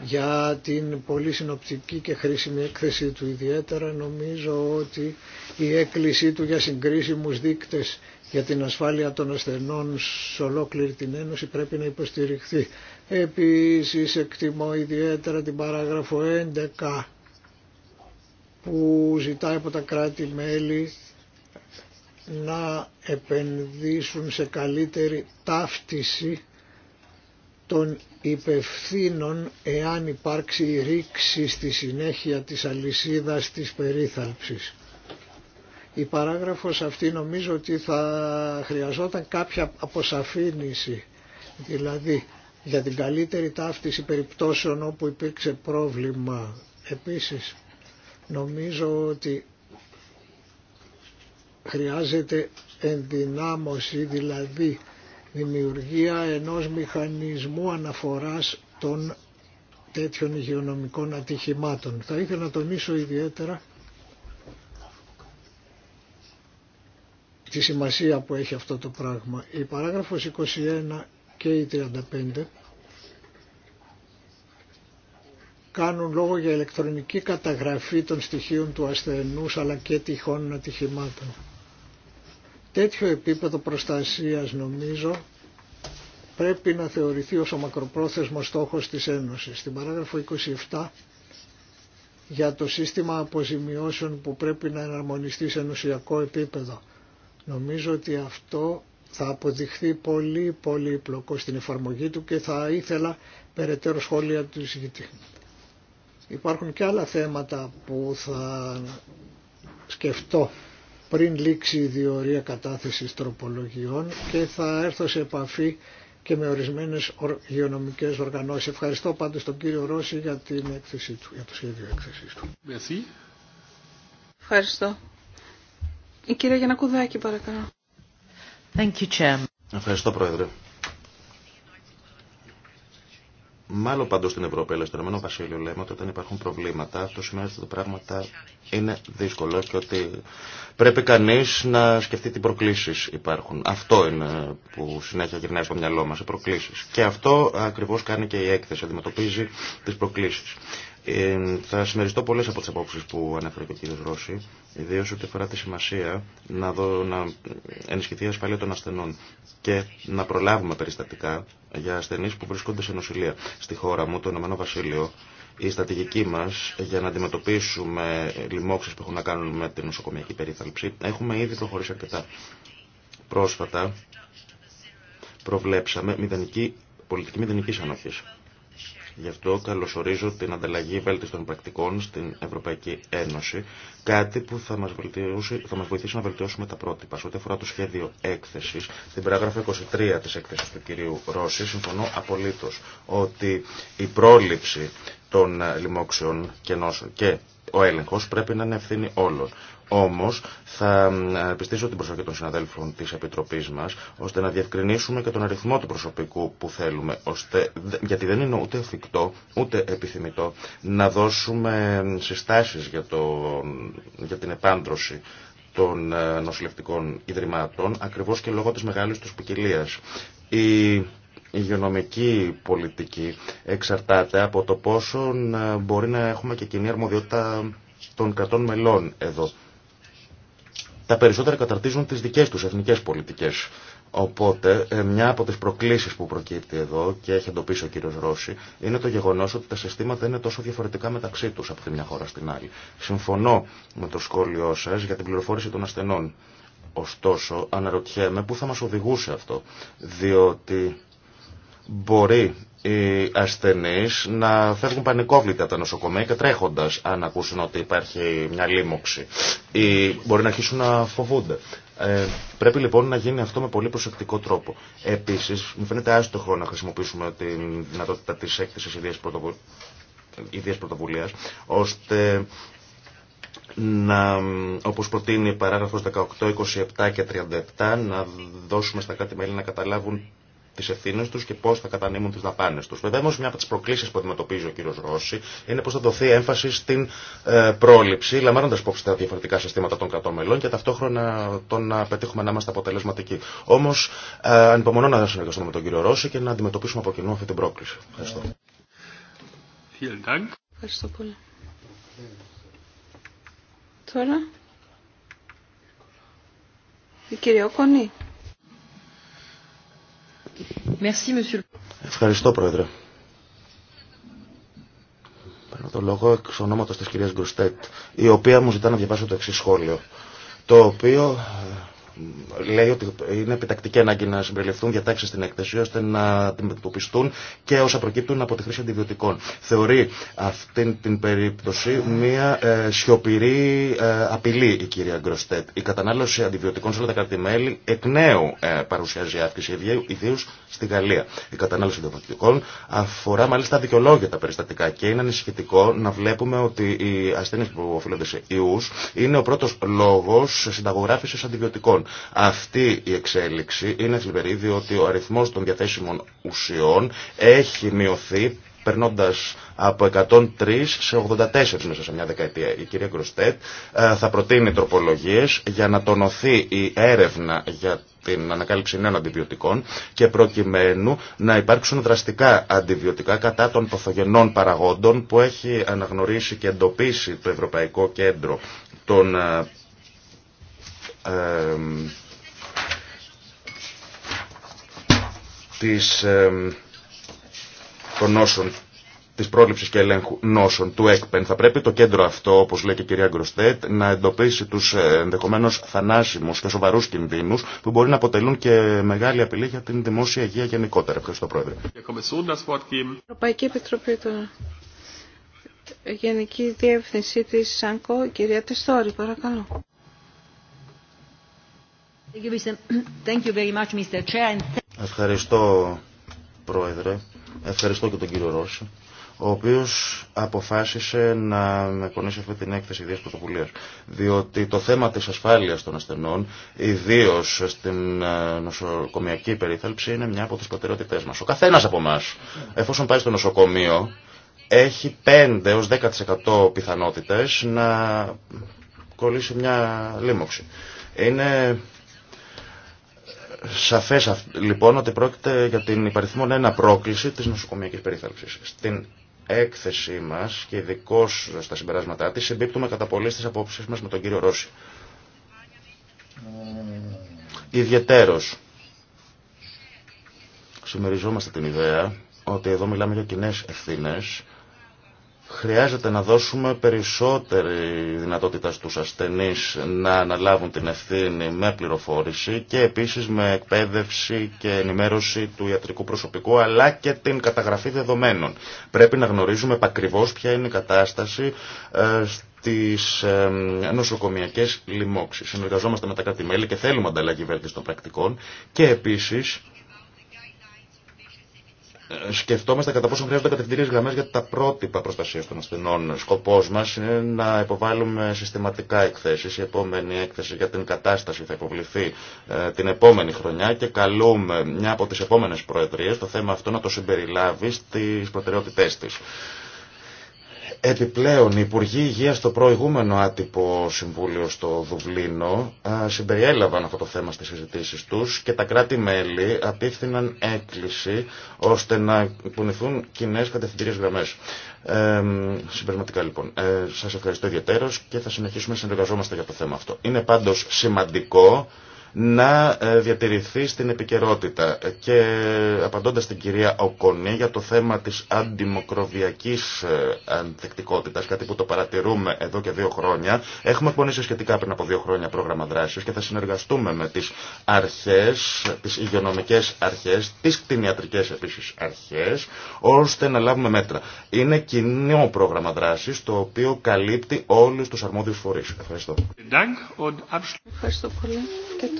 για την πολύ συνοπτική και χρήσιμη έκθεσή του. Ιδιαίτερα νομίζω ότι η έκκλησή του για συγκρίσιμους δείκτες για την ασφάλεια των ασθενών σε ολόκληρη την Ένωση πρέπει να υποστηριχθεί. Επίσης εκτιμώ ιδιαίτερα την παράγραφο 11 που ζητάει από τα κράτη-μέλη να επενδύσουν σε καλύτερη ταύτιση των υπευθύνων εάν υπάρξει ρήξη στη συνέχεια της αλυσίδας της περίθαλψης. Η παράγραφος αυτή νομίζω ότι θα χρειαζόταν κάποια αποσαφήνιση, δηλαδή για την καλύτερη ταύτιση περιπτώσεων όπου υπήρξε πρόβλημα. Επίσης, Νομίζω ότι χρειάζεται ενδυνάμωση, δηλαδή δημιουργία ενός μηχανισμού αναφοράς των τέτοιων υγειονομικών ατυχημάτων. Θα ήθελα να τονίσω ιδιαίτερα τη σημασία που έχει αυτό το πράγμα. Η παράγραφος 21 και η 35 κάνουν λόγο για ηλεκτρονική καταγραφή των στοιχείων του ασθενούς αλλά και τυχόν ατυχημάτων. Τέτοιο επίπεδο προστασίας νομίζω πρέπει να θεωρηθεί ως ο μακροπρόθεσμος στόχος της Ένωσης. Στην παράγραφο 27 για το σύστημα αποζημιώσεων που πρέπει να εναρμονιστεί σε ενωσιακό επίπεδο. Νομίζω ότι αυτό θα αποδειχθεί πολύ πολύ πολύπλοκο στην εφαρμογή του και θα ήθελα περαιτέρω σχόλια του εισηγητή. Υπάρχουν και άλλα θέματα που θα σκεφτώ πριν λήξει η διορία κατάθεσης τροπολογιών και θα έρθω σε επαφή και με ορισμένες υγειονομικές οργανώσεις. Ευχαριστώ πάντως τον κύριο Ρώση για την έκθεσή του, για το σχέδιο έκθεση του. Ευχαριστώ. Η κυρία Γιανακουδάκη παρακαλώ. Thank you, Ευχαριστώ Πρόεδρε. Μάλλον παντού στην Ευρώπη, αλλά στο Ηνωμένο Βασίλειο λέμε ότι όταν υπάρχουν προβλήματα, αυτό σημαίνει ότι τα πράγματα είναι δύσκολα και ότι πρέπει κανεί να σκεφτεί τι προκλήσει υπάρχουν. Αυτό είναι που συνέχεια γυρνάει στο μυαλό μα, οι προκλήσει. Και αυτό ακριβώ κάνει και η έκθεση, αντιμετωπίζει τι προκλήσει. Ε, θα συμμεριστώ πολλές από τις απόψεις που ανέφερε και ο κύριος Ρώση, ιδίως ότι αφορά τη σημασία να, να ενισχυθεί η ασφάλεια των ασθενών και να προλάβουμε περιστατικά για ασθενείς που βρίσκονται σε νοσηλεία. Στη χώρα μου, το Ηνωμένο Βασίλειο, η στρατηγική μας για να αντιμετωπίσουμε λοιμώξεις που έχουν να κάνουν με την νοσοκομιακή περίθαλψη, έχουμε ήδη προχωρήσει αρκετά. Πρόσφατα προβλέψαμε μηδενική, πολιτική μηδενικής ανοχής Γι' αυτό καλωσορίζω την ανταλλαγή βέλτιστων πρακτικών στην Ευρωπαϊκή Ένωση, κάτι που θα μας, θα μας βοηθήσει να βελτιώσουμε τα πρότυπα. Σε ό,τι αφορά το σχέδιο έκθεσης, την παράγραφο 23 της έκθεσης του κυρίου Ρώση, συμφωνώ απολύτως ότι η πρόληψη των λοιμόξεων και νόσων και ο έλεγχος πρέπει να είναι ευθύνη όλων. Όμως θα πιστήσω την προσοχή των συναδέλφων της Επιτροπής μας ώστε να διευκρινίσουμε και τον αριθμό του προσωπικού που θέλουμε ώστε, γιατί δεν είναι ούτε εφικτό ούτε επιθυμητό να δώσουμε συστάσεις για, για την επάντρωση των ε, νοσηλευτικών ιδρυμάτων ακριβώς και λόγω της μεγάλης τους ποικιλία. Η υγειονομική πολιτική εξαρτάται από το πόσο ε, μπορεί να έχουμε και κοινή αρμοδιότητα των κρατών μελών εδώ τα περισσότερα καταρτίζουν τις δικές τους εθνικές πολιτικές. Οπότε, ε, μια από τις προκλήσεις που προκύπτει εδώ και έχει εντοπίσει ο κύριος Ρώση, είναι το γεγονός ότι τα συστήματα είναι τόσο διαφορετικά μεταξύ τους από τη μια χώρα στην άλλη. Συμφωνώ με το σχόλιο σας για την πληροφόρηση των ασθενών. Ωστόσο, αναρωτιέμαι πού θα μας οδηγούσε αυτό, διότι μπορεί οι ασθενείς να φεύγουν πανικόβλητα τα νοσοκομεία και τρέχοντας αν ακούσουν ότι υπάρχει μια λίμωξη ή μπορεί να αρχίσουν να φοβούνται. Ε, πρέπει λοιπόν να γίνει αυτό με πολύ προσεκτικό τρόπο. Επίσης, μου φαίνεται άστοχο να χρησιμοποιήσουμε την δυνατότητα της έκθεσης ιδίας, πρωτοβου... ιδίας πρωτοβουλίας, ώστε να, όπως προτείνει η μπορει να αρχισουν να φοβουνται ε πρεπει λοιπον να γινει αυτο με πολυ προσεκτικο τροπο επισης μου φαινεται αστοχο να χρησιμοποιησουμε τη δυνατοτητα της εκθεσης ιδιας πρωτοβου ωστε να οπως προτεινει η παραγραφος 18, 27 και 37, να δώσουμε στα κάτι μελη να καταλάβουν τι ευθύνε του και πώ θα κατανείμουν τι δαπάνε του. Βέβαια, όμω, μια από τι προκλήσει που αντιμετωπίζει ο κύριο Ρώση είναι πώ θα δοθεί έμφαση στην ε, πρόληψη, λαμβάνοντα υπόψη τα διαφορετικά συστήματα των κρατών μελών και ταυτόχρονα το να πετύχουμε να είμαστε αποτελεσματικοί. Όμω, ε, ανυπομονώ να συνεργαστούμε με τον κύριο Ρώση και να αντιμετωπίσουμε από κοινού αυτή την πρόκληση. Ευχαριστώ. Ευχαριστώ πολύ. Τώρα, η κυρία Κονή. Ευχαριστώ, Πρόεδρε. Παίρνω το λόγο εξ ονόματος της κυρίας Γκρουστέτ, η οποία μου ζητά να διαβάσω το εξή σχόλιο, το οποίο ε, λέει ότι είναι επιτακτική ανάγκη να συμπεριληφθούν διατάξει στην έκθεση ώστε να αντιμετωπιστούν και όσα προκύπτουν από τη χρήση αντιβιωτικών. Θεωρεί αυτή την περίπτωση μια ε, σιωπηρή ε, απειλή η κυρία Γκροστέτ. Η κατανάλωση αντιβιωτικών σε όλα τα κράτη-μέλη εκ νέου ε, παρουσιάζει αύξηση, ιδίω στη Γαλλία. Η κατανάλωση αντιβιωτικών αφορά μάλιστα δικαιολόγια τα περιστατικά και είναι ανησυχητικό να βλέπουμε ότι οι ασθένειε που οφείλονται σε ιού είναι ο πρώτο λόγο συνταγογράφηση αντιβιωτικών. Λοιπόν, αυτή η εξέλιξη είναι θλιβερή διότι ο αριθμός των διαθέσιμων ουσιών έχει μειωθεί περνώντας από 103 σε 84 μέσα σε μια δεκαετία. Η κυρία Γκροστέτ ε, θα προτείνει τροπολογίες για να τονωθεί η έρευνα για την ανακάλυψη νέων αντιβιωτικών και προκειμένου να υπάρξουν δραστικά αντιβιωτικά κατά των παθογενών παραγόντων που έχει αναγνωρίσει και εντοπίσει το Ευρωπαϊκό Κέντρο των ε, της, των νόσων, της πρόληψης και ελέγχου νόσων του ΕΚΠΕΝ. Θα πρέπει το κέντρο αυτό, όπως λέει και η κυρία Γκροστέτ, να εντοπίσει τους ε, ενδεχομένω θανάσιμους και σοβαρούς κινδύνους που μπορεί να αποτελούν και μεγάλη απειλή για την δημόσια υγεία γενικότερα. Ευχαριστώ Πρόεδρε. Ευρωπαϊκή Επιτροπή τώρα. Γενική Διεύθυνση της ΣΑΝΚΟ, κυρία Τεστόρη, παρακαλώ. Ευχαριστώ, Πρόεδρε. Ευχαριστώ και τον κύριο Ρώση, ο οποίος αποφάσισε να με κονίσει αυτή την έκθεση ιδίας πρωτοβουλίας. Διότι το θέμα της ασφάλειας των ασθενών, ιδίως στην ε, νοσοκομιακή περίθαλψη, είναι μια από τις προτεραιότητές μας. Ο καθένας από εμά, εφόσον πάει στο νοσοκομείο, έχει 5 10% πιθανότητες να κολλήσει μια λίμωξη. Είναι σαφές λοιπόν ότι πρόκειται για την υπαριθμόν ένα πρόκληση της νοσοκομιακής περίθαλψης. Στην έκθεσή μας και ειδικώ στα συμπεράσματά της συμπίπτουμε κατά πολύ στις απόψεις μας με τον κύριο Ρώση. Ιδιαιτέρως συμμεριζόμαστε την ιδέα ότι εδώ μιλάμε για κοινέ ευθύνες Χρειάζεται να δώσουμε περισσότερη δυνατότητα στους ασθενείς να αναλάβουν την ευθύνη με πληροφόρηση και επίσης με εκπαίδευση και ενημέρωση του ιατρικού προσωπικού αλλά και την καταγραφή δεδομένων. Πρέπει να γνωρίζουμε ακριβώς ποια είναι η κατάσταση ε, στις ε, νοσοκομιακές Συνεργαζόμαστε με τα κράτη-μέλη και θέλουμε ανταλλαγή βέλτιστων πρακτικών και επίσης σκεφτόμαστε κατά πόσο χρειάζονται κατευθυντήριε γραμμέ για τα πρότυπα προστασία των ασθενών. Σκοπό μα είναι να υποβάλουμε συστηματικά εκθέσει. Η επόμενη έκθεση για την κατάσταση θα υποβληθεί ε, την επόμενη χρονιά και καλούμε μια από τι επόμενε προεδρίε το θέμα αυτό να το συμπεριλάβει στι προτεραιότητέ τη. Επιπλέον, οι Υπουργοί Υγείας στο προηγούμενο άτυπο συμβούλιο στο Δουβλίνο συμπεριέλαβαν αυτό το θέμα στις συζητήσεις τους και τα κράτη-μέλη απίθυναν έκκληση ώστε να κουνηθούν κοινέ κατευθυντήριες γραμμές. Ε, λοιπόν, ε, σας ευχαριστώ ιδιαίτερως και θα συνεχίσουμε να συνεργαζόμαστε για το θέμα αυτό. Είναι πάντως σημαντικό να ε, διατηρηθεί στην επικαιρότητα. Και απαντώντας την κυρία Οκονή για το θέμα της αντιμοκροβιακής ε, ανθεκτικότητας, κάτι που το παρατηρούμε εδώ και δύο χρόνια, έχουμε εκπονήσει σχετικά πριν από δύο χρόνια πρόγραμμα δράσης και θα συνεργαστούμε με τις αρχές, τις υγειονομικές αρχές, τις κτηνιατρικές επίσης αρχές, ώστε να λάβουμε μέτρα. Είναι κοινό πρόγραμμα δράσης, το οποίο καλύπτει όλους τους αρμόδιους φορεί Ευχαριστώ. Ευχαριστώ πολύ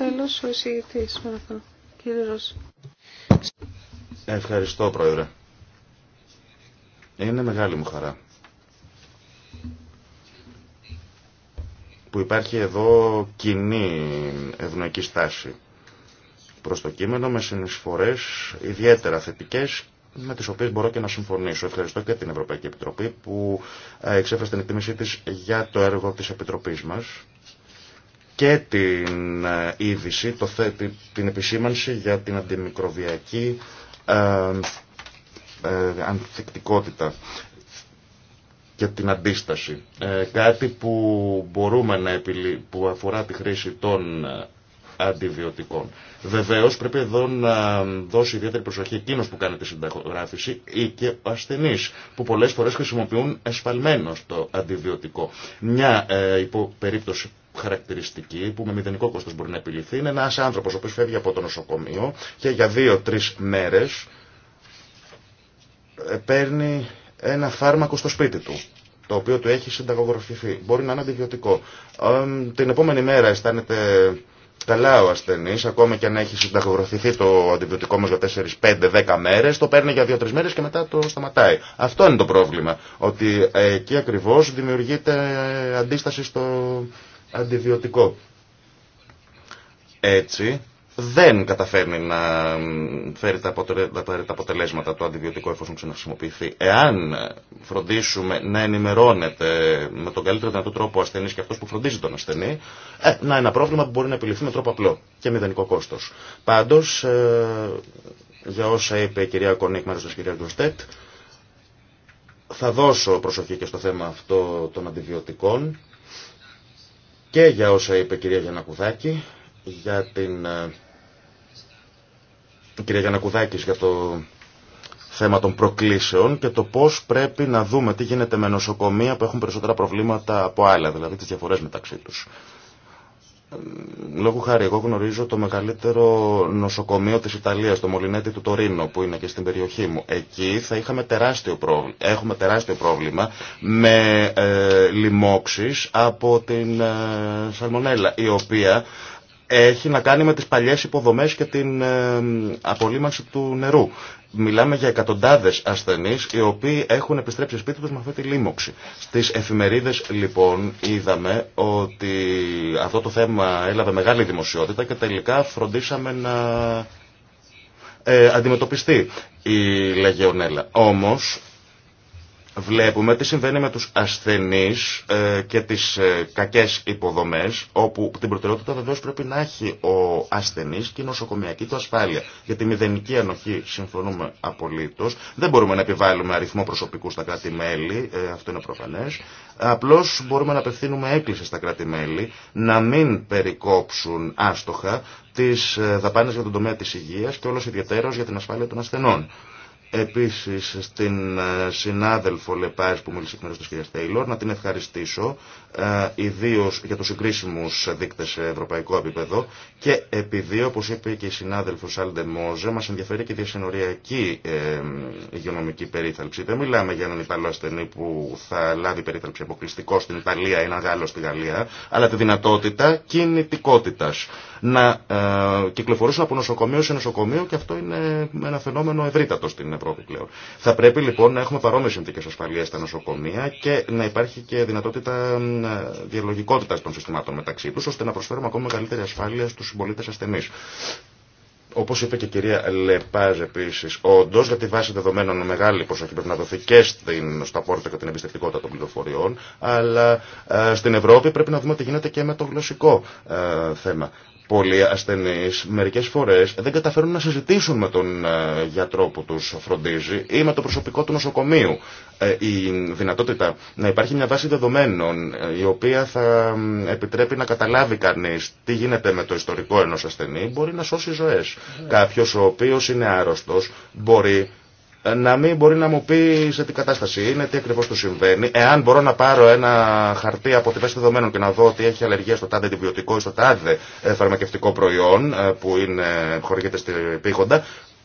ο Κύριε Ρώση. Ευχαριστώ, Πρόεδρε. Είναι μεγάλη μου χαρά που υπάρχει εδώ κοινή ευνοϊκή στάση προς το κείμενο με συνεισφορές ιδιαίτερα θετικές με τις οποίες μπορώ και να συμφωνήσω. Ευχαριστώ και την Ευρωπαϊκή Επιτροπή που ε, εξέφρασε την εκτίμησή της για το έργο της Επιτροπής μας και την ε, είδηση, το, την επισήμανση για την αντιμικροβιακή ε, ε, ανθεκτικότητα και την αντίσταση. κάτι που μπορούμε να επιλύ... που αφορά τη χρήση των αντιβιωτικών. Βεβαίω πρέπει εδώ να δώσει ιδιαίτερη προσοχή εκείνο που κάνει τη συνταγογράφηση ή και ο ασθενή που πολλέ φορέ χρησιμοποιούν εσφαλμένο το αντιβιωτικό. Μια ε, υπό περίπτωση χαρακτηριστική που με μηδενικό κόστο μπορεί να επιληθεί είναι ένα άνθρωπο ο οποίο φεύγει από το νοσοκομείο και για δυο τρει μέρε ε, παίρνει ένα φάρμακο στο σπίτι του το οποίο του έχει συνταγογραφηθεί. Μπορεί να είναι αντιβιωτικό. την επόμενη μέρα αισθάνεται καλά ο ασθενή, ακόμα και αν έχει συνταγογραφηθεί το αντιβιωτικό μα για 4, 5, 10 μέρε, το παίρνει για 2-3 μέρε και μετά το σταματάει. Αυτό είναι το πρόβλημα. Ότι εκεί ακριβώ δημιουργείται αντίσταση στο αντιβιωτικό. Έτσι, δεν καταφέρνει να φέρει τα, αποτελέσματα του αντιβιωτικού εφόσον ξαναχρησιμοποιηθεί. Εάν φροντίσουμε να ενημερώνεται με τον καλύτερο δυνατό τρόπο ο ασθενή και αυτό που φροντίζει τον ασθενή, ε, να είναι ένα πρόβλημα που μπορεί να επιληφθεί με τρόπο απλό και μηδενικό κόστο. Πάντω, ε, για όσα είπε η κυρία Κονίκ μέρο τη κυρία Γκροστέτ, θα δώσω προσοχή και στο θέμα αυτό των αντιβιωτικών και για όσα είπε η κυρία Γιανακουδάκη, για την ε, κυρία Γιανακουδάκη για το θέμα των προκλήσεων και το πώς πρέπει να δούμε τι γίνεται με νοσοκομεία που έχουν περισσότερα προβλήματα από άλλα, δηλαδή τις διαφορές μεταξύ τους. Λόγω χάρη, εγώ γνωρίζω το μεγαλύτερο νοσοκομείο της Ιταλίας, το Μολυνέτη του Τωρίνο, που είναι και στην περιοχή μου. Εκεί θα είχαμε τεράστιο πρόβλημα, έχουμε τεράστιο πρόβλημα με ε, από την ε, η οποία έχει να κάνει με τις παλιές υποδομές και την ε, απολύμανση του νερού. Μιλάμε για εκατοντάδες ασθενείς οι οποίοι έχουν επιστρέψει σπίτι τους με αυτή τη λίμωξη. Στις εφημερίδες λοιπόν είδαμε ότι αυτό το θέμα έλαβε μεγάλη δημοσιότητα και τελικά φροντίσαμε να ε, αντιμετωπιστεί η Λεγεωνέλα. Όμως βλέπουμε τι συμβαίνει με τους ασθενείς ε, και τις ε, κακές υποδομές, όπου την προτεραιότητα βεβαίως πρέπει να έχει ο ασθενής και η νοσοκομιακή του ασφάλεια. Για τη μηδενική ανοχή συμφωνούμε απολύτως. Δεν μπορούμε να επιβάλλουμε αριθμό προσωπικού στα κράτη-μέλη, ε, αυτό είναι προφανές. Απλώς μπορούμε να απευθύνουμε έκκληση στα κράτη-μέλη να μην περικόψουν άστοχα τις δαπάνες για τον τομέα της υγείας και όλος ιδιαίτερος για την ασφάλεια των ασθενών. Επίσης στην ε, συνάδελφο Λεπάης που μίλησε εκ μέρους της κυρίας Τέιλορ να την ευχαριστήσω ε, ιδίως για τους συγκρίσιμους δείκτες σε ευρωπαϊκό επίπεδο και επειδή όπως είπε και η συνάδελφο Σάλντε Μόζε μας ενδιαφέρει και η διασυνοριακή ε, υγειονομική περίθαλψη. Δεν μιλάμε για έναν Ιταλό ασθενή που θα λάβει περίθαλψη αποκλειστικό στην Ιταλία ή έναν Γάλλο στη Γαλλία αλλά τη δυνατότητα κινητικότητας να ε, κυκλοφορούσαν από νοσοκομείο σε νοσοκομείο και αυτό είναι ένα φαινόμενο ευρύτατο στην Ευρώπη πλέον. Θα πρέπει λοιπόν να έχουμε παρόμοιε συνθήκε ασφαλεία στα νοσοκομεία και να υπάρχει και δυνατότητα ε, διαλογικότητα των συστημάτων μεταξύ του, ώστε να προσφέρουμε ακόμα μεγαλύτερη ασφάλεια στου συμπολίτε ασθενεί. Όπω είπε και η κυρία Λεπάζ επίση, όντω για τη βάση δεδομένων μεγάλη προσοχή πρέπει να δοθεί και στην, στα πόρτα και την εμπιστευτικότητα των πληροφοριών, αλλά ε, στην Ευρώπη πρέπει να δούμε τι γίνεται και με το γλωσσικό ε, θέμα πολλοί ασθενείς μερικές φορές δεν καταφέρουν να συζητήσουν με τον ε, γιατρό που τους φροντίζει ή με το προσωπικό του νοσοκομείου. Ε, η δυνατότητα να υπάρχει μια βάση δεδομένων ε, η οποία θα επιτρέπει να καταλάβει κανείς τι γίνεται με το ιστορικό ενός ασθενή μπορεί να σώσει ζωές. Ναι. Κάποιος ο οποίος είναι άρρωστος μπορεί να μην μπορεί να μου πει σε τι κατάσταση είναι, τι ακριβώ του συμβαίνει. Εάν μπορώ να πάρω ένα χαρτί από τη βάση δεδομένων και να δω ότι έχει αλλεργία στο τάδε αντιβιωτικό ή στο τάδε φαρμακευτικό προϊόν ε, που είναι, χορηγείται στην πήγοντα,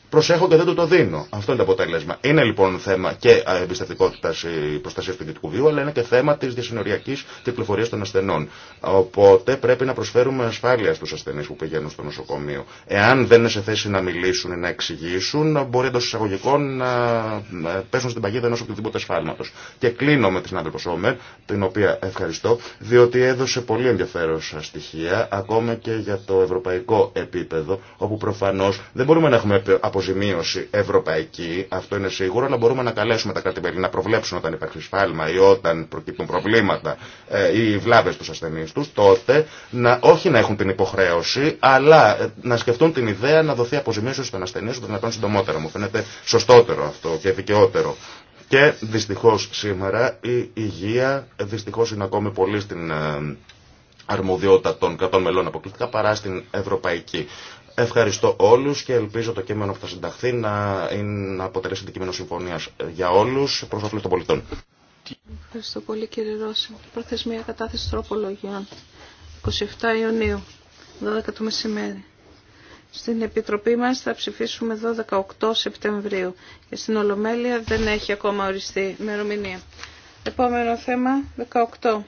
προσέχω και δεν του το δίνω. Αυτό είναι το αποτέλεσμα. Είναι λοιπόν θέμα και εμπιστευτικότητα η προστασία του ιδιωτικού βίου, αλλά είναι και θέμα τη διασυνοριακή κυκλοφορία των ασθενών. Οπότε πρέπει να προσφέρουμε ασφάλεια στου ασθενεί που πηγαίνουν στο νοσοκομείο. Εάν δεν είναι σε θέση να μιλήσουν ή να εξηγήσουν, μπορεί εντό εισαγωγικών να πέσουν στην παγίδα ενό οποιοδήποτε σφάλματο. Και κλείνω με την συνάδελφο Σόμερ, την οποία ευχαριστώ, διότι έδωσε πολύ ενδιαφέροντα στοιχεία, ακόμα και για το ευρωπαϊκό επίπεδο, όπου προφανώ δεν μπορούμε να έχουμε αποζημίωση ευρωπαϊκή, αυτό είναι σίγουρο, αλλά μπορούμε να καλέσουμε τα κράτη-μέλη να προβλέψουν όταν υπάρχει σφάλμα ή όταν προκύπτουν προβλήματα ε, ή βλάβε στου ασθενεί του, τότε να, όχι να έχουν την υποχρέωση, αλλά ε, να σκεφτούν την ιδέα να δοθεί αποζημίωση στον ασθενή στο δυνατόν συντομότερα. Μου φαίνεται σωστότερο αυτό και δικαιότερο. Και δυστυχώ σήμερα η οταν προκυπτουν προβληματα η βλαβε του ασθενει του τοτε δυστυχώ είναι ακόμη πολύ στην ε, αρμοδιότητα των κρατών μελών αποκλειστικά παρά στην ευρωπαϊκή. Ευχαριστώ όλους και ελπίζω το κείμενο που θα συνταχθεί να, είναι, να αποτελέσει αντικείμενο συμφωνίας για όλους προς όφελος των πολιτών. Ευχαριστώ πολύ κύριε Ρώση. Προθεσμία κατάθεση τροπολογιών. 27 Ιουνίου, 12 το μεσημέρι. Στην Επιτροπή μας θα ψηφίσουμε 12-18 Σεπτεμβρίου και στην Ολομέλεια δεν έχει ακόμα οριστεί ημερομηνία. Επόμενο θέμα 18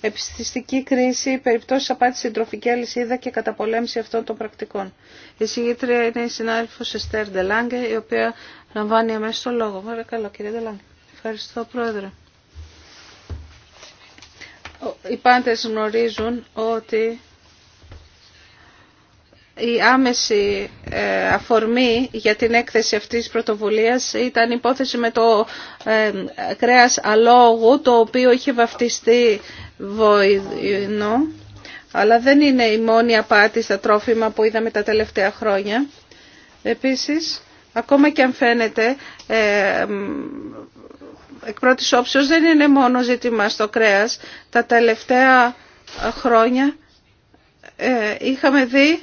επιστηστική κρίση, περιπτώσει απάτης στην τροφική αλυσίδα και καταπολέμηση αυτών των πρακτικών. Η συγγήτρια είναι η συνάδελφος Εστέρ Ντελάνγκε η οποία λαμβάνει αμέσω το λόγο. Παρακαλώ κύριε Ντελάνγκε. Ευχαριστώ πρόεδρε. Οι πάντε γνωρίζουν ότι η άμεση ε, αφορμή για την έκθεση αυτής της πρωτοβουλίας ήταν υπόθεση με το ε, κρέας αλόγου το οποίο είχε βαφτιστεί βοηθινό, αλλά δεν είναι η μόνη απάτη στα τρόφιμα που είδαμε τα τελευταία χρόνια. Επίσης, ακόμα και αν φαίνεται, ε, εκ πρώτης όψεως δεν είναι μόνο ζήτημα στο κρέας. Τα τελευταία χρόνια ε, είχαμε δει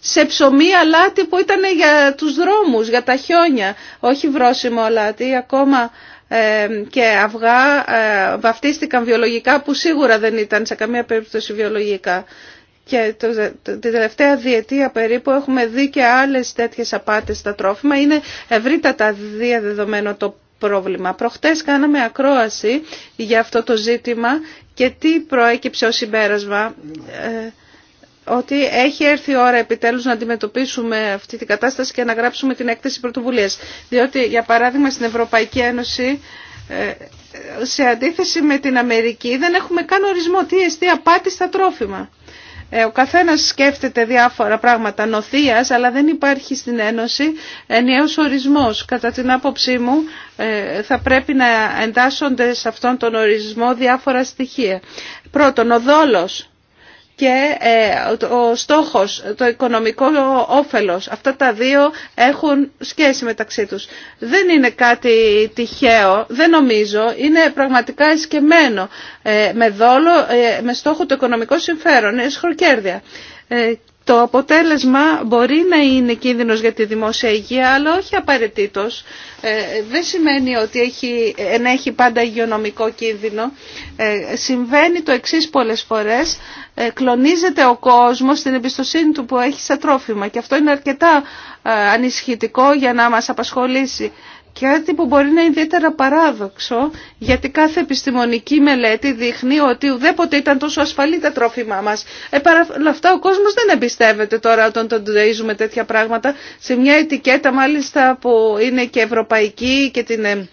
σε ψωμί αλάτι που ήταν για τους δρόμους, για τα χιόνια, όχι βρόσιμο αλάτι, ακόμα και αυγά ε, βαφτίστηκαν βιολογικά που σίγουρα δεν ήταν σε καμία περίπτωση βιολογικά. Και την τελευταία διετία περίπου έχουμε δει και άλλες τέτοιες απάτες στα τρόφιμα. Είναι ευρύτατα διαδεδομένο το πρόβλημα. Προχτές κάναμε ακρόαση για αυτό το ζήτημα και τι προέκυψε ως συμπέρασμα. Ε, ότι έχει έρθει η ώρα επιτέλους να αντιμετωπίσουμε αυτή την κατάσταση και να γράψουμε την έκθεση πρωτοβουλίας. Διότι, για παράδειγμα, στην Ευρωπαϊκή Ένωση, ε, σε αντίθεση με την Αμερική, δεν έχουμε καν ορισμό τι εστία απάτη στα τρόφιμα. Ε, ο καθένας σκέφτεται διάφορα πράγματα νοθείας, αλλά δεν υπάρχει στην Ένωση ενιαίος ορισμός. Κατά την άποψή μου ε, θα πρέπει να εντάσσονται σε αυτόν τον ορισμό διάφορα στοιχεία. Πρώτον, ο δόλος και ε, ο στόχος, το οικονομικό όφελος. Αυτά τα δύο έχουν σχέση μεταξύ τους. Δεν είναι κάτι τυχαίο, δεν νομίζω. Είναι πραγματικά εσκεμμένο ε, με δόλο, ε, με στόχο το οικονομικό συμφέρον. Είναι σχορκέρδια το αποτέλεσμα μπορεί να είναι κίνδυνος για τη δημόσια υγεία, αλλά όχι απαραίτητο. Ε, δεν σημαίνει ότι έχει, πάντα υγειονομικό κίνδυνο. Ε, συμβαίνει το εξής πολλές φορές. Ε, κλονίζεται ο κόσμος στην εμπιστοσύνη του που έχει στα τρόφιμα και αυτό είναι αρκετά ανησυχητικό για να μας απασχολήσει. Κάτι που μπορεί να είναι ιδιαίτερα παράδοξο, γιατί κάθε επιστημονική μελέτη δείχνει ότι ουδέποτε ήταν τόσο ασφαλή τα τρόφιμά μα. Ε, παρά αυτά ο κόσμο δεν εμπιστεύεται τώρα όταν τον τουζείζουμε τέτοια πράγματα σε μια ετικέτα μάλιστα που είναι και ευρωπαϊκή και την ε,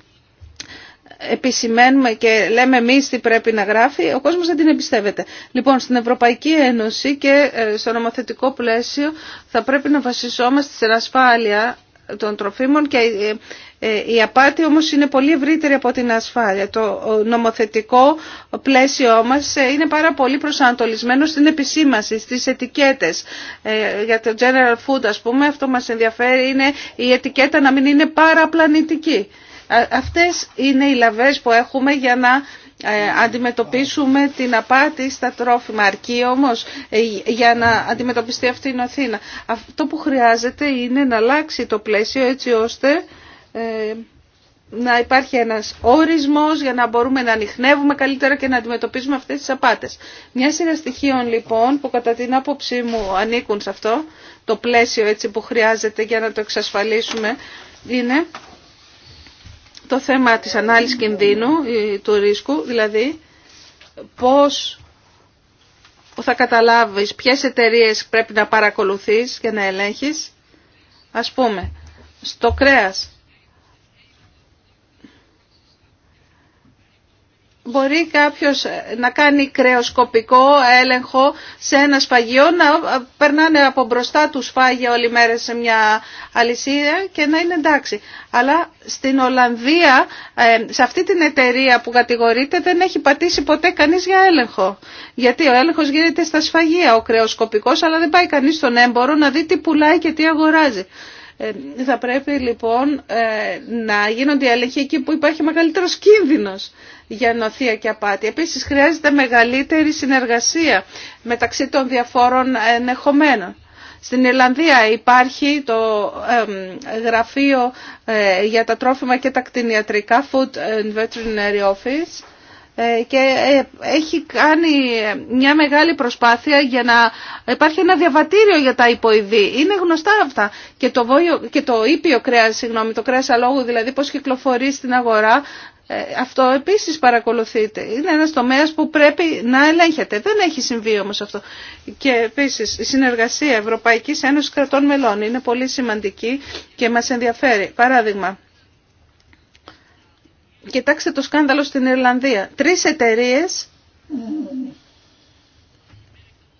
επισημαίνουμε και λέμε εμεί τι πρέπει να γράφει, ο κόσμος δεν την εμπιστεύεται. Λοιπόν, στην Ευρωπαϊκή Ένωση και ε, στο νομοθετικό πλαίσιο θα πρέπει να βασιζόμαστε στην ασφάλεια των τροφίμων και ε, ε, η απάτη όμως είναι πολύ ευρύτερη από την ασφάλεια. Το νομοθετικό πλαίσιό μας ε, είναι πάρα πολύ προσανατολισμένο στην επισήμαση, στις ετικέτες. Για το general food ας πούμε αυτό μας ενδιαφέρει είναι η ετικέτα να μην είναι παραπλανητική. Αυτές είναι οι λαβές που έχουμε για να ε, αντιμετωπίσουμε την απάτη στα τρόφιμα. Αρκεί όμως ε, για να αντιμετωπιστεί αυτή η νοθήνα. Αυτό που χρειάζεται είναι να αλλάξει το πλαίσιο έτσι ώστε ε, να υπάρχει ένας ορισμός για να μπορούμε να ανοιχνεύουμε καλύτερα και να αντιμετωπίζουμε αυτές τις απάτες. Μια σειρά στοιχείων λοιπόν που κατά την άποψή μου ανήκουν σε αυτό, το πλαίσιο έτσι που χρειάζεται για να το εξασφαλίσουμε, είναι το θέμα της ανάλυσης κινδύνου, του ρίσκου, δηλαδή πώς θα καταλάβεις ποιες εταιρείες πρέπει να παρακολουθείς και να ελέγχεις. Ας πούμε, στο κρέας μπορεί κάποιος ε, να κάνει κρεοσκοπικό έλεγχο σε ένα σφαγείο, να ε, περνάνε από μπροστά του σφάγια όλη μέρα σε μια αλυσίδα και να είναι εντάξει. Αλλά στην Ολλανδία, ε, σε αυτή την εταιρεία που κατηγορείται, δεν έχει πατήσει ποτέ κανείς για έλεγχο. Γιατί ο έλεγχος γίνεται στα σφαγεία, ο κρεοσκοπικός, αλλά δεν πάει κανείς στον έμπορο να δει τι πουλάει και τι αγοράζει. Θα πρέπει λοιπόν να γίνονται οι έλεγχοι εκεί που υπάρχει μεγαλύτερος κίνδυνος για νοθεία και απάτη. Επίσης χρειάζεται μεγαλύτερη συνεργασία μεταξύ των διαφόρων ενεχομένων. Στην Ιρλανδία υπάρχει το γραφείο ε, για τα τρόφιμα και τα κτηνιατρικά Food and Veterinary Office ε, και ε, έχει κάνει μια μεγάλη προσπάθεια για να υπάρχει ένα διαβατήριο για τα υποειδή. Είναι γνωστά αυτά και το, βόιο, και το ήπιο κρέας, συγγνώμη, το κρέας αλόγου δηλαδή πώς κυκλοφορεί στην αγορά ε, αυτό επίσης παρακολουθείτε. Είναι ένας τομέας που πρέπει να ελέγχεται. Δεν έχει συμβεί όμως αυτό. Και επίσης η συνεργασία Ευρωπαϊκής Ένωσης Κρατών Μελών είναι πολύ σημαντική και μας ενδιαφέρει. Παράδειγμα, κοιτάξτε το σκάνδαλο στην Ιρλανδία. Τρεις εταιρείες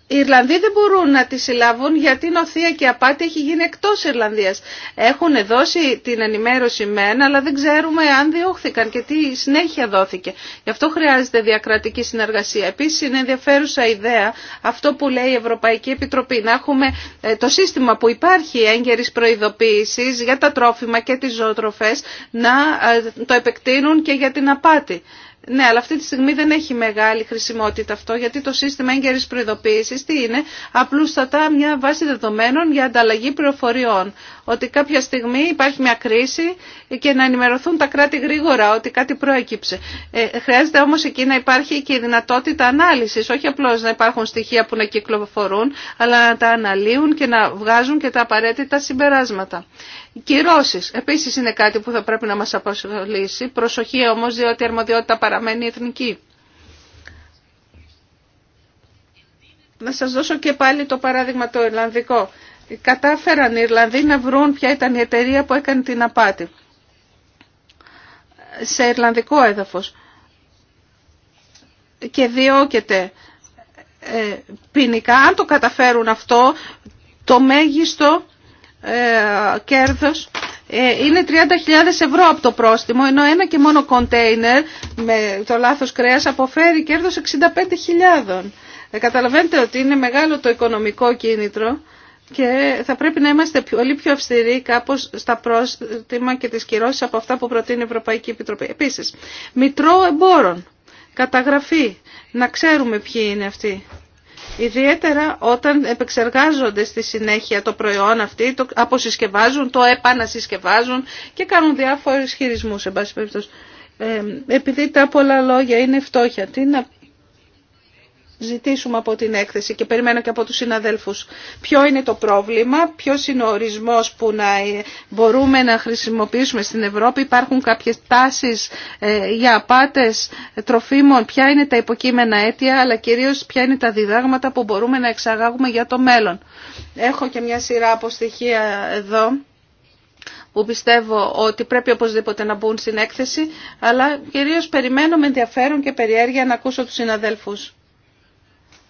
οι Ιρλανδοί δεν μπορούν να τη συλλάβουν γιατί η και απάτη έχει γίνει εκτό Ιρλανδίας. Έχουν δώσει την ενημέρωση μεν, αλλά δεν ξέρουμε αν διώχθηκαν και τι συνέχεια δόθηκε. Γι' αυτό χρειάζεται διακρατική συνεργασία. Επίση, είναι ενδιαφέρουσα ιδέα αυτό που λέει η Ευρωπαϊκή Επιτροπή, να έχουμε ε, το σύστημα που υπάρχει έγκαιρη προειδοποίηση για τα τρόφιμα και τι ζωοτροφές να ε, το επεκτείνουν και για την απάτη. Ναι, αλλά αυτή τη στιγμή δεν έχει μεγάλη χρησιμότητα αυτό, γιατί το σύστημα έγκαιρη προειδοποίηση τι είναι, απλούστατα μια βάση δεδομένων για ανταλλαγή πληροφοριών. Ότι κάποια στιγμή υπάρχει μια κρίση και να ενημερωθούν τα κράτη γρήγορα ότι κάτι προέκυψε. Ε, χρειάζεται όμω εκεί να υπάρχει και η δυνατότητα ανάλυση, όχι απλώ να υπάρχουν στοιχεία που να κυκλοφορούν, αλλά να τα αναλύουν και να βγάζουν και τα απαραίτητα συμπεράσματα. Κυρώσεις επίσης είναι κάτι που θα πρέπει να μα απασχολήσει. Προσοχή όμως διότι η αρμοδιότητα παραμένει εθνική. Να σας δώσω και πάλι το παράδειγμα το Ιρλανδικό. Κατάφεραν οι Ιρλανδοί να βρουν ποια ήταν η εταιρεία που έκανε την απάτη. Σε Ιρλανδικό έδαφος. Και διώκεται ε, ποινικά. Αν το καταφέρουν αυτό, το μέγιστο ε, κέρδος ε, είναι 30.000 ευρώ από το πρόστιμο, ενώ ένα και μόνο κοντέινερ με το λάθος κρέας αποφέρει κέρδος 65.000. Ε, καταλαβαίνετε ότι είναι μεγάλο το οικονομικό κίνητρο και θα πρέπει να είμαστε πολύ πιο αυστηροί κάπως στα πρόστιμα και τις κυρώσεις από αυτά που προτείνει η Ευρωπαϊκή Επιτροπή. Επίσης, μητρό εμπόρων, καταγραφή, να ξέρουμε ποιοι είναι αυτοί. Ιδιαίτερα όταν επεξεργάζονται στη συνέχεια το προϊόν αυτή, το αποσυσκευάζουν, το επανασυσκευάζουν και κάνουν διάφορους χειρισμούς, ε, επειδή τα πολλά λόγια είναι φτώχεια, τι να ζητήσουμε από την έκθεση και περιμένω και από τους συναδέλφους ποιο είναι το πρόβλημα, ποιο είναι ο ορισμός που να ε, μπορούμε να χρησιμοποιήσουμε στην Ευρώπη, υπάρχουν κάποιες τάσεις ε, για απάτες τροφίμων, ποια είναι τα υποκείμενα αίτια, αλλά κυρίως ποια είναι τα διδάγματα που μπορούμε να εξαγάγουμε για το μέλλον. Έχω και μια σειρά από στοιχεία εδώ που πιστεύω ότι πρέπει οπωσδήποτε να μπουν στην έκθεση, αλλά κυρίως περιμένω με ενδιαφέρον και περιέργεια να ακούσω τους συναδέλφους.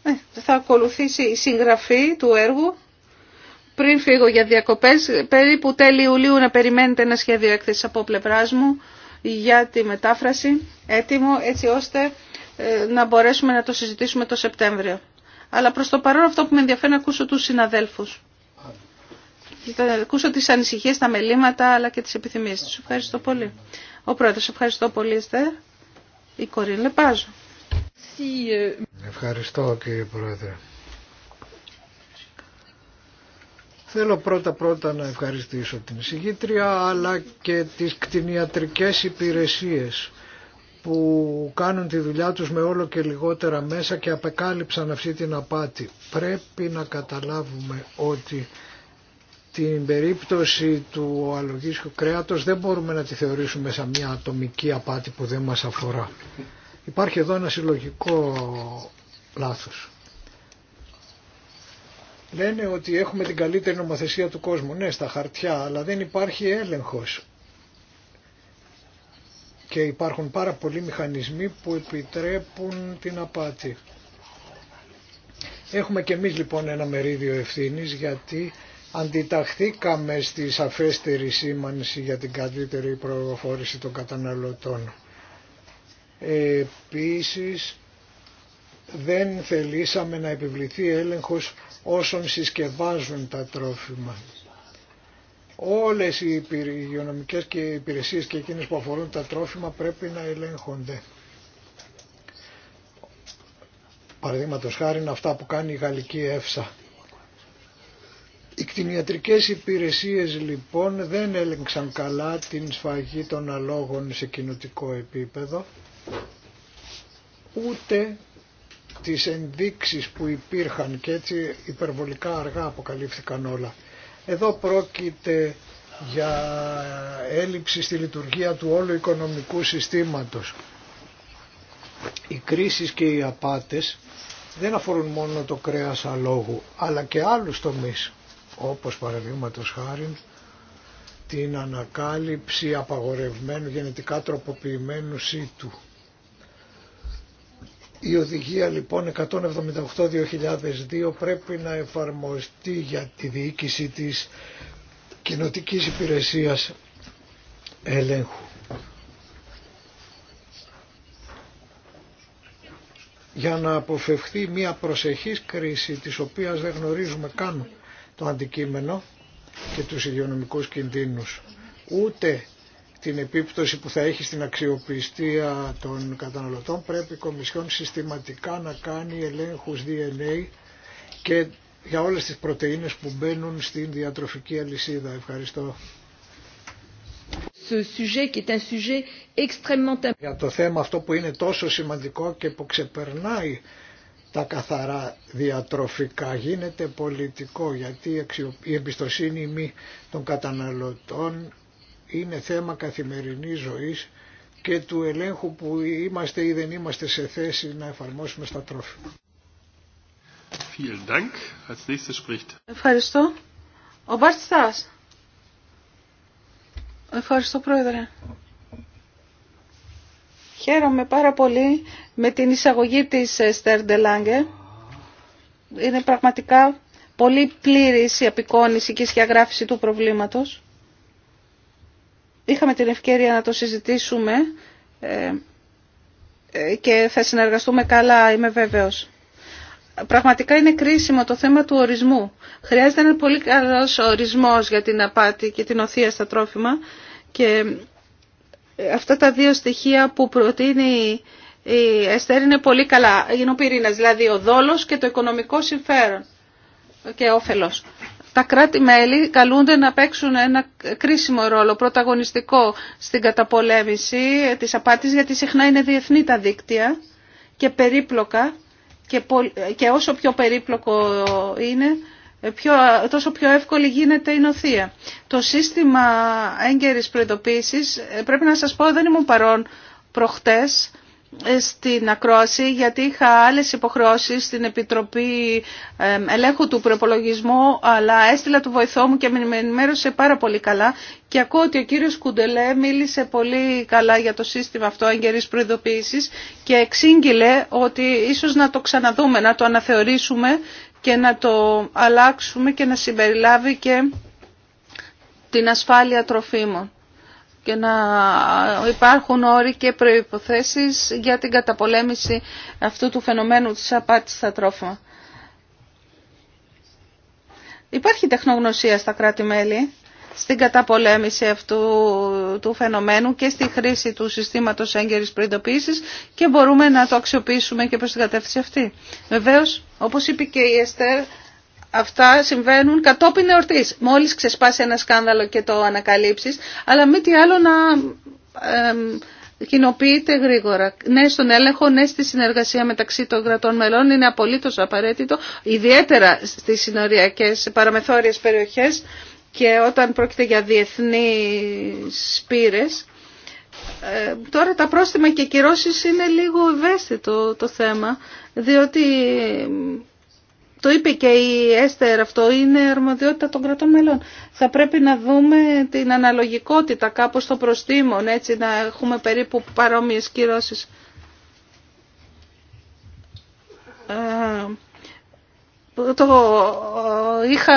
Ε, θα ακολουθήσει η συγγραφή του έργου. Πριν φύγω για διακοπές, περίπου τέλη Ιουλίου να περιμένετε ένα σχέδιο έκθεση από πλευρά μου για τη μετάφραση έτοιμο έτσι ώστε ε, να μπορέσουμε να το συζητήσουμε το Σεπτέμβριο. Αλλά προς το παρόν αυτό που με ενδιαφέρει να ακούσω τους συναδέλφους. Να ακούσω τις ανησυχίες, τα μελήματα αλλά και τις επιθυμίες τους. Ευχαριστώ πολύ. Ο Πρόεδρος, ευχαριστώ πολύ Εστέρ. Η Κορίν ε, Ευχαριστώ κύριε Πρόεδρε. Θέλω πρώτα πρώτα να ευχαριστήσω την συγγήτρια αλλά και τις κτηνιατρικές υπηρεσίες που κάνουν τη δουλειά τους με όλο και λιγότερα μέσα και απεκάλυψαν αυτή την απάτη. Πρέπει να καταλάβουμε ότι την περίπτωση του αλογίσκου κρέατος δεν μπορούμε να τη θεωρήσουμε σαν μια ατομική απάτη που δεν μας αφορά. Υπάρχει εδώ ένα συλλογικό λάθος. Λένε ότι έχουμε την καλύτερη νομοθεσία του κόσμου. Ναι, στα χαρτιά, αλλά δεν υπάρχει έλεγχος. Και υπάρχουν πάρα πολλοί μηχανισμοί που επιτρέπουν την απάτη. Έχουμε και εμείς λοιπόν ένα μερίδιο ευθύνης γιατί αντιταχθήκαμε στη σαφέστερη σήμανση για την καλύτερη προοφορήση των καταναλωτών. Επίσης δεν θελήσαμε να επιβληθεί έλεγχος όσων συσκευάζουν τα τρόφιμα. Όλες οι υγειονομικές και υπηρεσίες και εκείνες που αφορούν τα τρόφιμα πρέπει να ελέγχονται. Παραδείγματο χάρη είναι αυτά που κάνει η γαλλική Εύσα. Οι κτηνιατρικές υπηρεσίες λοιπόν δεν έλεγξαν καλά την σφαγή των αλόγων σε κοινοτικό επίπεδο, ούτε τις ενδείξεις που υπήρχαν και έτσι υπερβολικά αργά αποκαλύφθηκαν όλα. Εδώ πρόκειται για έλλειψη στη λειτουργία του όλου οικονομικού συστήματος. Οι κρίσεις και οι απάτες δεν αφορούν μόνο το κρέας αλόγου, αλλά και άλλους τομείς όπως παραδείγματο χάρη την ανακάλυψη απαγορευμένου γενετικά τροποποιημένου σύτου. Η οδηγία λοιπόν 178-2002 πρέπει να εφαρμοστεί για τη διοίκηση της κοινοτικής υπηρεσίας ελέγχου. για να αποφευχθεί μια προσεχής κρίση της οποίας δεν γνωρίζουμε καν το αντικείμενο και τους υγειονομικούς κινδύνους, ούτε την επίπτωση που θα έχει στην αξιοπιστία των καταναλωτών, πρέπει η Κομισιόν συστηματικά να κάνει ελέγχους DNA και για όλες τις πρωτεΐνες που μπαίνουν στην διατροφική αλυσίδα. Ευχαριστώ. Για το θέμα αυτό που είναι τόσο σημαντικό και που ξεπερνάει τα καθαρά διατροφικά. Γίνεται πολιτικό γιατί η εμπιστοσύνη μη των καταναλωτών είναι θέμα καθημερινής ζωής και του ελέγχου που είμαστε ή δεν είμαστε σε θέση να εφαρμόσουμε στα τρόφιμα. Ευχαριστώ. Ο Μπαρτ Ευχαριστώ, Πρόεδρε. Χαίρομαι πάρα πολύ με την εισαγωγή της ε, Λάγκε. Είναι πραγματικά πολύ πλήρης η απεικόνηση και η σχεδιαγράφηση του προβλήματος. Είχαμε την ευκαιρία να το συζητήσουμε ε, ε, και θα συνεργαστούμε καλά, είμαι βέβαιος. Πραγματικά είναι κρίσιμο το θέμα του ορισμού. Χρειάζεται ένα πολύ καλός ορισμός για την απάτη και την οθεία στα τρόφιμα και ε, αυτά τα δύο στοιχεία που προτείνει η Εστέρ είναι πολύ καλά. ο δηλαδή ο δόλος και το οικονομικό συμφέρον και όφελος. Τα κράτη-μέλη καλούνται να παίξουν ένα κρίσιμο ρόλο, πρωταγωνιστικό στην καταπολέμηση ε, της απάτης, γιατί συχνά είναι διεθνή τα δίκτυα και περίπλοκα και ε, όσο πιο περίπλοκο είναι, ε, πιο, τόσο πιο εύκολη γίνεται η νοθεία. Το σύστημα έγκαιρης προειδοποίησης, ε, πρέπει να σας πω, δεν ήμουν παρόν προχτές ε, στην ακρόαση γιατί είχα άλλες υποχρεώσεις στην Επιτροπή Ελέγχου του Προπολογισμού αλλά έστειλα του βοηθό μου και με ενημέρωσε πάρα πολύ καλά και ακούω ότι ο κύριος Κουντελέ μίλησε πολύ καλά για το σύστημα αυτό έγκαιρης προειδοποίησης και εξήγηλε ότι ίσως να το ξαναδούμε, να το αναθεωρήσουμε και να το αλλάξουμε και να συμπεριλάβει και την ασφάλεια τροφίμων και να υπάρχουν όροι και προϋποθέσεις για την καταπολέμηση αυτού του φαινομένου της απάτης στα τρόφιμα. Υπάρχει τεχνογνωσία στα κράτη-μέλη στην καταπολέμηση αυτού του φαινομένου και στη χρήση του συστήματος έγκαιρης προειδοποίησης και μπορούμε να το αξιοποιήσουμε και προς την κατεύθυνση αυτή. Βεβαίως, όπως είπε και η Εστέρ, αυτά συμβαίνουν κατόπιν εορτής. Μόλις ξεσπάσει ένα σκάνδαλο και το ανακαλύψεις, αλλά μη τι άλλο να κοινοποιείται γρήγορα. Ναι στον έλεγχο, ναι στη συνεργασία μεταξύ των κρατών μελών είναι απολύτως απαραίτητο, ιδιαίτερα στις συνοριακές παραμεθόριες περιοχέ και όταν πρόκειται για διεθνείς πύρες. Ε, τώρα τα πρόστιμα και κυρώσεις είναι λίγο ευαίσθητο το θέμα, διότι το είπε και η Έστερ αυτό, είναι αρμοδιότητα των κρατών μελών. Θα πρέπει να δούμε την αναλογικότητα κάπως των προστήμων, έτσι να έχουμε περίπου παρόμοιες κυρώσεις. Ε, το ε, είχα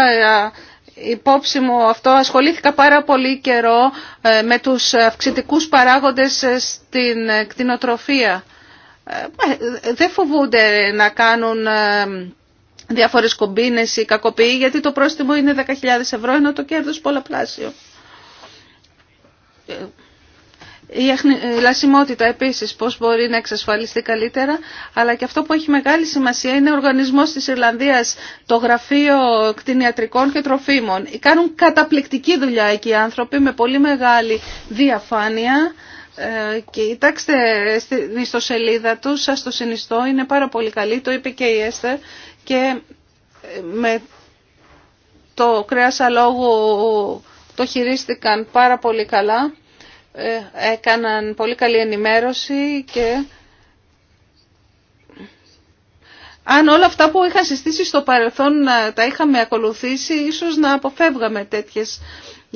υπόψη μου αυτό. Ασχολήθηκα πάρα πολύ καιρό ε, με τους αυξητικούς παράγοντες ε, στην κτηνοτροφία. Ε, δεν φοβούνται να κάνουν διάφορες κομπίνες ή κακοποιοί γιατί το πρόστιμο είναι 10.000 ευρώ ενώ το κέρδος πολλαπλάσιο. Η λασιμότητα επίσης πώς μπορεί να εξασφαλιστεί καλύτερα, αλλά και αυτό που έχει μεγάλη σημασία είναι ο οργανισμός της Ιρλανδίας, το Γραφείο Κτηνιατρικών και Τροφίμων. Κάνουν καταπληκτική δουλειά εκεί οι άνθρωποι με πολύ μεγάλη διαφάνεια. Ε, κοιτάξτε στην ιστοσελίδα του σας το συνιστώ, είναι πάρα πολύ καλή, το είπε και η Έστερ και ε, με το κρέας αλόγου το χειρίστηκαν πάρα πολύ καλά. Ε, έκαναν πολύ καλή ενημέρωση και αν όλα αυτά που είχαν συστήσει στο παρελθόν ε, τα είχαμε ακολουθήσει, ίσως να αποφεύγαμε τέτοιες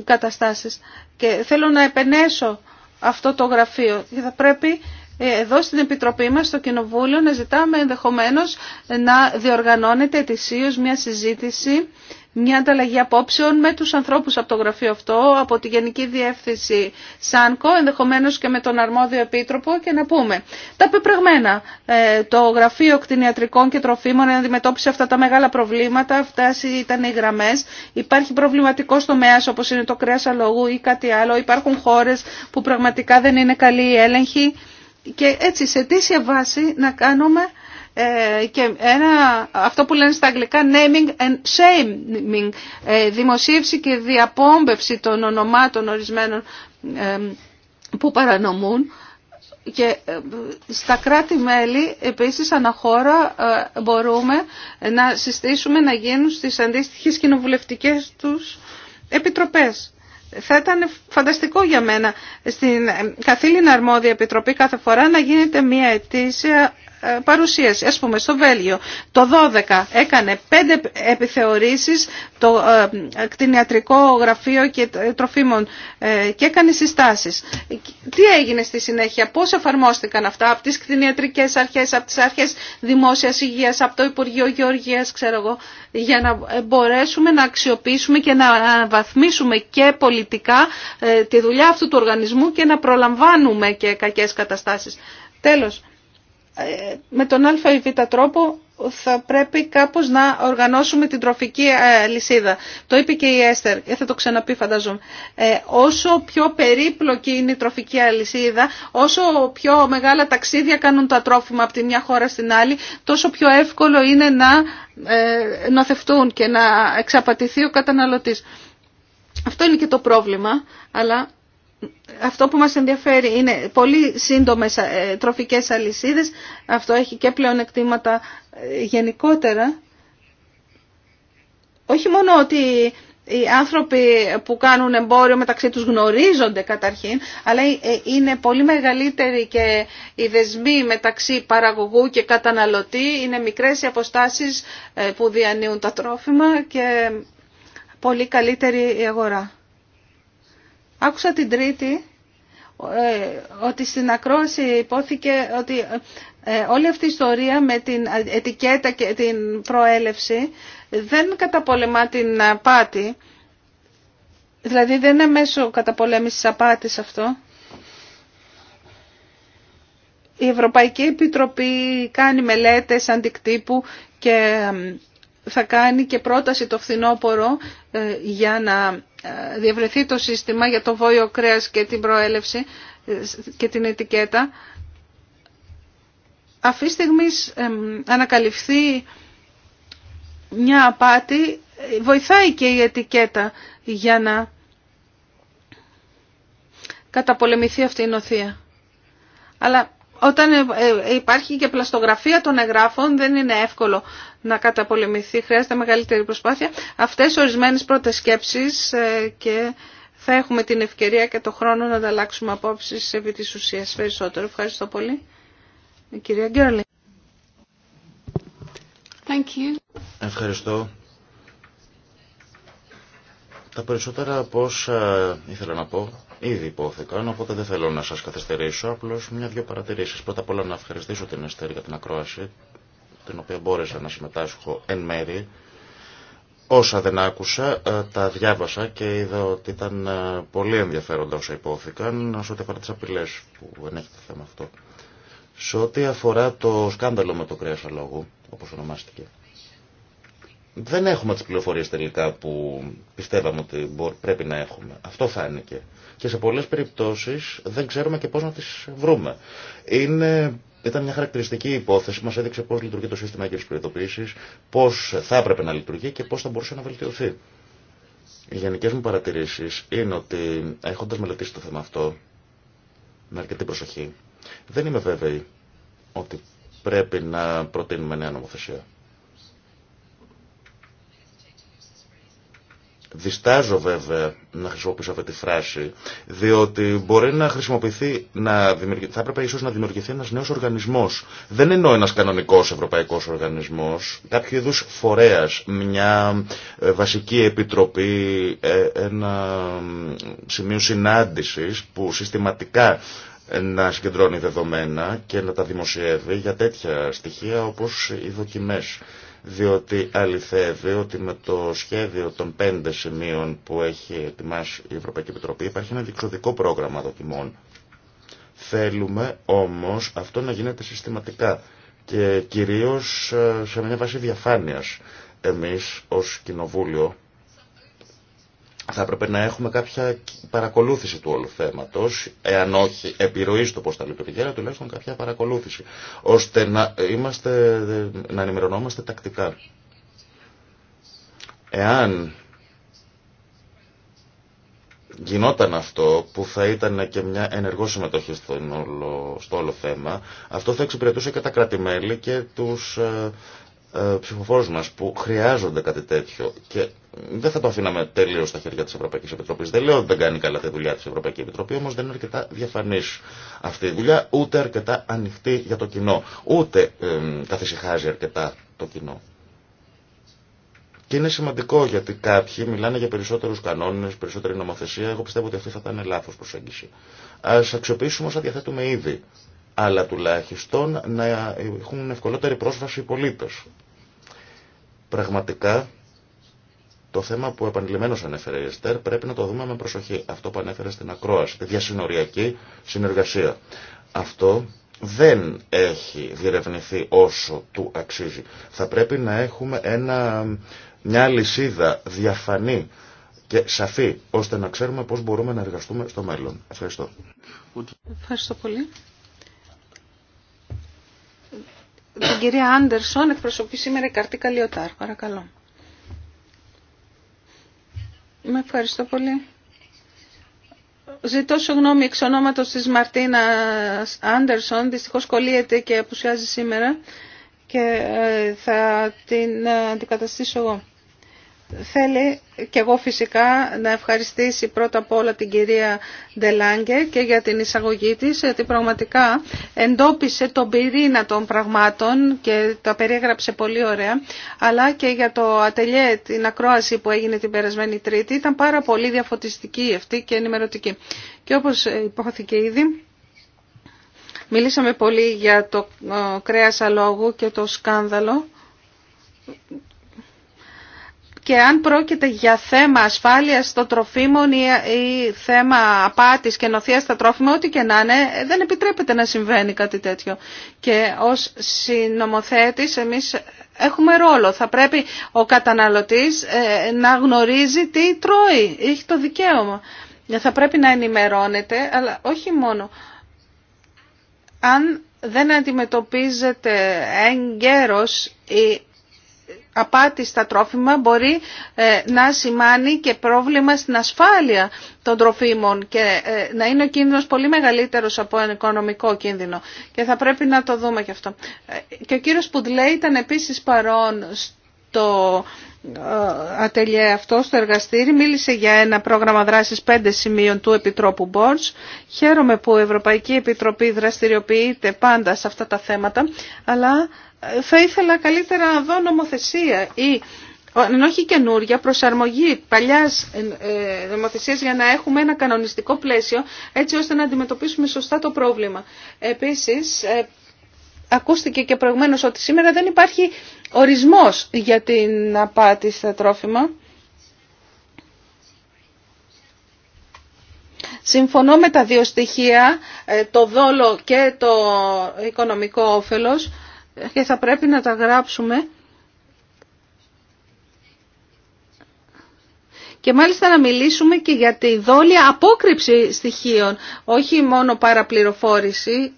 καταστάσεις. Και θέλω να επενέσω αυτό το γραφείο και θα πρέπει ε, εδώ στην Επιτροπή μας, στο Κοινοβούλιο, να ζητάμε ενδεχομένως να διοργανώνεται ετησίως μια συζήτηση μια ανταλλαγή απόψεων με τους ανθρώπους από το γραφείο αυτό, από τη Γενική Διεύθυνση ΣΑΝΚΟ, ενδεχομένως και με τον αρμόδιο επίτροπο και να πούμε. Τα πεπραγμένα, ε, το γραφείο κτηνιατρικών και τροφίμων αντιμετώπισε αυτά τα μεγάλα προβλήματα, αυτά ήταν οι γραμμές. Υπάρχει προβληματικό τομέα όπως είναι το κρέας αλογού ή κάτι άλλο. Υπάρχουν χώρες που πραγματικά δεν είναι καλή η έλεγχη. Και έτσι σε τίσια βάση να κάνουμε ε, και ένα, αυτό που λένε στα αγγλικά naming and shaming, ε, δημοσίευση και διαπόμπευση των ονομάτων ορισμένων ε, που παρανομούν και στα κράτη-μέλη επίσης αναχώρα μπορούμε να συστήσουμε να γίνουν στις αντίστοιχες κοινοβουλευτικές τους επιτροπές. Θα ήταν φανταστικό για μένα στην καθήλυνα αρμόδια επιτροπή κάθε φορά να γίνεται μια ετήσια ε, παρουσίαση. Ας πούμε στο Βέλγιο το 12 έκανε πέντε επιθεωρήσεις το ε, κτηνιατρικό γραφείο και ε, τροφίμων και έκανε συστάσεις. Τι έγινε στη συνέχεια, πώς εφαρμόστηκαν αυτά από τις κτηνιατρικές αρχές, από τις αρχές δημόσιας υγείας, από το Υπουργείο Γεωργίας, ξέρω εγώ, για να μπορέσουμε να αξιοποιήσουμε και να αναβαθμίσουμε και πολιτικά τη δουλειά αυτού του οργανισμού και να προλαμβάνουμε και κακές καταστάσεις. Τέλος, ε, με τον α ή β τρόπο θα πρέπει κάπως να οργανώσουμε την τροφική ε, λυσίδα. Το είπε και η Έστερ, ε, θα το ξαναπεί φαντάζομαι. όσο πιο περίπλοκη είναι η τροφική αλυσίδα, όσο πιο μεγάλα ταξίδια κάνουν τα τρόφιμα από τη μια χώρα στην άλλη, τόσο πιο εύκολο είναι να νοθευτούν και να εξαπατηθεί ο καταναλωτής. Αυτό είναι και το πρόβλημα, αλλά αυτό που μας ενδιαφέρει είναι πολύ σύντομες ε, τροφικές αλυσίδες. Αυτό έχει και πλέον ε, γενικότερα. Όχι μόνο ότι οι άνθρωποι που κάνουν εμπόριο μεταξύ τους γνωρίζονται καταρχήν, αλλά ε, είναι πολύ μεγαλύτεροι και οι δεσμοί μεταξύ παραγωγού και καταναλωτή. Είναι μικρές οι αποστάσεις που διανύουν τα τρόφιμα και πολύ καλύτερη η αγορά. Άκουσα την Τρίτη ε, ότι στην ακρόαση υπόθηκε ότι ε, όλη αυτή η ιστορία με την ετικέτα και την προέλευση δεν καταπολεμά την απάτη. Δηλαδή δεν είναι μέσω καταπολέμησης απάτης αυτό. Η Ευρωπαϊκή Επιτροπή κάνει μελέτες αντικτύπου και ε, θα κάνει και πρόταση το φθινόπωρο για να διευρεθεί το σύστημα για το βόλιο κρέας και την προέλευση και την ετικέτα. Αυτή τη στιγμή ανακαλυφθεί μια απάτη, βοηθάει και η ετικέτα για να καταπολεμηθεί αυτή η νοθεία. Αλλά όταν ε, ε, υπάρχει και πλαστογραφία των εγγράφων δεν είναι εύκολο να καταπολεμηθεί, χρειάζεται μεγαλύτερη προσπάθεια. Αυτές ορισμένες πρώτες σκέψεις ε, και θα έχουμε την ευκαιρία και το χρόνο να ανταλλάξουμε απόψεις επί της ουσίας περισσότερο. Ευχαριστώ πολύ. κυρία Γκέρλι. Ευχαριστώ. Τα περισσότερα από ήθελα να πω ήδη υπόθηκαν, οπότε δεν θέλω να σας καθυστερήσω, απλώς μια-δυο παρατηρήσεις. Πρώτα απ' όλα να ευχαριστήσω την Εστέρη για την ακρόαση, την οποία μπόρεσα να συμμετάσχω εν μέρη. Όσα δεν άκουσα, ε, τα διάβασα και είδα ότι ήταν ε, πολύ ενδιαφέροντα όσα υπόθηκαν, όσο ό,τι αφορά τι απειλέ που δεν το θέμα αυτό. Σε ό,τι αφορά το σκάνδαλο με το κρέα αλόγου, όπω ονομάστηκε, δεν έχουμε τις πληροφορίες τελικά που πιστεύαμε ότι πρέπει να έχουμε. Αυτό φάνηκε. Και σε πολλές περιπτώσεις δεν ξέρουμε και πώς να τις βρούμε. Είναι... Ήταν μια χαρακτηριστική υπόθεση, μας έδειξε πώς λειτουργεί το σύστημα έγκαιρης προειδοποίησης, πώς θα έπρεπε να λειτουργεί και πώς θα μπορούσε να βελτιωθεί. Οι γενικές μου παρατηρήσεις είναι ότι έχοντας μελετήσει το θέμα αυτό, με αρκετή προσοχή, δεν είμαι βέβαιη ότι πρέπει να προτείνουμε νέα νομοθεσία. Διστάζω βέβαια να χρησιμοποιήσω αυτή τη φράση, διότι μπορεί να χρησιμοποιηθεί, θα έπρεπε ίσως να δημιουργηθεί ένας νέος οργανισμός. Δεν εννοώ ένας κανονικός ευρωπαϊκός οργανισμός, κάποιο είδους φορέας, μια ε, βασική επιτροπή, ε, ένα σημείο συνάντησης που συστηματικά ε, να συγκεντρώνει δεδομένα και να τα δημοσιεύει για τέτοια στοιχεία όπως οι δοκιμές διότι αληθεύει ότι με το σχέδιο των πέντε σημείων που έχει ετοιμάσει η Ευρωπαϊκή Επιτροπή υπάρχει ένα διεξοδικό πρόγραμμα δοκιμών. Θέλουμε όμως αυτό να γίνεται συστηματικά και κυρίως ε, σε μια βάση διαφάνειας. Εμείς ως Κοινοβούλιο θα έπρεπε να έχουμε κάποια παρακολούθηση του όλου θέματος, εάν όχι επιρροή στο πώς θα λειτουργεί, αλλά τουλάχιστον κάποια παρακολούθηση, ώστε να, είμαστε, να ενημερωνόμαστε τακτικά. Εάν γινόταν αυτό που θα ήταν και μια ενεργό συμμετοχή στο όλο, στο όλο θέμα, αυτό θα εξυπηρετούσε και τα κρατημέλη και τους ε, ε, μας που χρειάζονται κάτι τέτοιο και δεν θα το αφήναμε τελείω στα χέρια τη Ευρωπαϊκή Επιτροπή. Δεν λέω ότι δεν κάνει καλά τη δουλειά τη Ευρωπαϊκή Επιτροπή, όμω δεν είναι αρκετά διαφανή αυτή η δουλειά, ούτε αρκετά ανοιχτή για το κοινό, ούτε ε, καθησυχάζει αρκετά το κοινό. Και είναι σημαντικό γιατί κάποιοι μιλάνε για περισσότερου κανόνε, περισσότερη νομοθεσία. Εγώ πιστεύω ότι αυτή θα ήταν λάθο προσέγγιση. Α αξιοποιήσουμε όσα διαθέτουμε ήδη. Αλλά τουλάχιστον να έχουν ευκολότερη πρόσβαση οι πολίτε. Πραγματικά το θέμα που επανειλημμένω ανέφερε η Εστέρ πρέπει να το δούμε με προσοχή. Αυτό που ανέφερε στην ακρόαση, τη διασυνοριακή συνεργασία. Αυτό δεν έχει διερευνηθεί όσο του αξίζει. Θα πρέπει να έχουμε ένα, μια λυσίδα διαφανή και σαφή, ώστε να ξέρουμε πώς μπορούμε να εργαστούμε στο μέλλον. Ευχαριστώ. Ευχαριστώ πολύ. Την κυρία Άντερσον εκπροσωπεί σήμερα η καρτή Καλλιωτάρ. Παρακαλώ. Με ευχαριστώ πολύ. Ζητώ συγγνώμη εξ ονόματος της Μαρτίνα Άντερσον, δυστυχώς κολλείεται και απουσιάζει σήμερα και ε, θα την ε, αντικαταστήσω εγώ. Θέλει και εγώ φυσικά να ευχαριστήσει πρώτα απ' όλα την κυρία Ντελάνγκε και για την εισαγωγή της, γιατί πραγματικά εντόπισε τον πυρήνα των πραγμάτων και τα περιέγραψε πολύ ωραία, αλλά και για το ατελιέ, την ακρόαση που έγινε την περασμένη Τρίτη, ήταν πάρα πολύ διαφωτιστική αυτή και ενημερωτική. Και όπως υπόθηκε ήδη, μιλήσαμε πολύ για το ε, κρέας αλόγου και το σκάνδαλο και αν πρόκειται για θέμα ασφάλειας των τροφίμων ή, θέμα απάτης και νοθείας στα τρόφιμα, ό,τι και να είναι, δεν επιτρέπεται να συμβαίνει κάτι τέτοιο. Και ως συνομοθέτης εμείς έχουμε ρόλο. Θα πρέπει ο καταναλωτής ε, να γνωρίζει τι τρώει. Έχει το δικαίωμα. Θα πρέπει να ενημερώνεται, αλλά όχι μόνο. Αν δεν αντιμετωπίζεται εγκαίρως η απάτη στα τρόφιμα μπορεί ε, να σημάνει και πρόβλημα στην ασφάλεια των τροφίμων και ε, να είναι ο κίνδυνος πολύ μεγαλύτερος από ένα οικονομικό κίνδυνο. Και θα πρέπει να το δούμε και αυτό. Ε, και ο κύριος Πουντλέ ήταν επίσης παρόν στο ατελιέ αυτό, στο εργαστήρι, μίλησε για ένα πρόγραμμα δράσης πέντε σημείων του Επιτρόπου Μπόρτς. Χαίρομαι που η Ευρωπαϊκή Επιτροπή δραστηριοποιείται πάντα σε αυτά τα θέματα, αλλά θα ήθελα καλύτερα να δω νομοθεσία ή αν όχι καινούργια, προσαρμογή παλιάς ε, ε, νομοθεσίας για να έχουμε ένα κανονιστικό πλαίσιο έτσι ώστε να αντιμετωπίσουμε σωστά το πρόβλημα. Επίσης, ε, ακούστηκε και προηγουμένως ότι σήμερα δεν υπάρχει ορισμός για την απάτη στα τρόφιμα. Συμφωνώ με τα δύο στοιχεία, το δόλο και το οικονομικό όφελος και θα πρέπει να τα γράψουμε και μάλιστα να μιλήσουμε και για τη δόλια απόκρυψη στοιχείων, όχι μόνο παραπληροφόρηση.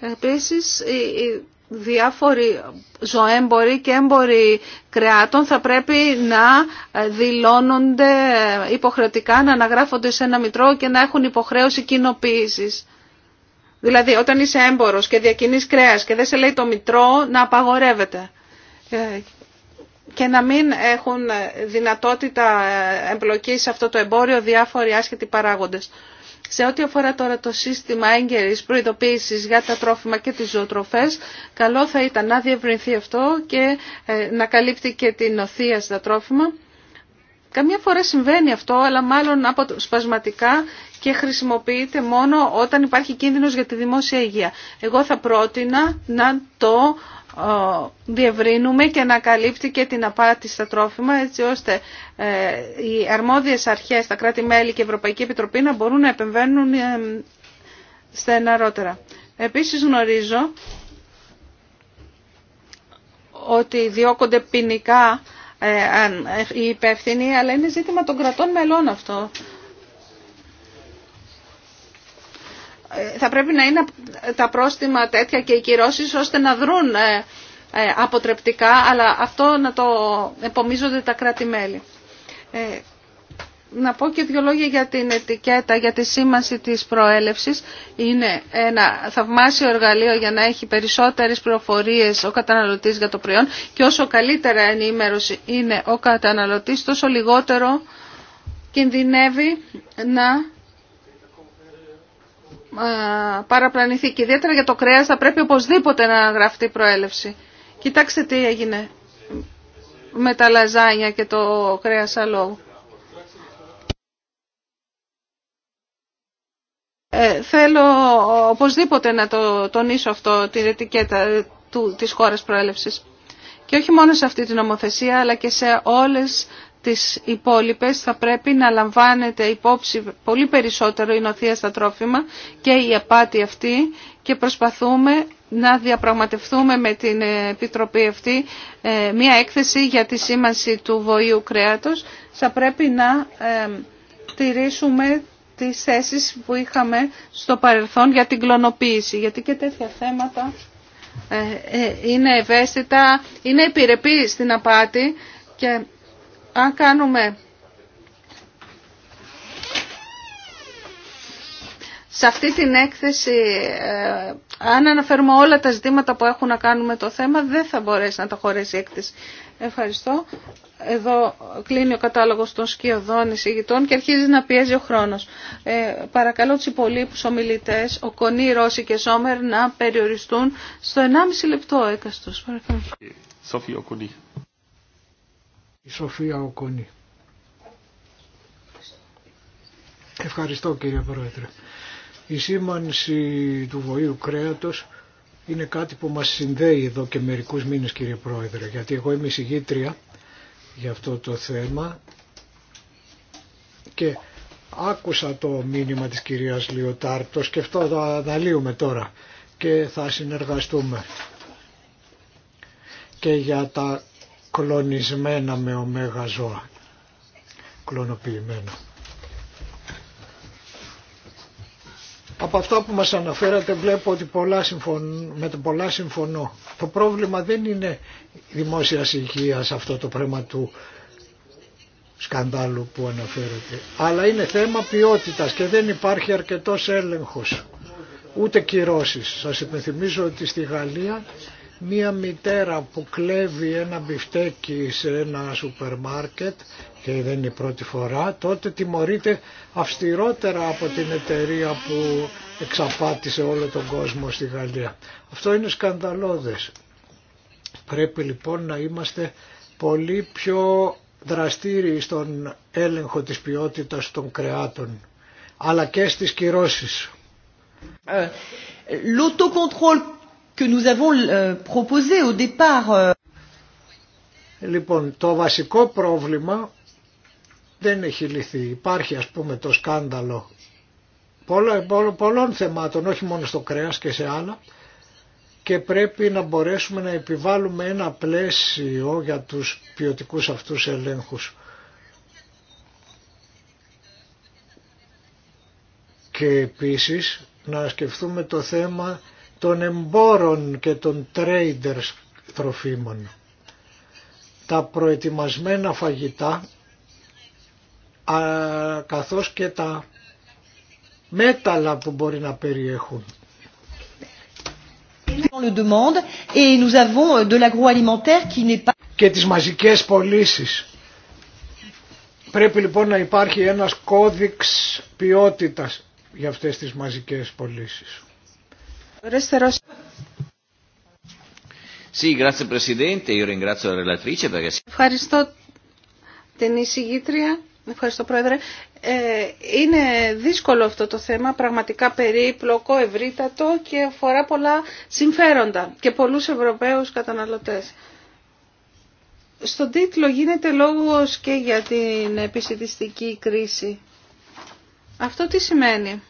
Επίσης, οι διάφοροι ζωέμποροι και έμποροι κρεάτων θα πρέπει να δηλώνονται υποχρεωτικά, να αναγράφονται σε ένα μητρό και να έχουν υποχρέωση κοινοποίησης. Δηλαδή όταν είσαι εμπορο και διακινείς κρέα και δεν σε λέει το μητρό να απαγορεύεται ε, και να μην έχουν δυνατότητα ε, εμπλοκή σε αυτό το εμπόριο διάφοροι άσχετοι παράγοντες. Σε ό,τι αφορά τώρα το σύστημα έγκαιρη προειδοποίηση για τα τρόφιμα και τις ζωοτροφές, καλό θα ήταν να διευρυνθεί αυτό και ε, να καλύπτει και την οθεία στα τρόφιμα. Καμιά φορά συμβαίνει αυτό, αλλά μάλλον από σπασματικά και χρησιμοποιείται μόνο όταν υπάρχει κίνδυνος για τη δημόσια υγεία. Εγώ θα πρότεινα να το ε, διευρύνουμε και να καλύπτει και την απάτη στα τρόφιμα έτσι ώστε ε, οι αρμόδιες αρχές, τα κράτη-μέλη και η Ευρωπαϊκή Επιτροπή να μπορούν να επεμβαίνουν ε, στεναρότερα. Επίσης γνωρίζω ότι διώκονται ποινικά οι υπεύθυνοι αλλά είναι ζήτημα των κρατών μελών αυτό Ε, θα πρέπει να είναι τα πρόστιμα τέτοια και οι κυρώσεις ώστε να δρουν ε, ε, αποτρεπτικά, αλλά αυτό να το επομίζονται τα κράτη-μέλη. Να πω και δύο λόγια για την ετικέτα, για τη σήμανση της προέλευσης. Είναι ένα θαυμάσιο εργαλείο για να έχει περισσότερες πληροφορίες ο καταναλωτής για το προϊόν και όσο καλύτερα ενημέρωση είναι ο καταναλωτής, τόσο λιγότερο κινδυνεύει να παραπλανηθεί και ιδιαίτερα για το κρέας θα πρέπει οπωσδήποτε να γραφτεί προέλευση. Κοιτάξτε τι έγινε με τα λαζάνια και το κρέας αλόγου. Ε, θέλω οπωσδήποτε να το τονίσω αυτό, την ετικέτα του, της χώρας προέλευσης. Και όχι μόνο σε αυτή την νομοθεσία, αλλά και σε όλες τις υπόλοιπες θα πρέπει να λαμβάνεται υπόψη πολύ περισσότερο η νοθεία στα τρόφιμα και η απάτη αυτή και προσπαθούμε να διαπραγματευτούμε με την Επιτροπή αυτή ε, μία έκθεση για τη σήμανση του βοήου κρέατος. Θα πρέπει να ε, τηρήσουμε τις θέσεις που είχαμε στο παρελθόν για την κλωνοποίηση, γιατί και τέτοια θέματα ε, είναι ευαίσθητα, είναι επιρρεπή στην απάτη και αν κάνουμε σε αυτή την έκθεση, ε, αν αναφέρουμε όλα τα ζητήματα που έχουν να κάνουν με το θέμα, δεν θα μπορέσει να τα χωρέσει η έκθεση. Ευχαριστώ. Εδώ κλείνει ο κατάλογος των σκιωδών εισηγητών και αρχίζει να πιέζει ο χρόνος. Ε, παρακαλώ τους υπολείπους ομιλητές, ο Κονή, Ρώση και Σόμερ, να περιοριστούν στο 1,5 λεπτό έκαστος η Σοφία Οκονή. Ευχαριστώ κύριε Πρόεδρε. Η σήμανση του βοήου κρέατος είναι κάτι που μας συνδέει εδώ και μερικούς μήνες κύριε Πρόεδρε γιατί εγώ είμαι συγγήτρια για αυτό το θέμα και άκουσα το μήνυμα της κυρίας Λιωτάρ και σκεφτώ το αναλύουμε τώρα και θα συνεργαστούμε και για τα κλονισμένα με ωμέγα ζώα, κλωνοποιημένα. Από αυτά που μας αναφέρατε βλέπω ότι με το πολλά συμφωνώ. Το πρόβλημα δεν είναι δημόσια υγεία αυτό το πράγμα του σκανδάλου που αναφέρεται. Αλλά είναι θέμα ποιότητας και δεν υπάρχει αρκετός έλεγχος. Ούτε κυρώσεις. Σας υπενθυμίζω ότι στη Γαλλία μία μητέρα που κλέβει ένα μπιφτέκι σε ένα σούπερ μάρκετ και δεν είναι η πρώτη φορά, τότε τιμωρείται αυστηρότερα από την εταιρεία που εξαπάτησε όλο τον κόσμο στη Γαλλία. Αυτό είναι σκανδαλώδες. Πρέπει λοιπόν να είμαστε πολύ πιο δραστήριοι στον έλεγχο της ποιότητας των κρεάτων, αλλά και στις κυρώσεις. Ε, ε, l'autocontrôle Euh, euh. Λοιπόν, το βασικό πρόβλημα δεν έχει λυθεί. Υπάρχει ας πούμε το σκάνδαλο πολλών θεμάτων, όχι μόνο στο κρέας και σε άλλα και πρέπει να μπορέσουμε να επιβάλλουμε ένα πλαίσιο για τους ποιοτικούς αυτούς ελέγχους. Και επίσης να σκεφτούμε το θέμα των εμπόρων και των τρέιντερς τροφίμων. Τα προετοιμασμένα φαγητά α, καθώς και τα μέταλλα που μπορεί να περιέχουν. Και τις μαζικές πωλήσει. Πρέπει λοιπόν να υπάρχει ένας κώδικς ποιότητας για αυτές τις μαζικές πωλήσει. Ευχαριστώ την εισηγήτρια. Ευχαριστώ, Πρόεδρε. Ε, είναι δύσκολο αυτό το θέμα, πραγματικά περίπλοκο, ευρύτατο και αφορά πολλά συμφέροντα και πολλούς Ευρωπαίους καταναλωτές. Στον τίτλο γίνεται λόγος και για την επισητιστική κρίση. Αυτό τι σημαίνει.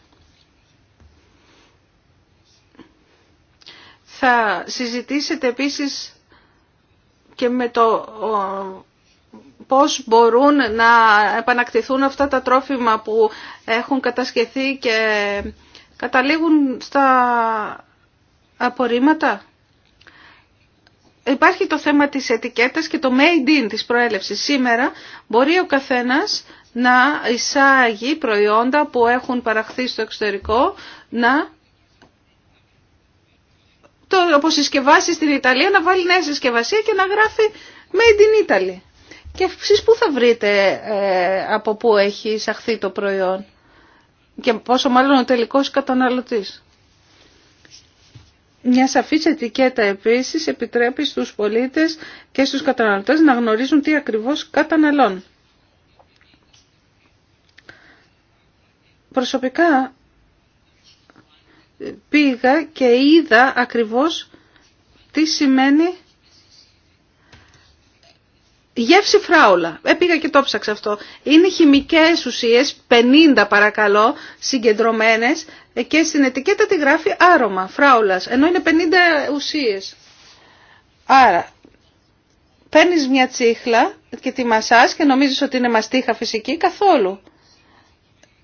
Θα συζητήσετε επίσης και με το πώς μπορούν να επανακτηθούν αυτά τα τρόφιμα που έχουν κατασκευθεί και καταλήγουν στα απορρίμματα. Υπάρχει το θέμα της ετικέτας και το made in της προέλευσης. Σήμερα μπορεί ο καθένας να εισάγει προϊόντα που έχουν παραχθεί στο εξωτερικό, να το, όπως συσκευάσει στην Ιταλία να βάλει νέα συσκευασία και να γράφει Made in Italy. Και εσείς πού θα βρείτε ε, από πού έχει εισαχθεί το προϊόν και πόσο μάλλον ο τελικός καταναλωτής. Μια σαφής ετικέτα επίσης επιτρέπει στους πολίτες και στους καταναλωτές να γνωρίζουν τι ακριβώς καταναλώνουν. Προσωπικά πήγα και είδα ακριβώς τι σημαίνει γεύση φράουλα. Ε, πήγα και το ψάξα αυτό. Είναι χημικές ουσίες, 50 παρακαλώ, συγκεντρωμένες ε, και στην ετικέτα τη γράφει άρωμα, φράουλας, ενώ είναι 50 ουσίες. Άρα, παίρνει μια τσίχλα και τη μασάς και νομίζεις ότι είναι μαστίχα φυσική, καθόλου.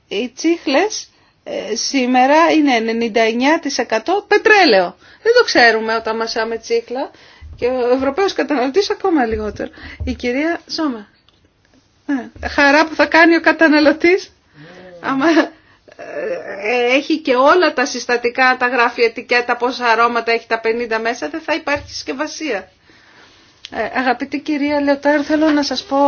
Οι τσίχλες ε, σήμερα είναι 99% πετρέλαιο. Δεν το ξέρουμε όταν μασάμε τσίκλα και ο Ευρωπαίος καταναλωτής ακόμα λιγότερο. Η κυρία Ζώμα. Ναι. Χαρά που θα κάνει ο καταναλωτής άμα ε, έχει και όλα τα συστατικά, τα γράφει ετικέτα, πόσα αρώματα έχει τα 50 μέσα, δεν θα υπάρχει συσκευασία. Ε, αγαπητή κυρία Λεωτάρ, θέλω να σας πω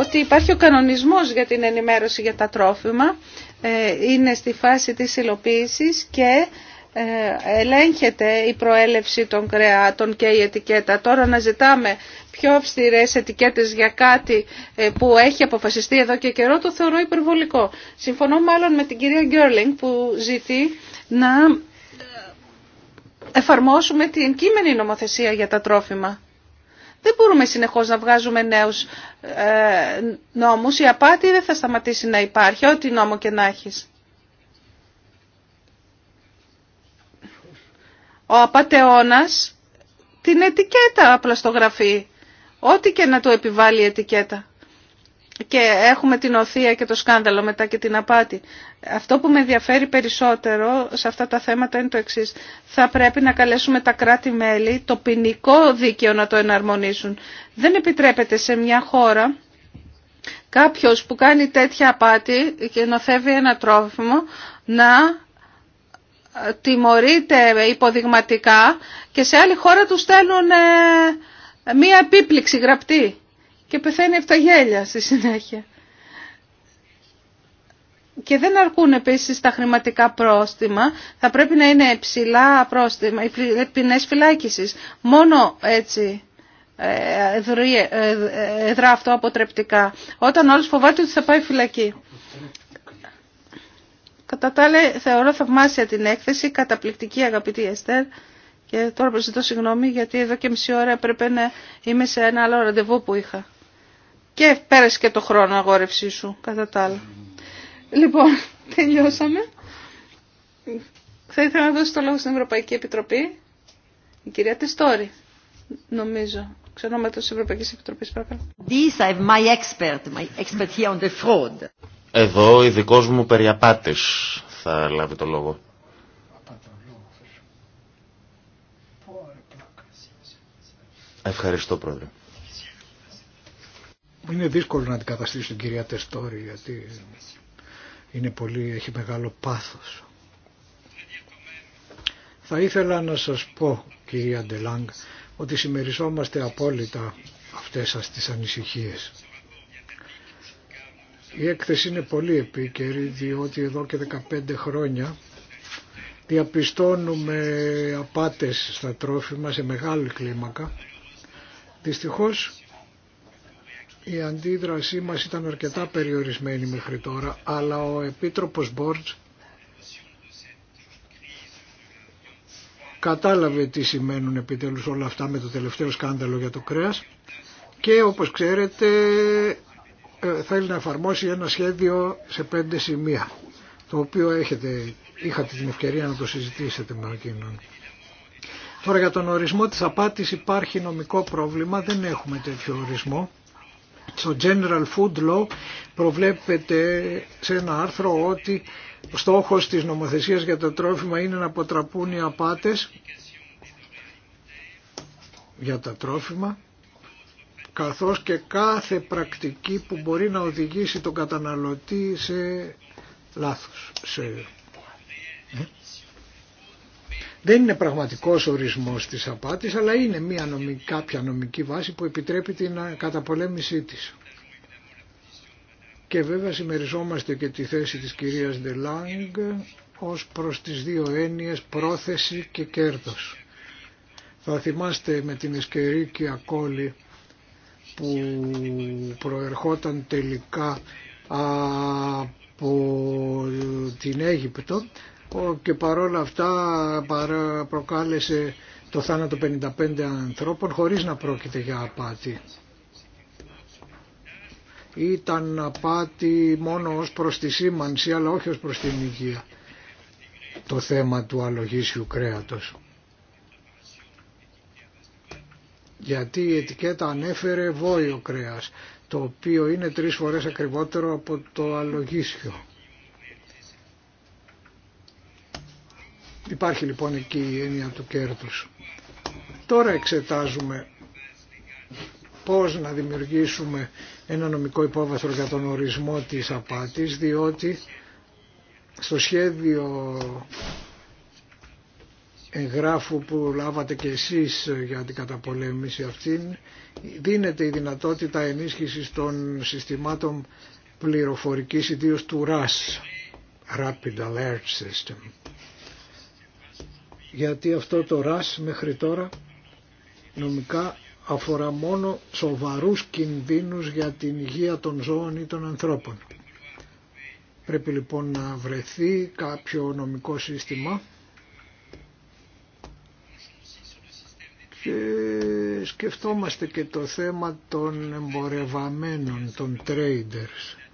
ότι υπάρχει ο κανονισμός για την ενημέρωση για τα τρόφιμα ε, είναι στη φάση της υλοποίησης και ε, ελέγχεται η προέλευση των κρεάτων και η ετικέτα. Τώρα να ζητάμε πιο αυστηρέ ετικέτες για κάτι ε, που έχει αποφασιστεί εδώ και καιρό το θεωρώ υπερβολικό. Συμφωνώ μάλλον με την κυρία Γκέρλινγκ που ζητεί να εφαρμόσουμε την κείμενη νομοθεσία για τα τρόφιμα. Δεν μπορούμε συνεχώς να βγάζουμε νέους ε, νόμους. Η απάτη δεν θα σταματήσει να υπάρχει, ό,τι νόμο και να έχεις. Ο απατεώνας την ετικέτα απλά στο γραφεί. Ό,τι και να του επιβάλλει η ετικέτα και έχουμε την οθεία και το σκάνδαλο μετά και την απάτη. Αυτό που με ενδιαφέρει περισσότερο σε αυτά τα θέματα είναι το εξής. Θα πρέπει να καλέσουμε τα κράτη-μέλη το ποινικό δίκαιο να το εναρμονίσουν. Δεν επιτρέπεται σε μια χώρα κάποιος που κάνει τέτοια απάτη και νοθεύει ένα τρόφιμο να τιμωρείται υποδειγματικά και σε άλλη χώρα του στέλνουν ε, μία επίπληξη γραπτή και πεθαίνει από τα γέλια στη συνέχεια. Και δεν αρκούν επίση τα χρηματικά πρόστιμα, θα πρέπει να είναι ψηλά πρόστιμα, οι ποινές φυλάκισης. Μόνο έτσι ε, ε, εδρά αυτό αποτρεπτικά, όταν όλο φοβάται ότι θα πάει φυλακή. Κατά τα άλλα, θεωρώ θαυμάσια την έκθεση, καταπληκτική αγαπητή Εστέρ. Και τώρα προσζητώ συγγνώμη γιατί εδώ και μισή ώρα έπρεπε να είμαι σε ένα άλλο ραντεβού που είχα. Και πέρασε και το χρόνο αγόρευσή σου, κατά τα άλλα. Λοιπόν, τελειώσαμε. Θα ήθελα να δώσω το λόγο στην Ευρωπαϊκή Επιτροπή. Η κυρία Τεστόρη, νομίζω. Ξενόματος της Ευρωπαϊκής Επιτροπής, παρακαλώ. This is my expert, my expert here on the fraud. Εδώ ο ειδικό μου περιαπάτης θα λάβει το λόγο. Ευχαριστώ, Πρόεδρε είναι δύσκολο να αντικαταστήσει την κυρία Τεστόρη γιατί είναι πολύ, έχει μεγάλο πάθος. Θα ήθελα να σας πω κυρία Ντελάνγκ ότι συμμεριζόμαστε απόλυτα αυτές σας τις ανησυχίες. Η έκθεση είναι πολύ επίκαιρη διότι εδώ και 15 χρόνια διαπιστώνουμε απάτες στα τρόφιμα σε μεγάλη κλίμακα. Δυστυχώς η αντίδρασή μας ήταν αρκετά περιορισμένη μέχρι τώρα, αλλά ο Επίτροπος Μπόρτς κατάλαβε τι σημαίνουν επιτέλους όλα αυτά με το τελευταίο σκάνδαλο για το κρέας και όπως ξέρετε ε, θέλει να εφαρμόσει ένα σχέδιο σε πέντε σημεία το οποίο έχετε, είχατε την ευκαιρία να το συζητήσετε με εκείνον. Τώρα για τον ορισμό της απάτης υπάρχει νομικό πρόβλημα, δεν έχουμε τέτοιο ορισμό στο General Food Law προβλέπεται σε ένα άρθρο ότι ο στόχος της νομοθεσίας για τα τρόφιμα είναι να αποτραπούν οι απάτες για τα τρόφιμα καθώς και κάθε πρακτική που μπορεί να οδηγήσει τον καταναλωτή σε λάθος, ε? Δεν είναι πραγματικός ορισμός της απάτης, αλλά είναι μια κάποια νομική βάση που επιτρέπει την ε, καταπολέμησή της. Και βέβαια συμμεριζόμαστε και τη θέση της κυρίας Ντελάνγκ ως προς τις δύο έννοιες πρόθεση και κέρδος. Θα θυμάστε με την Εσκερίκη Ακόλη που προερχόταν τελικά από την Αίγυπτο και παρόλα αυτά προκάλεσε το θάνατο 55 ανθρώπων χωρίς να πρόκειται για απάτη. Ήταν απάτη μόνο ως προς τη σήμανση αλλά όχι ως προς την υγεία το θέμα του αλογίσιου κρέατος. Γιατί η ετικέτα ανέφερε βόλιο κρέας, το οποίο είναι τρεις φορές ακριβότερο από το αλογίσιο. Υπάρχει λοιπόν εκεί η έννοια του κέρδους. Τώρα εξετάζουμε πώς να δημιουργήσουμε ένα νομικό υπόβαθρο για τον ορισμό της απάτης, διότι στο σχέδιο εγγράφου που λάβατε και εσείς για την καταπολέμηση αυτήν, δίνεται η δυνατότητα ενίσχυσης των συστημάτων πληροφορικής ιδίως του RAS, Rapid Alert System γιατί αυτό το ΡΑΣ μέχρι τώρα νομικά αφορά μόνο σοβαρούς κινδύνους για την υγεία των ζώων ή των ανθρώπων. Πρέπει λοιπόν να βρεθεί κάποιο νομικό σύστημα και σκεφτόμαστε και το θέμα των εμπορευαμένων, των traders.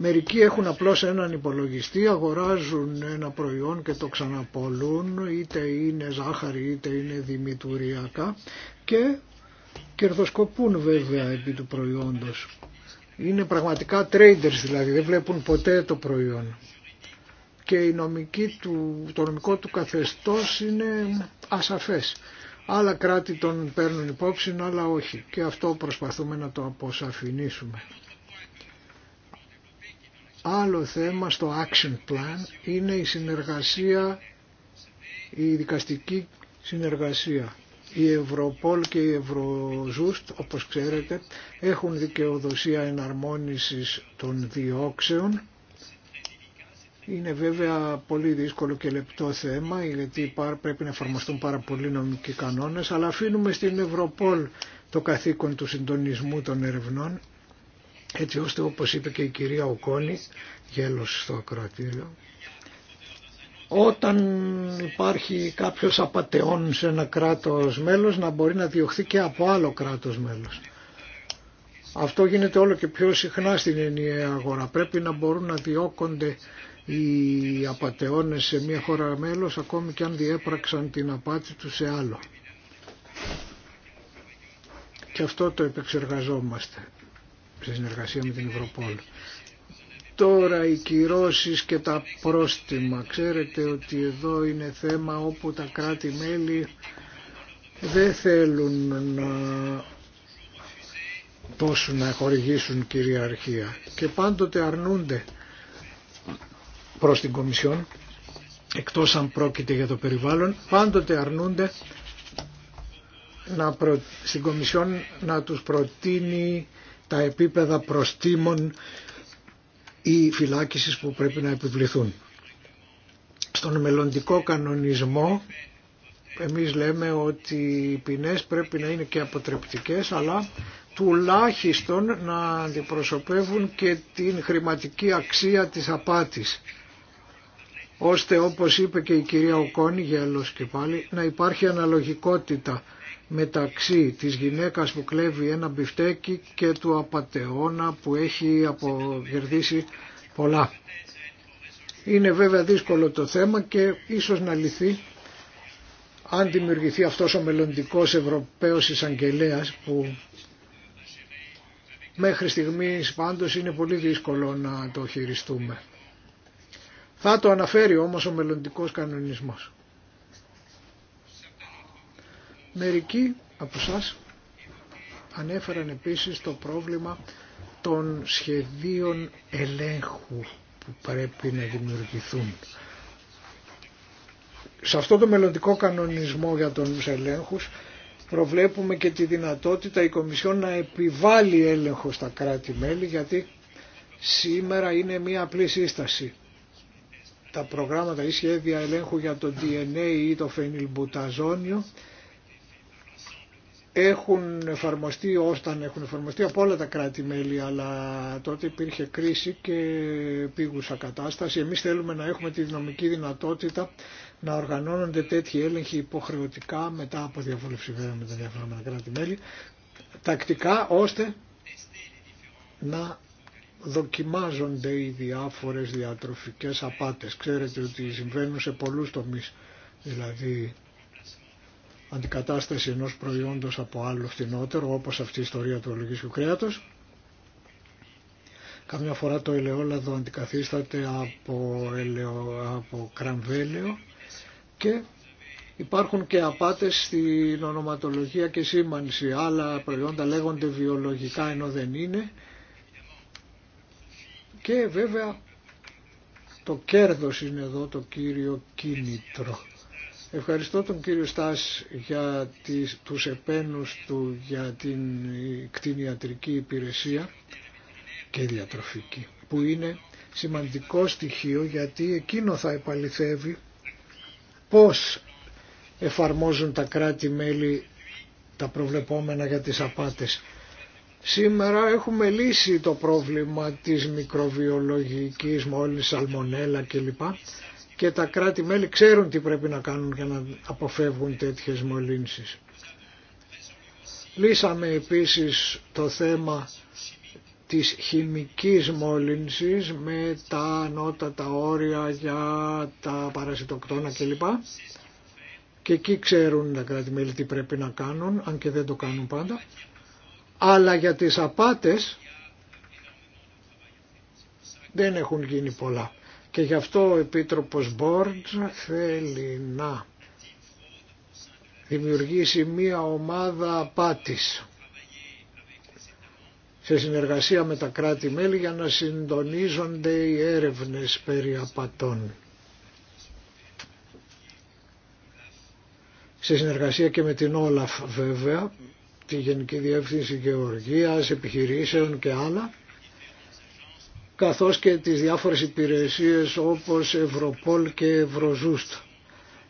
Μερικοί έχουν απλώς έναν υπολογιστή, αγοράζουν ένα προϊόν και το ξαναπολούν, είτε είναι ζάχαρη είτε είναι δημητουριακά και κερδοσκοπούν βέβαια επί του προϊόντος. Είναι πραγματικά traders δηλαδή, δεν βλέπουν ποτέ το προϊόν. Και η νομική του, το νομικό του καθεστώς είναι ασαφές. Άλλα κράτη τον παίρνουν υπόψη, άλλα όχι. Και αυτό προσπαθούμε να το αποσαφηνίσουμε. Άλλο θέμα στο action plan είναι η συνεργασία, η δικαστική συνεργασία. Η Ευρωπόλ και η Ευρωζούστ, όπως ξέρετε, έχουν δικαιοδοσία εναρμόνισης των διώξεων. Είναι βέβαια πολύ δύσκολο και λεπτό θέμα, γιατί πρέπει να εφαρμοστούν πάρα πολλοί νομικοί κανόνες, αλλά αφήνουμε στην Ευρωπόλ το καθήκον του συντονισμού των ερευνών έτσι ώστε όπως είπε και η κυρία Οκόνη, γέλος στο ακροατήριο, όταν υπάρχει κάποιος απατεών σε ένα κράτος μέλος να μπορεί να διωχθεί και από άλλο κράτος μέλος. Αυτό γίνεται όλο και πιο συχνά στην ενιαία αγορά. Πρέπει να μπορούν να διώκονται οι απατεώνες σε μια χώρα μέλος ακόμη και αν διέπραξαν την απάτη του σε άλλο. Και αυτό το επεξεργαζόμαστε σε συνεργασία με την Ευρωπόλ. Τώρα οι κυρώσει και τα πρόστιμα. Ξέρετε ότι εδώ είναι θέμα όπου τα κράτη-μέλη δεν θέλουν να δώσουν να χορηγήσουν κυριαρχία και πάντοτε αρνούνται προς την Κομισιόν εκτός αν πρόκειται για το περιβάλλον πάντοτε αρνούνται να στην Κομισιόν να τους προτείνει τα επίπεδα προστήμων ή φυλάκισης που πρέπει να επιβληθούν. Στον μελλοντικό κανονισμό εμείς λέμε ότι οι ποινές πρέπει να είναι και αποτρεπτικές αλλά τουλάχιστον να αντιπροσωπεύουν και την χρηματική αξία της απάτης ώστε όπως είπε και η κυρία Οκόνη γέλος και πάλι να υπάρχει αναλογικότητα μεταξύ της γυναίκας που κλέβει ένα μπιφτέκι και του απατεώνα που έχει αποκερδίσει πολλά. Είναι βέβαια δύσκολο το θέμα και ίσως να λυθεί αν δημιουργηθεί αυτός ο μελλοντικός Ευρωπαίος εισαγγελέα που μέχρι στιγμής πάντως είναι πολύ δύσκολο να το χειριστούμε. Θα το αναφέρει όμως ο μελλοντικός κανονισμός. Μερικοί από εσά ανέφεραν επίσης το πρόβλημα των σχεδίων ελέγχου που πρέπει να δημιουργηθούν. Σε αυτό το μελλοντικό κανονισμό για τον ελέγχους προβλέπουμε και τη δυνατότητα η Κομισιόν να επιβάλλει έλεγχο στα κράτη-μέλη γιατί σήμερα είναι μία απλή σύσταση. Τα προγράμματα ή σχέδια ελέγχου για το DNA ή το φενιλμπουταζόνιο έχουν εφαρμοστεί όταν έχουν εφαρμοστεί από όλα τα κράτη-μέλη αλλά τότε υπήρχε κρίση και πήγουσα κατάσταση. Εμείς θέλουμε να έχουμε τη δυναμική δυνατότητα να οργανώνονται τέτοιοι έλεγχοι υποχρεωτικά μετά από διαβούλευση βέβαια με τα διαφορα κρατη κράτη-μέλη τακτικά ώστε να δοκιμάζονται οι διάφορες διατροφικές απάτες. Ξέρετε ότι συμβαίνουν σε πολλούς τομείς δηλαδή αντικατάσταση ενός προϊόντος από άλλο φθηνότερο, όπως αυτή η ιστορία του ολογίσιου κρέατος. Καμιά φορά το ελαιόλαδο αντικαθίσταται από, ελαιο, από κραμβέλαιο και υπάρχουν και απάτες στην ονοματολογία και σήμανση. Άλλα προϊόντα λέγονται βιολογικά ενώ δεν είναι. Και βέβαια το κέρδος είναι εδώ το κύριο κίνητρο. Ευχαριστώ τον κύριο Στάς για τις, τους επένους του για την κτηνιατρική υπηρεσία και διατροφική που είναι σημαντικό στοιχείο γιατί εκείνο θα επαληθεύει πώς εφαρμόζουν τα κράτη-μέλη τα προβλεπόμενα για τις απάτες. Σήμερα έχουμε λύσει το πρόβλημα της μικροβιολογικής μόλις σαλμονέλα κλπ και τα κράτη-μέλη ξέρουν τι πρέπει να κάνουν για να αποφεύγουν τέτοιες μολύνσεις. Λύσαμε επίσης το θέμα της χημικής μόλυνσης με τα ανώτατα όρια για τα παρασιτοκτόνα κλπ. Και εκεί ξέρουν τα κράτη-μέλη τι πρέπει να κάνουν, αν και δεν το κάνουν πάντα. Αλλά για τις απάτες δεν έχουν γίνει πολλά. Και γι' αυτό ο Επίτροπος Μπόρντ θέλει να δημιουργήσει μία ομάδα απάτης σε συνεργασία με τα κράτη-μέλη για να συντονίζονται οι έρευνες περί απατών. Σε συνεργασία και με την Όλαφ βέβαια, τη Γενική Διεύθυνση Γεωργίας, επιχειρήσεων και άλλα καθώς και τις διάφορες υπηρεσίες όπως Ευρωπόλ και Ευρωζούστ.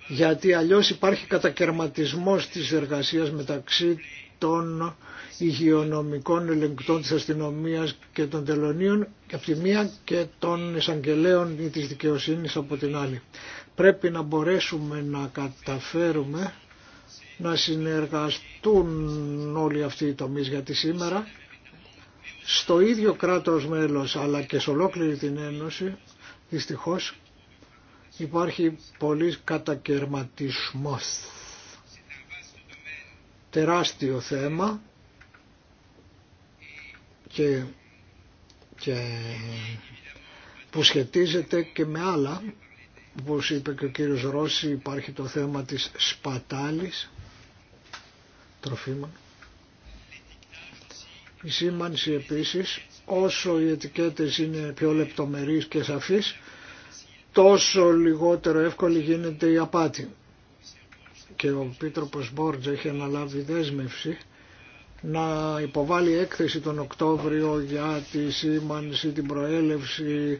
Γιατί αλλιώς υπάρχει κατακαιρματισμός της εργασίας μεταξύ των υγειονομικών ελεγκτών της αστυνομίας και των τελωνίων από τη μία και των εισαγγελέων ή της δικαιοσύνης από την άλλη. Πρέπει να μπορέσουμε να καταφέρουμε να συνεργαστούν όλοι αυτοί οι τομείς γιατί σήμερα στο ίδιο κράτος μέλος αλλά και σε ολόκληρη την Ένωση δυστυχώς υπάρχει πολύ κατακαιρματισμός. Τεράστιο θέμα και, και που σχετίζεται και με άλλα όπως είπε και ο κύριος Ρώση υπάρχει το θέμα της σπατάλης τροφίμων η σήμανση επίσης, όσο οι ετικέτες είναι πιο λεπτομερείς και σαφείς, τόσο λιγότερο εύκολη γίνεται η απάτη. Και ο Πίτροπος Μπόρτζ έχει αναλάβει δέσμευση να υποβάλει έκθεση τον Οκτώβριο για τη σήμανση, την προέλευση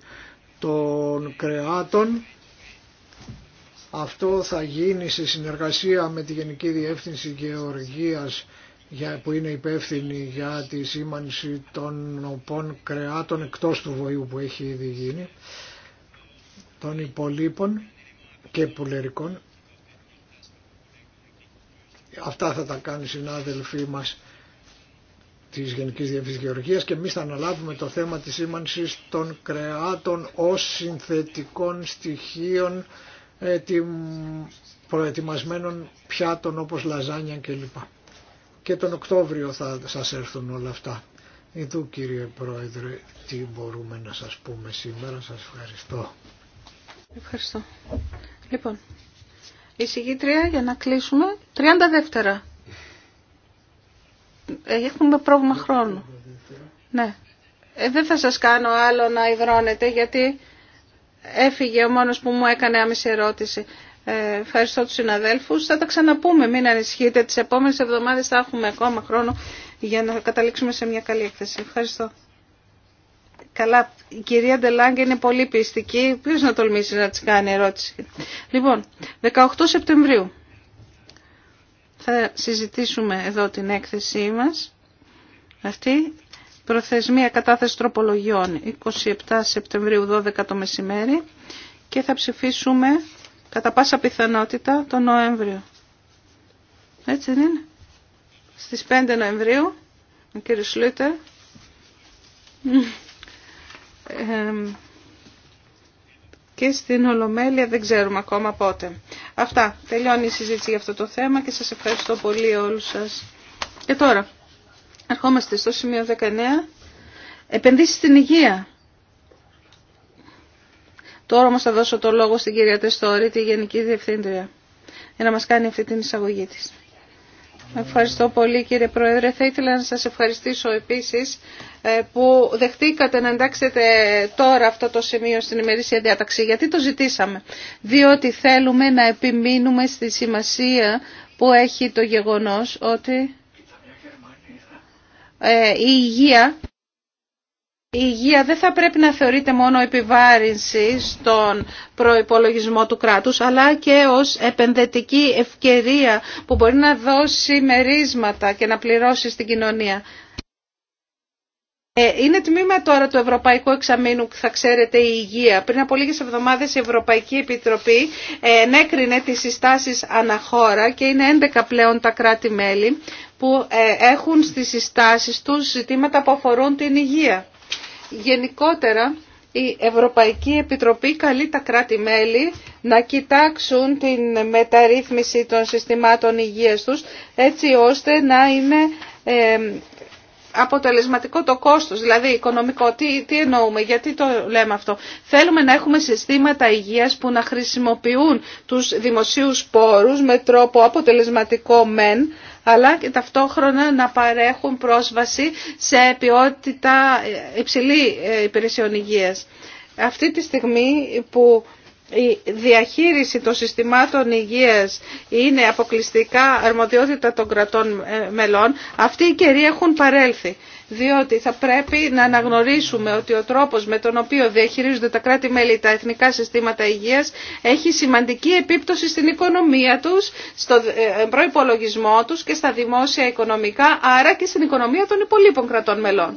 των κρεάτων. Αυτό θα γίνει σε συνεργασία με τη Γενική Διεύθυνση Γεωργίας για, που είναι υπεύθυνη για τη σήμανση των οπών κρεάτων εκτός του βοηού που έχει ήδη γίνει, των υπολείπων και πουλερικών. Αυτά θα τα κάνει συνάδελφοί μας της Γενικής Διεύθυνσης Γεωργίας και εμείς θα αναλάβουμε το θέμα της σήμανσης των κρεάτων ως συνθετικών στοιχείων ε, προετοιμασμένων πιάτων όπως λαζάνια κλπ και τον Οκτώβριο θα σας έρθουν όλα αυτά. Εδώ κύριε Πρόεδρε τι μπορούμε να σας πούμε σήμερα. Σας ευχαριστώ. Ευχαριστώ. Λοιπόν, η συγκήτρια για να κλείσουμε 30 δεύτερα. Ε, έχουμε πρόβλημα χρόνου. Ναι. Ε, δεν θα σας κάνω άλλο να υδρώνετε γιατί έφυγε ο μόνος που μου έκανε άμεση ερώτηση. Ε, ευχαριστώ τους συναδέλφους. Θα τα ξαναπούμε, μην ανησυχείτε. Τις επόμενες εβδομάδες θα έχουμε ακόμα χρόνο για να καταλήξουμε σε μια καλή έκθεση. Ευχαριστώ. Καλά, η κυρία Ντελάγκη είναι πολύ πιστική. Ποιος να τολμήσει να της κάνει ερώτηση. Λοιπόν, 18 Σεπτεμβρίου θα συζητήσουμε εδώ την έκθεσή μας. Αυτή προθεσμία κατάθεση τροπολογιών 27 Σεπτεμβρίου 12 το μεσημέρι και θα ψηφίσουμε κατά πάσα πιθανότητα τον Νοέμβριο. Έτσι δεν είναι. Στις 5 Νοεμβρίου, ο κύριος Σλούτερ, και στην Ολομέλεια δεν ξέρουμε ακόμα πότε. Αυτά. Τελειώνει η συζήτηση για αυτό το θέμα και σας ευχαριστώ πολύ όλους σας. Και τώρα, ερχόμαστε στο σημείο 19. Επενδύσεις στην υγεία. Τώρα όμως θα δώσω το λόγο στην κυρία Τεστόρη, τη Γενική Διευθύντρια, για να μας κάνει αυτή την εισαγωγή της. Ευχαριστώ πολύ κύριε Πρόεδρε. Θα ήθελα να σας ευχαριστήσω επίσης ε, που δεχτήκατε να εντάξετε τώρα αυτό το σημείο στην ημερήσια διάταξη. Γιατί το ζητήσαμε. Διότι θέλουμε να επιμείνουμε στη σημασία που έχει το γεγονός ότι ε, η υγεία η υγεία δεν θα πρέπει να θεωρείται μόνο επιβάρυνση στον προϋπολογισμό του κράτους, αλλά και ως επενδυτική ευκαιρία που μπορεί να δώσει μερίσματα και να πληρώσει στην κοινωνία. Ε, είναι τμήμα τώρα του Ευρωπαϊκού Εξαμήνου, θα ξέρετε, η υγεία. Πριν από λίγες εβδομάδες η Ευρωπαϊκή Επιτροπή ενέκρινε τις συστάσεις αναχώρα και είναι 11 πλέον τα κράτη-μέλη που ε, έχουν στις συστάσεις τους ζητήματα που αφορούν την υγεία γενικότερα η Ευρωπαϊκή Επιτροπή καλεί τα κράτη-μέλη να κοιτάξουν την μεταρρύθμιση των συστημάτων υγείας τους έτσι ώστε να είναι ε, αποτελεσματικό το κόστος, δηλαδή οικονομικό. Τι, τι εννοούμε, γιατί το λέμε αυτό. Θέλουμε να έχουμε συστήματα υγείας που να χρησιμοποιούν τους δημοσίους πόρους με τρόπο αποτελεσματικό μεν, αλλά και ταυτόχρονα να παρέχουν πρόσβαση σε ποιότητα υψηλή ε, υπηρεσιών υγείας. Αυτή τη στιγμή που η διαχείριση των συστημάτων υγείας είναι αποκλειστικά αρμοδιότητα των κρατών ε, μελών, αυτοί οι καιροί έχουν παρέλθει. Διότι θα πρέπει να αναγνωρίσουμε ότι ο τρόπος με τον οποίο διαχειρίζονται τα κράτη-μέλη τα εθνικά συστήματα υγείας έχει σημαντική επίπτωση στην οικονομία τους, στο ε, προϋπολογισμό τους και στα δημόσια οικονομικά, άρα και στην οικονομία των υπολείπων κρατών μελών.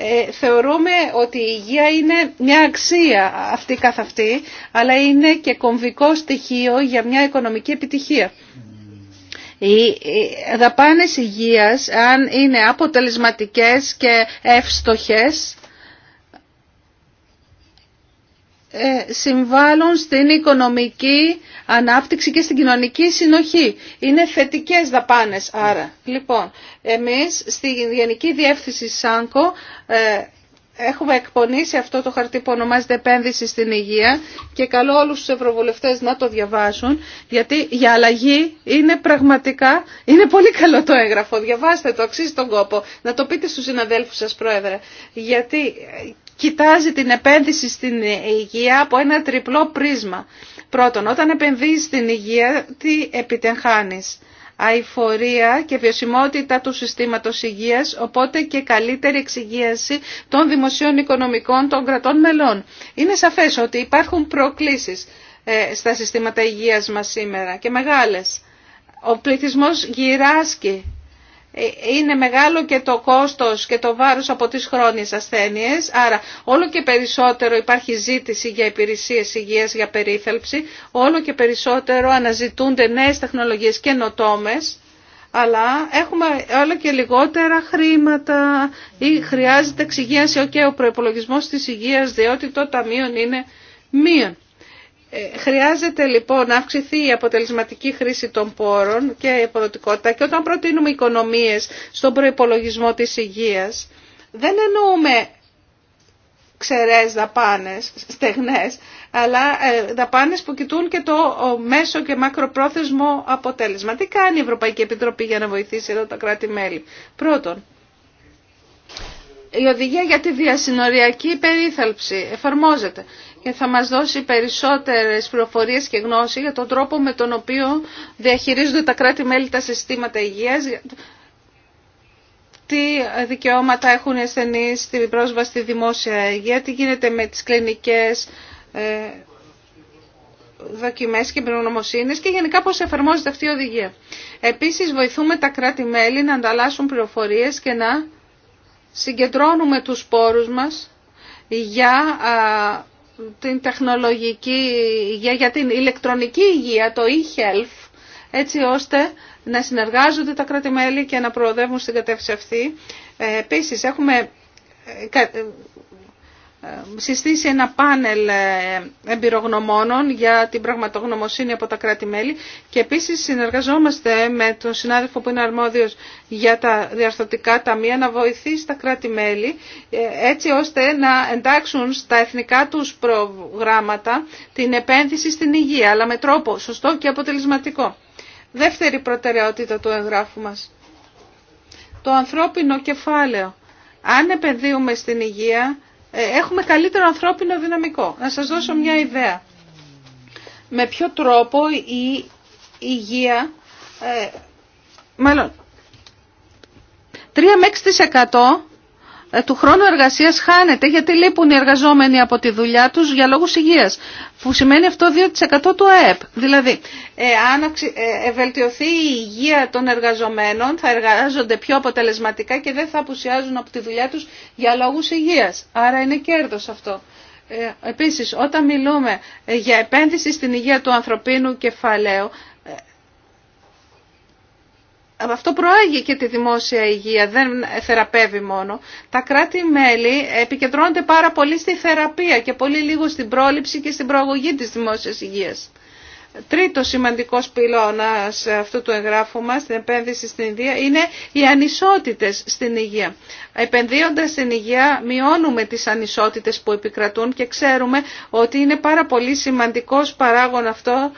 Ε, θεωρούμε ότι η υγεία είναι μια αξία αυτή καθ' αυτή, αλλά είναι και κομβικό στοιχείο για μια οικονομική επιτυχία. Οι δαπάνες υγείας, αν είναι αποτελεσματικές και εύστοχες, Ε, συμβάλλουν στην οικονομική ανάπτυξη και στην κοινωνική συνοχή. Είναι θετικές δαπάνες άρα. Λοιπόν, εμείς στη Γενική Διεύθυνση ΣΑΝΚΟ ε, έχουμε εκπονήσει αυτό το χαρτί που ονομάζεται επένδυση στην υγεία και καλώ όλους τους ευρωβουλευτές να το διαβάσουν γιατί για αλλαγή είναι πραγματικά, είναι πολύ καλό το έγγραφο, διαβάστε το, αξίζει τον κόπο, να το πείτε στους συναδέλφους σας πρόεδρε κοιτάζει την επένδυση στην υγεία από ένα τριπλό πρίσμα. Πρώτον, όταν επενδύεις στην υγεία, τι επιτεχάνεις. Αηφορία και βιωσιμότητα του συστήματος υγείας, οπότε και καλύτερη εξυγίαση των δημοσίων οικονομικών των κρατών μελών. Είναι σαφές ότι υπάρχουν προκλήσεις ε, στα συστήματα υγείας μας σήμερα και μεγάλες. Ο πληθυσμός γυράσκει είναι μεγάλο και το κόστος και το βάρος από τις χρόνιες ασθένειες, άρα όλο και περισσότερο υπάρχει ζήτηση για υπηρεσίες υγείας για περίθαλψη, όλο και περισσότερο αναζητούνται νέες τεχνολογίες και νοτόμες, αλλά έχουμε όλο και λιγότερα χρήματα ή χρειάζεται εξυγίαση και ο προϋπολογισμός της υγείας διότι το ταμείο είναι μείον. Ε, χρειάζεται λοιπόν να αυξηθεί η αποτελεσματική χρήση των πόρων και η αποδοτικότητα και όταν προτείνουμε οικονομίες στον προϋπολογισμό της υγείας δεν εννοούμε ξερές δαπάνες, στεγνές, αλλά ε, δαπάνες που κοιτούν και το μέσο και μακροπρόθεσμο αποτέλεσμα. Τι κάνει η Ευρωπαϊκή Επιτροπή για να βοηθήσει εδώ τα κράτη-μέλη. Πρώτον, η οδηγία για τη διασυνοριακή περίθαλψη εφαρμόζεται και θα μας δώσει περισσότερες πληροφορίες και γνώση για τον τρόπο με τον οποίο διαχειρίζονται τα κράτη-μέλη τα συστήματα υγείας, τι δικαιώματα έχουν οι ασθενείς στην πρόσβαση στη δημόσια υγεία, τι γίνεται με τις κλινικές ε, δοκιμές και πληρονομοσύνες και γενικά πώς εφαρμόζεται αυτή η οδηγία. Επίσης βοηθούμε τα κράτη-μέλη να ανταλλάσσουν πληροφορίες και να συγκεντρώνουμε τους πόρους μας για την τεχνολογική υγεία, για την ηλεκτρονική υγεία, το e-health, έτσι ώστε να συνεργάζονται τα κράτη-μέλη και να προοδεύουν στην κατεύθυνση αυτή. Ε, επίσης, έχουμε συστήσει ένα πάνελ ε, εμπειρογνωμόνων για την πραγματογνωμοσύνη από τα κράτη-μέλη και επίσης συνεργαζόμαστε με τον συνάδελφο που είναι αρμόδιος για τα διαρθωτικά ταμεία να βοηθήσει τα κράτη-μέλη ε, έτσι ώστε να εντάξουν στα εθνικά τους προγράμματα την επένδυση στην υγεία αλλά με τρόπο σωστό και αποτελεσματικό. Δεύτερη προτεραιότητα του εγγράφου μας. Το ανθρώπινο κεφάλαιο. Αν επενδύουμε στην υγεία ε, έχουμε καλύτερο ανθρώπινο δυναμικό. Να σας δώσω μια ιδέα. Με ποιο τρόπο η υγεία, ε, μάλλον 3 με 6% ε, του χρόνου εργασίας χάνεται γιατί λείπουν οι εργαζόμενοι από τη δουλειά τους για λόγους υγείας, που σημαίνει αυτό 2% του ΑΕΠ. Δηλαδή, ε, αν βελτιωθεί ε, η υγεία των εργαζομένων, θα εργάζονται πιο αποτελεσματικά και δεν θα απουσιάζουν από τη δουλειά τους για λόγους υγείας. Άρα είναι κέρδος αυτό. Επίσης, όταν μιλούμε για επένδυση στην υγεία του ανθρωπίνου κεφαλαίου, αυτό προάγει και τη δημόσια υγεία, δεν θεραπεύει μόνο. Τα κράτη-μέλη επικεντρώνονται πάρα πολύ στη θεραπεία και πολύ λίγο στην πρόληψη και στην προαγωγή της δημόσιας υγείας. Τρίτο σημαντικός πυλώνας αυτού του εγγράφου μας, στην επένδυση στην υγεία, είναι οι ανισότητες στην υγεία. Επενδύοντας στην υγεία μειώνουμε τις ανισότητες που επικρατούν και ξέρουμε ότι είναι πάρα πολύ σημαντικός παράγον αυτό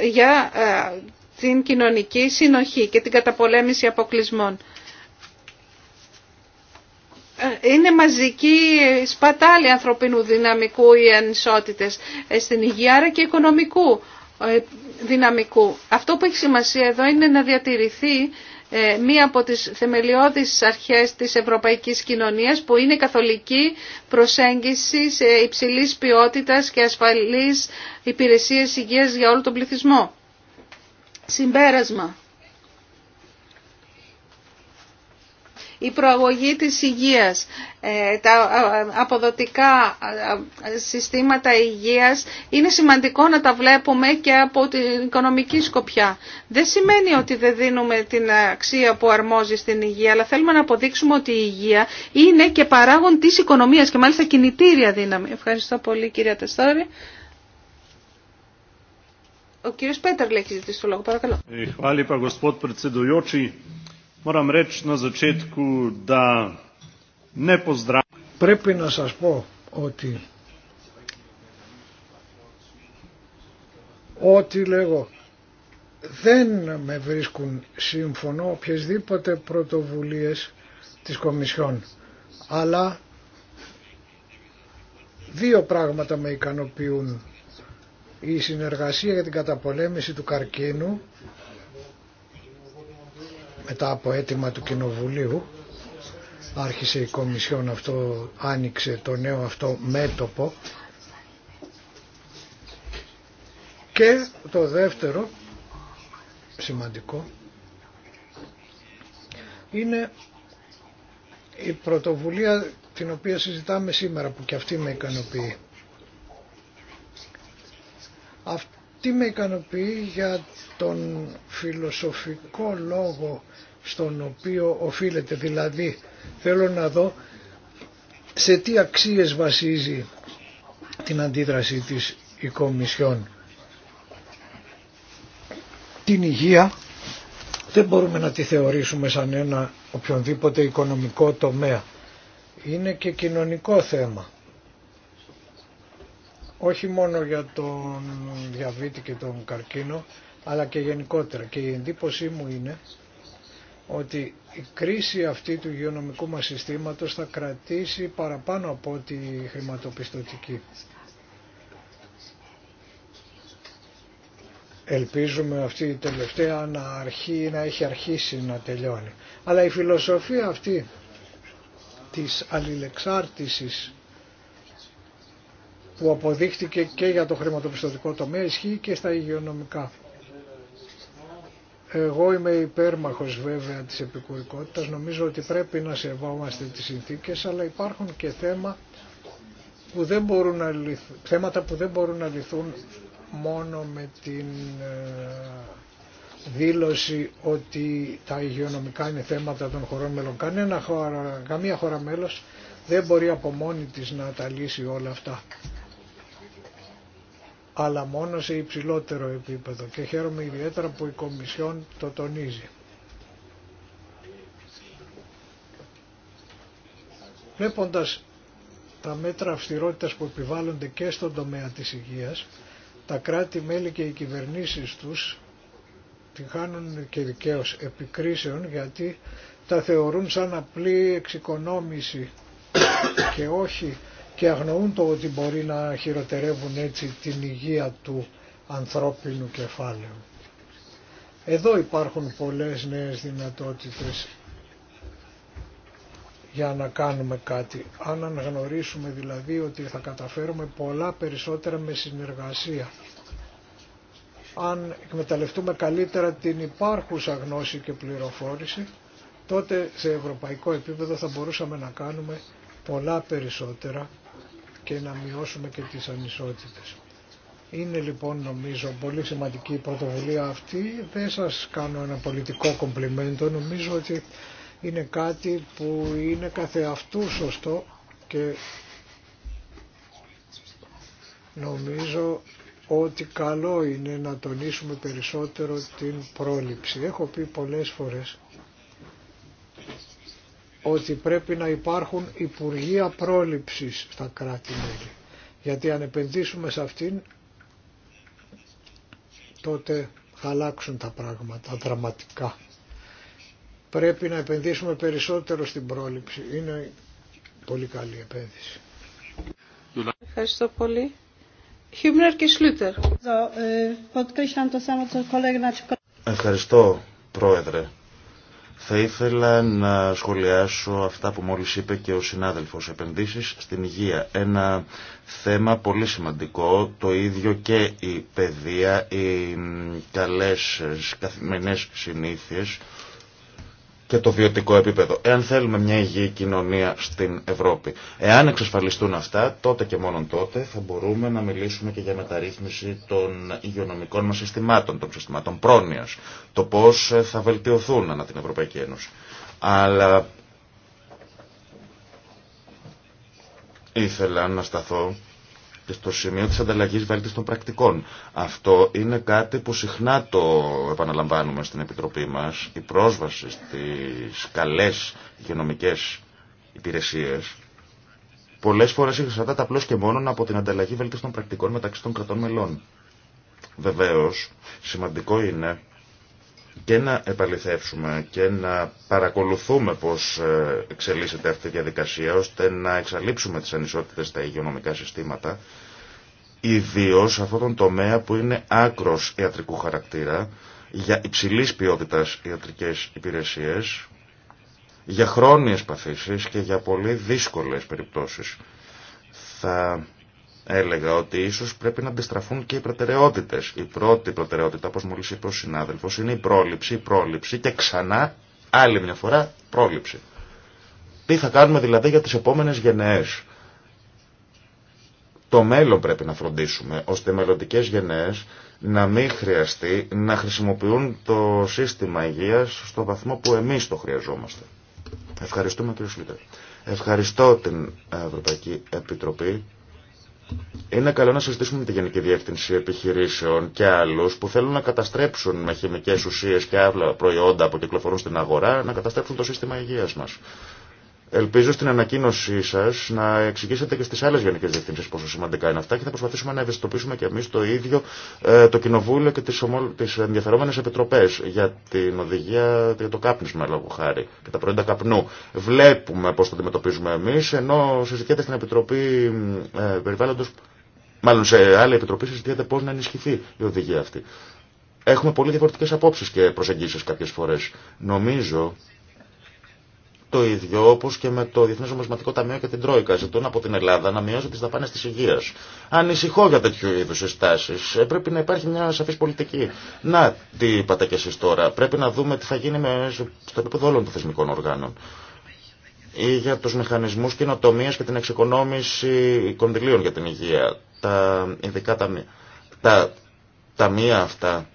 για ε, την κοινωνική συνοχή και την καταπολέμηση αποκλεισμών. Ε, είναι μαζική σπατάλη ανθρωπίνου δυναμικού οι ανισότητες ε, στην υγεία άρα και οικονομικού ε, δυναμικού. Αυτό που έχει σημασία εδώ είναι να διατηρηθεί μία από τις θεμελιώδεις αρχές της ευρωπαϊκής κοινωνίας που είναι καθολική προσέγγιση σε υψηλής ποιότητας και ασφαλής υπηρεσίες υγείας για όλο τον πληθυσμό. Συμπέρασμα. η προαγωγή της υγείας, ε, τα ε, αποδοτικά ε, συστήματα υγείας είναι σημαντικό να τα βλέπουμε και από την οικονομική σκοπιά. Δεν σημαίνει ότι δεν δίνουμε την αξία που αρμόζει στην υγεία, αλλά θέλουμε να αποδείξουμε ότι η υγεία είναι και παράγον της οικονομίας και μάλιστα κινητήρια δύναμη. Ευχαριστώ πολύ κυρία Τεστόρη. Ο κύριος Πέτερλε έχει ζητήσει το λόγο. Παρακαλώ. Ε, Πρέπει να σας πω ότι ότι λέγω δεν με βρίσκουν σύμφωνο οποιασδήποτε πρωτοβουλίες της Κομισιόν αλλά δύο πράγματα με ικανοποιούν η συνεργασία για την καταπολέμηση του καρκίνου μετά από αίτημα του Κοινοβουλίου άρχισε η Κομισιόν αυτό, άνοιξε το νέο αυτό μέτωπο και το δεύτερο σημαντικό είναι η πρωτοβουλία την οποία συζητάμε σήμερα που και αυτή με ικανοποιεί αυτή με ικανοποιεί για τον φιλοσοφικό λόγο στον οποίο οφείλεται. Δηλαδή θέλω να δω σε τι αξίες βασίζει την αντίδραση της η Κομισιόν. Την υγεία δεν μπορούμε να τη θεωρήσουμε σαν ένα οποιονδήποτε οικονομικό τομέα. Είναι και κοινωνικό θέμα όχι μόνο για τον διαβήτη και τον καρκίνο, αλλά και γενικότερα. Και η εντύπωσή μου είναι ότι η κρίση αυτή του υγειονομικού μας συστήματος θα κρατήσει παραπάνω από τη χρηματοπιστωτική. Ελπίζουμε αυτή η τελευταία να, αρχί, να έχει αρχίσει να τελειώνει. Αλλά η φιλοσοφία αυτή της αλληλεξάρτησης που αποδείχτηκε και για το χρηματοπιστωτικό τομέα ισχύει και στα υγειονομικά. Εγώ είμαι υπέρμαχος βέβαια της επικουρικότητας, νομίζω ότι πρέπει να σεβόμαστε τις συνθήκες, αλλά υπάρχουν και θέμα που δεν μπορούν να θέματα που δεν μπορούν να λυθούν μόνο με την ε, δήλωση ότι τα υγειονομικά είναι θέματα των χωρών μέλων. Κανένα καμία χώρα μέλος δεν μπορεί από μόνη της να τα λύσει όλα αυτά αλλά μόνο σε υψηλότερο επίπεδο και χαίρομαι ιδιαίτερα που η Κομισιόν το τονίζει. Βλέποντα τα μέτρα αυστηρότητας που επιβάλλονται και στον τομέα της υγείας, τα κράτη-μέλη και οι κυβερνήσεις τους την χάνουν και δικαίω επικρίσεων γιατί τα θεωρούν σαν απλή εξοικονόμηση και όχι και αγνοούν το ότι μπορεί να χειροτερεύουν έτσι την υγεία του ανθρώπινου κεφάλαιου. Εδώ υπάρχουν πολλές νέες δυνατότητες για να κάνουμε κάτι. Αν αναγνωρίσουμε δηλαδή ότι θα καταφέρουμε πολλά περισσότερα με συνεργασία. Αν εκμεταλλευτούμε καλύτερα την υπάρχουσα γνώση και πληροφόρηση, τότε σε ευρωπαϊκό επίπεδο θα μπορούσαμε να κάνουμε πολλά περισσότερα και να μειώσουμε και τις ανισότητες. Είναι λοιπόν νομίζω πολύ σημαντική η πρωτοβουλία αυτή. Δεν σας κάνω ένα πολιτικό κομπλιμέντο. Νομίζω ότι είναι κάτι που είναι καθεαυτού σωστό και νομίζω ότι καλό είναι να τονίσουμε περισσότερο την πρόληψη. Έχω πει πολλές φορές ότι πρέπει να υπάρχουν υπουργεία πρόληψης στα κράτη-μέλη. Γιατί αν επενδύσουμε σε αυτήν, τότε θα αλλάξουν τα πράγματα δραματικά. Πρέπει να επενδύσουμε περισσότερο στην πρόληψη. Είναι πολύ καλή επένδυση. Ευχαριστώ πολύ. και Σλούτερ. Ευχαριστώ, Πρόεδρε. Θα ήθελα να σχολιάσω αυτά που μόλις είπε και ο συνάδελφος επενδύσεις στην υγεία. Ένα θέμα πολύ σημαντικό, το ίδιο και η παιδεία, οι καλές ε, καθημερινές συνήθειες, και το βιωτικό επίπεδο. Εάν θέλουμε μια υγιή κοινωνία στην Ευρώπη, εάν εξασφαλιστούν αυτά, τότε και μόνο τότε θα μπορούμε να μιλήσουμε και για μεταρρύθμιση των υγειονομικών μας συστημάτων, των συστημάτων πρόνοιας, το πώς ε, θα βελτιωθούν ανά την Ευρωπαϊκή Ένωση. Αλλά ήθελα να σταθώ και στο σημείο της ανταλλαγής βέλτιστων πρακτικών. Αυτό είναι κάτι που συχνά το επαναλαμβάνουμε στην Επιτροπή μας. Η πρόσβαση στις καλές υγειονομικές υπηρεσίες πολλές φορές εξαρτάται απλώς και μόνο από την ανταλλαγή βέλτιστων πρακτικών μεταξύ των κρατών μελών. Βεβαίως, σημαντικό είναι και να επαληθεύσουμε και να παρακολουθούμε πώς ε, εξελίσσεται αυτή η διαδικασία ώστε να εξαλείψουμε τις ανισότητες στα υγειονομικά συστήματα ιδίω σε αυτόν τον τομέα που είναι άκρος ιατρικού χαρακτήρα για υψηλής ποιότητας ιατρικές υπηρεσίες για χρόνιες παθήσεις και για πολύ δύσκολες περιπτώσεις. Θα έλεγα ότι ίσως πρέπει να αντιστραφούν και οι προτεραιότητες. Η πρώτη προτεραιότητα, όπως μόλις είπε ο συνάδελφος, είναι η πρόληψη, η πρόληψη και ξανά άλλη μια φορά πρόληψη. Τι θα κάνουμε δηλαδή για τις επόμενες γενναίες. Το μέλλον πρέπει να φροντίσουμε, ώστε οι μελλοντικές γενναίες να μην χρειαστεί να χρησιμοποιούν το σύστημα υγείας στο βαθμό που εμείς το χρειαζόμαστε. Ευχαριστούμε κύριε Σλίτερ. Ευχαριστώ την Ευρωπαϊκή Επιτροπή είναι καλό να συζητήσουμε με τη Γενική Διεύθυνση Επιχειρήσεων και άλλους που θέλουν να καταστρέψουν με χημικές ουσίες και άλλα προϊόντα που κυκλοφορούν στην αγορά, να καταστρέψουν το σύστημα υγείας μας. Ελπίζω στην ανακοίνωσή σα να εξηγήσετε και στι άλλε γενικέ διευθύνσει πόσο σημαντικά είναι αυτά και θα προσπαθήσουμε να ευαισθητοποιήσουμε και εμεί το ίδιο ε, το Κοινοβούλιο και τι ενδιαφερόμενε επιτροπέ για την οδηγία για το κάπνισμα λόγω χάρη και τα προϊόντα καπνού. Βλέπουμε πώ το αντιμετωπίζουμε εμεί ενώ συζητιέται στην Επιτροπή ε, Περιβάλλοντο, μάλλον σε άλλη επιτροπή συζητιέται πώ να ενισχυθεί η οδηγία αυτή. Έχουμε πολύ διαφορετικέ απόψει και προσεγγίσει κάποιε φορέ. Νομίζω το ίδιο όπω και με το Διεθνέ Νομισματικό Ταμείο και την Τρόικα. Ζητούν από την Ελλάδα να μειώσουν τι δαπάνε τη υγεία. Ανησυχώ για τέτοιου είδου συστάσει. Ε, πρέπει να υπάρχει μια σαφή πολιτική. Να, τι είπατε κι εσεί τώρα. Πρέπει να δούμε τι θα γίνει με, στο επίπεδο όλων των θεσμικών οργάνων. Ή για του μηχανισμού κοινοτομία και την εξοικονόμηση κονδυλίων για την υγεία. Τα ειδικά ταμεία. Τα ταμεία αυτά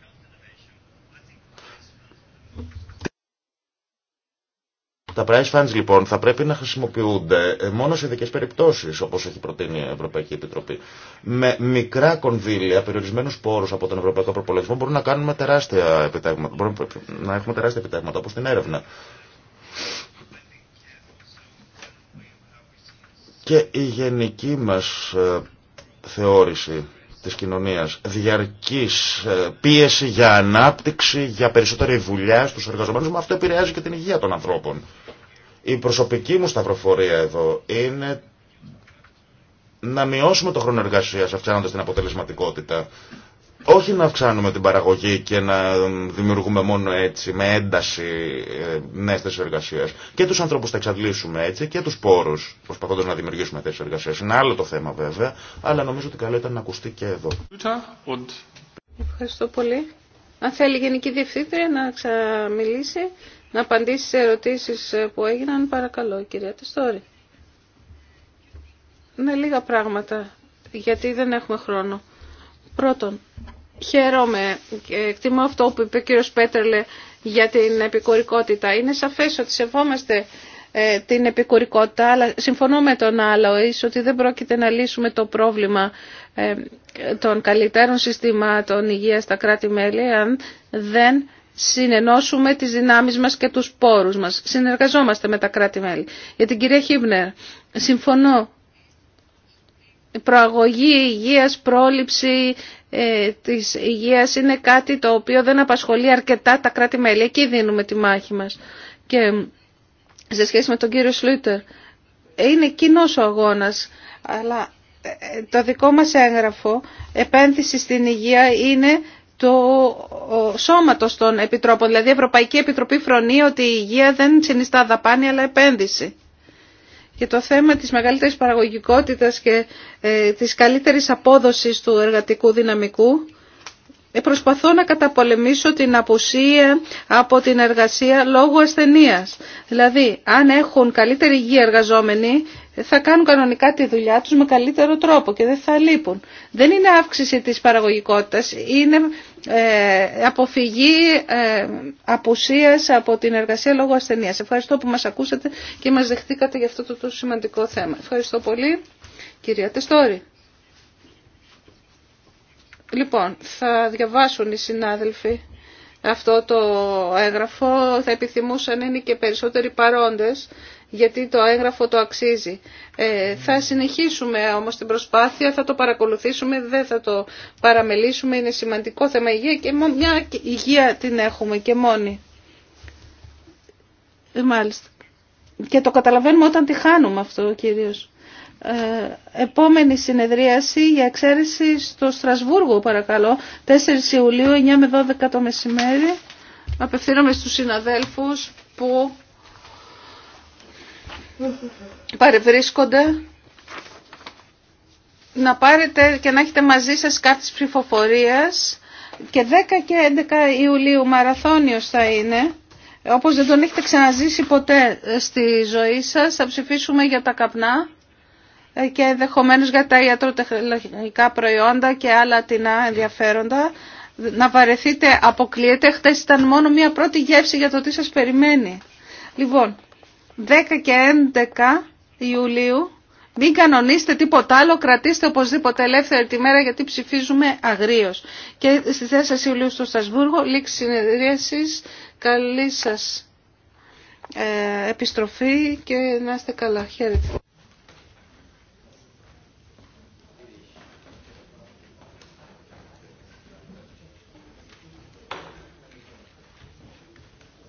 Τα price funds λοιπόν θα πρέπει να χρησιμοποιούνται ε, μόνο σε ειδικέ περιπτώσει, όπω έχει προτείνει η Ευρωπαϊκή Επιτροπή. Με μικρά κονδύλια, περιορισμένου πόρου από τον Ευρωπαϊκό Προπολογισμό μπορούμε να κάνουμε τεράστια επιτέγματα, μπορούμε να έχουμε τεράστια επιτέγματα, όπω την έρευνα. Και η γενική μας ε, θεώρηση της κοινωνίας, διαρκής ε, πίεση για ανάπτυξη, για περισσότερη δουλειά στους εργαζόμενου, αυτό επηρεάζει και την υγεία των ανθρώπων. Η προσωπική μου σταυροφορία εδώ είναι να μειώσουμε το χρόνο εργασία αυξάνοντα την αποτελεσματικότητα. Όχι να αυξάνουμε την παραγωγή και να δημιουργούμε μόνο έτσι, με ένταση ε, νέε θέσει εργασία. Και του ανθρώπου θα εξαντλήσουμε έτσι και του πόρου, προσπαθώντα να δημιουργήσουμε θέσει εργασία. Είναι άλλο το θέμα βέβαια, αλλά νομίζω ότι καλό ήταν να ακουστεί και εδώ. Ευχαριστώ πολύ. Αν θέλει η Γενική Διευθύντρια να ξαμιλήσει, να απαντήσει σε ερωτήσεις ε, που έγιναν, παρακαλώ κυρία Τεστόρη. Ναι, λίγα πράγματα, γιατί δεν έχουμε χρόνο. Πρώτον, χαίρομαι και ε, εκτιμώ αυτό που είπε ο κύριος Πέτρελε για την επικουρικότητα. Είναι σαφές ότι σεβόμαστε ε, την επικουρικότητα, αλλά συμφωνώ με τον άλλο εις ότι δεν πρόκειται να λύσουμε το πρόβλημα των καλύτερων συστημάτων υγεία στα κράτη-μέλη αν δεν συνενώσουμε τις δυνάμεις μας και τους πόρους μας. Συνεργαζόμαστε με τα κράτη-μέλη. Για την κυρία Χίμπνερ, συμφωνώ. Η προαγωγή υγείας, πρόληψη ε, της υγείας είναι κάτι το οποίο δεν απασχολεί αρκετά τα κράτη-μέλη. Εκεί δίνουμε τη μάχη μας. Και σε σχέση με τον κύριο Σλούτερ, είναι κοινό ο αγώνας, αλλά ε, ε, το δικό μας έγγραφο επένδυση στην υγεία είναι το σώματος των επιτρόπων. Δηλαδή η Ευρωπαϊκή Επιτροπή φρονεί ότι η υγεία δεν συνιστά δαπάνη αλλά επένδυση. Και το θέμα της μεγαλύτερης παραγωγικότητας και ε, της καλύτερης απόδοσης του εργατικού δυναμικού ε, προσπαθώ να καταπολεμήσω την απουσία από την εργασία λόγω ασθενείας. Δηλαδή, αν έχουν καλύτερη υγεία εργαζόμενοι, θα κάνουν κανονικά τη δουλειά τους με καλύτερο τρόπο και δεν θα λείπουν. Δεν είναι αύξηση της παραγωγικότητας, είναι ε, αποφυγή ε, απουσίας από την εργασία λόγω ασθενείας. Ευχαριστώ που μας ακούσατε και μας δεχτήκατε για αυτό το σημαντικό θέμα. Ευχαριστώ πολύ, κυρία Τεστόρη. Λοιπόν, θα διαβάσουν οι συνάδελφοι αυτό το έγγραφο. Θα επιθυμούσαν είναι και περισσότεροι παρόντες, γιατί το έγγραφο το αξίζει. Ε, θα συνεχίσουμε όμως την προσπάθεια, θα το παρακολουθήσουμε, δεν θα το παραμελήσουμε. Είναι σημαντικό θέμα υγεία και μόνο μια υγεία την έχουμε και μόνη. Ε, μάλιστα. Και το καταλαβαίνουμε όταν τη χάνουμε αυτό κυρίως. Ε, επόμενη συνεδρίαση για εξαίρεση στο Στρασβούργο παρακαλώ 4 Ιουλίου 9 με 12 το μεσημέρι απευθύνομαι στους συναδέλφους που παρευρίσκονται να πάρετε και να έχετε μαζί σας κάρτες ψηφοφορίας και 10 και 11 Ιουλίου μαραθώνιος θα είναι όπως δεν τον έχετε ξαναζήσει ποτέ στη ζωή σας θα ψηφίσουμε για τα καπνά και ενδεχομένω για τα ιατροτεχνικά προϊόντα και άλλα τεινά ενδιαφέροντα. Να βαρεθείτε, αποκλείεται. Χθε ήταν μόνο μία πρώτη γεύση για το τι σας περιμένει. Λοιπόν, 10 και 11 Ιουλίου, μην κανονίστε τίποτα άλλο, κρατήστε οπωσδήποτε ελεύθερη τη μέρα γιατί ψηφίζουμε αγρίως. Και στι 4 Ιουλίου στο Στασβούργο, λήξη συνεδρίαση. καλή σας ε, επιστροφή και να είστε καλά. Χαίρετε.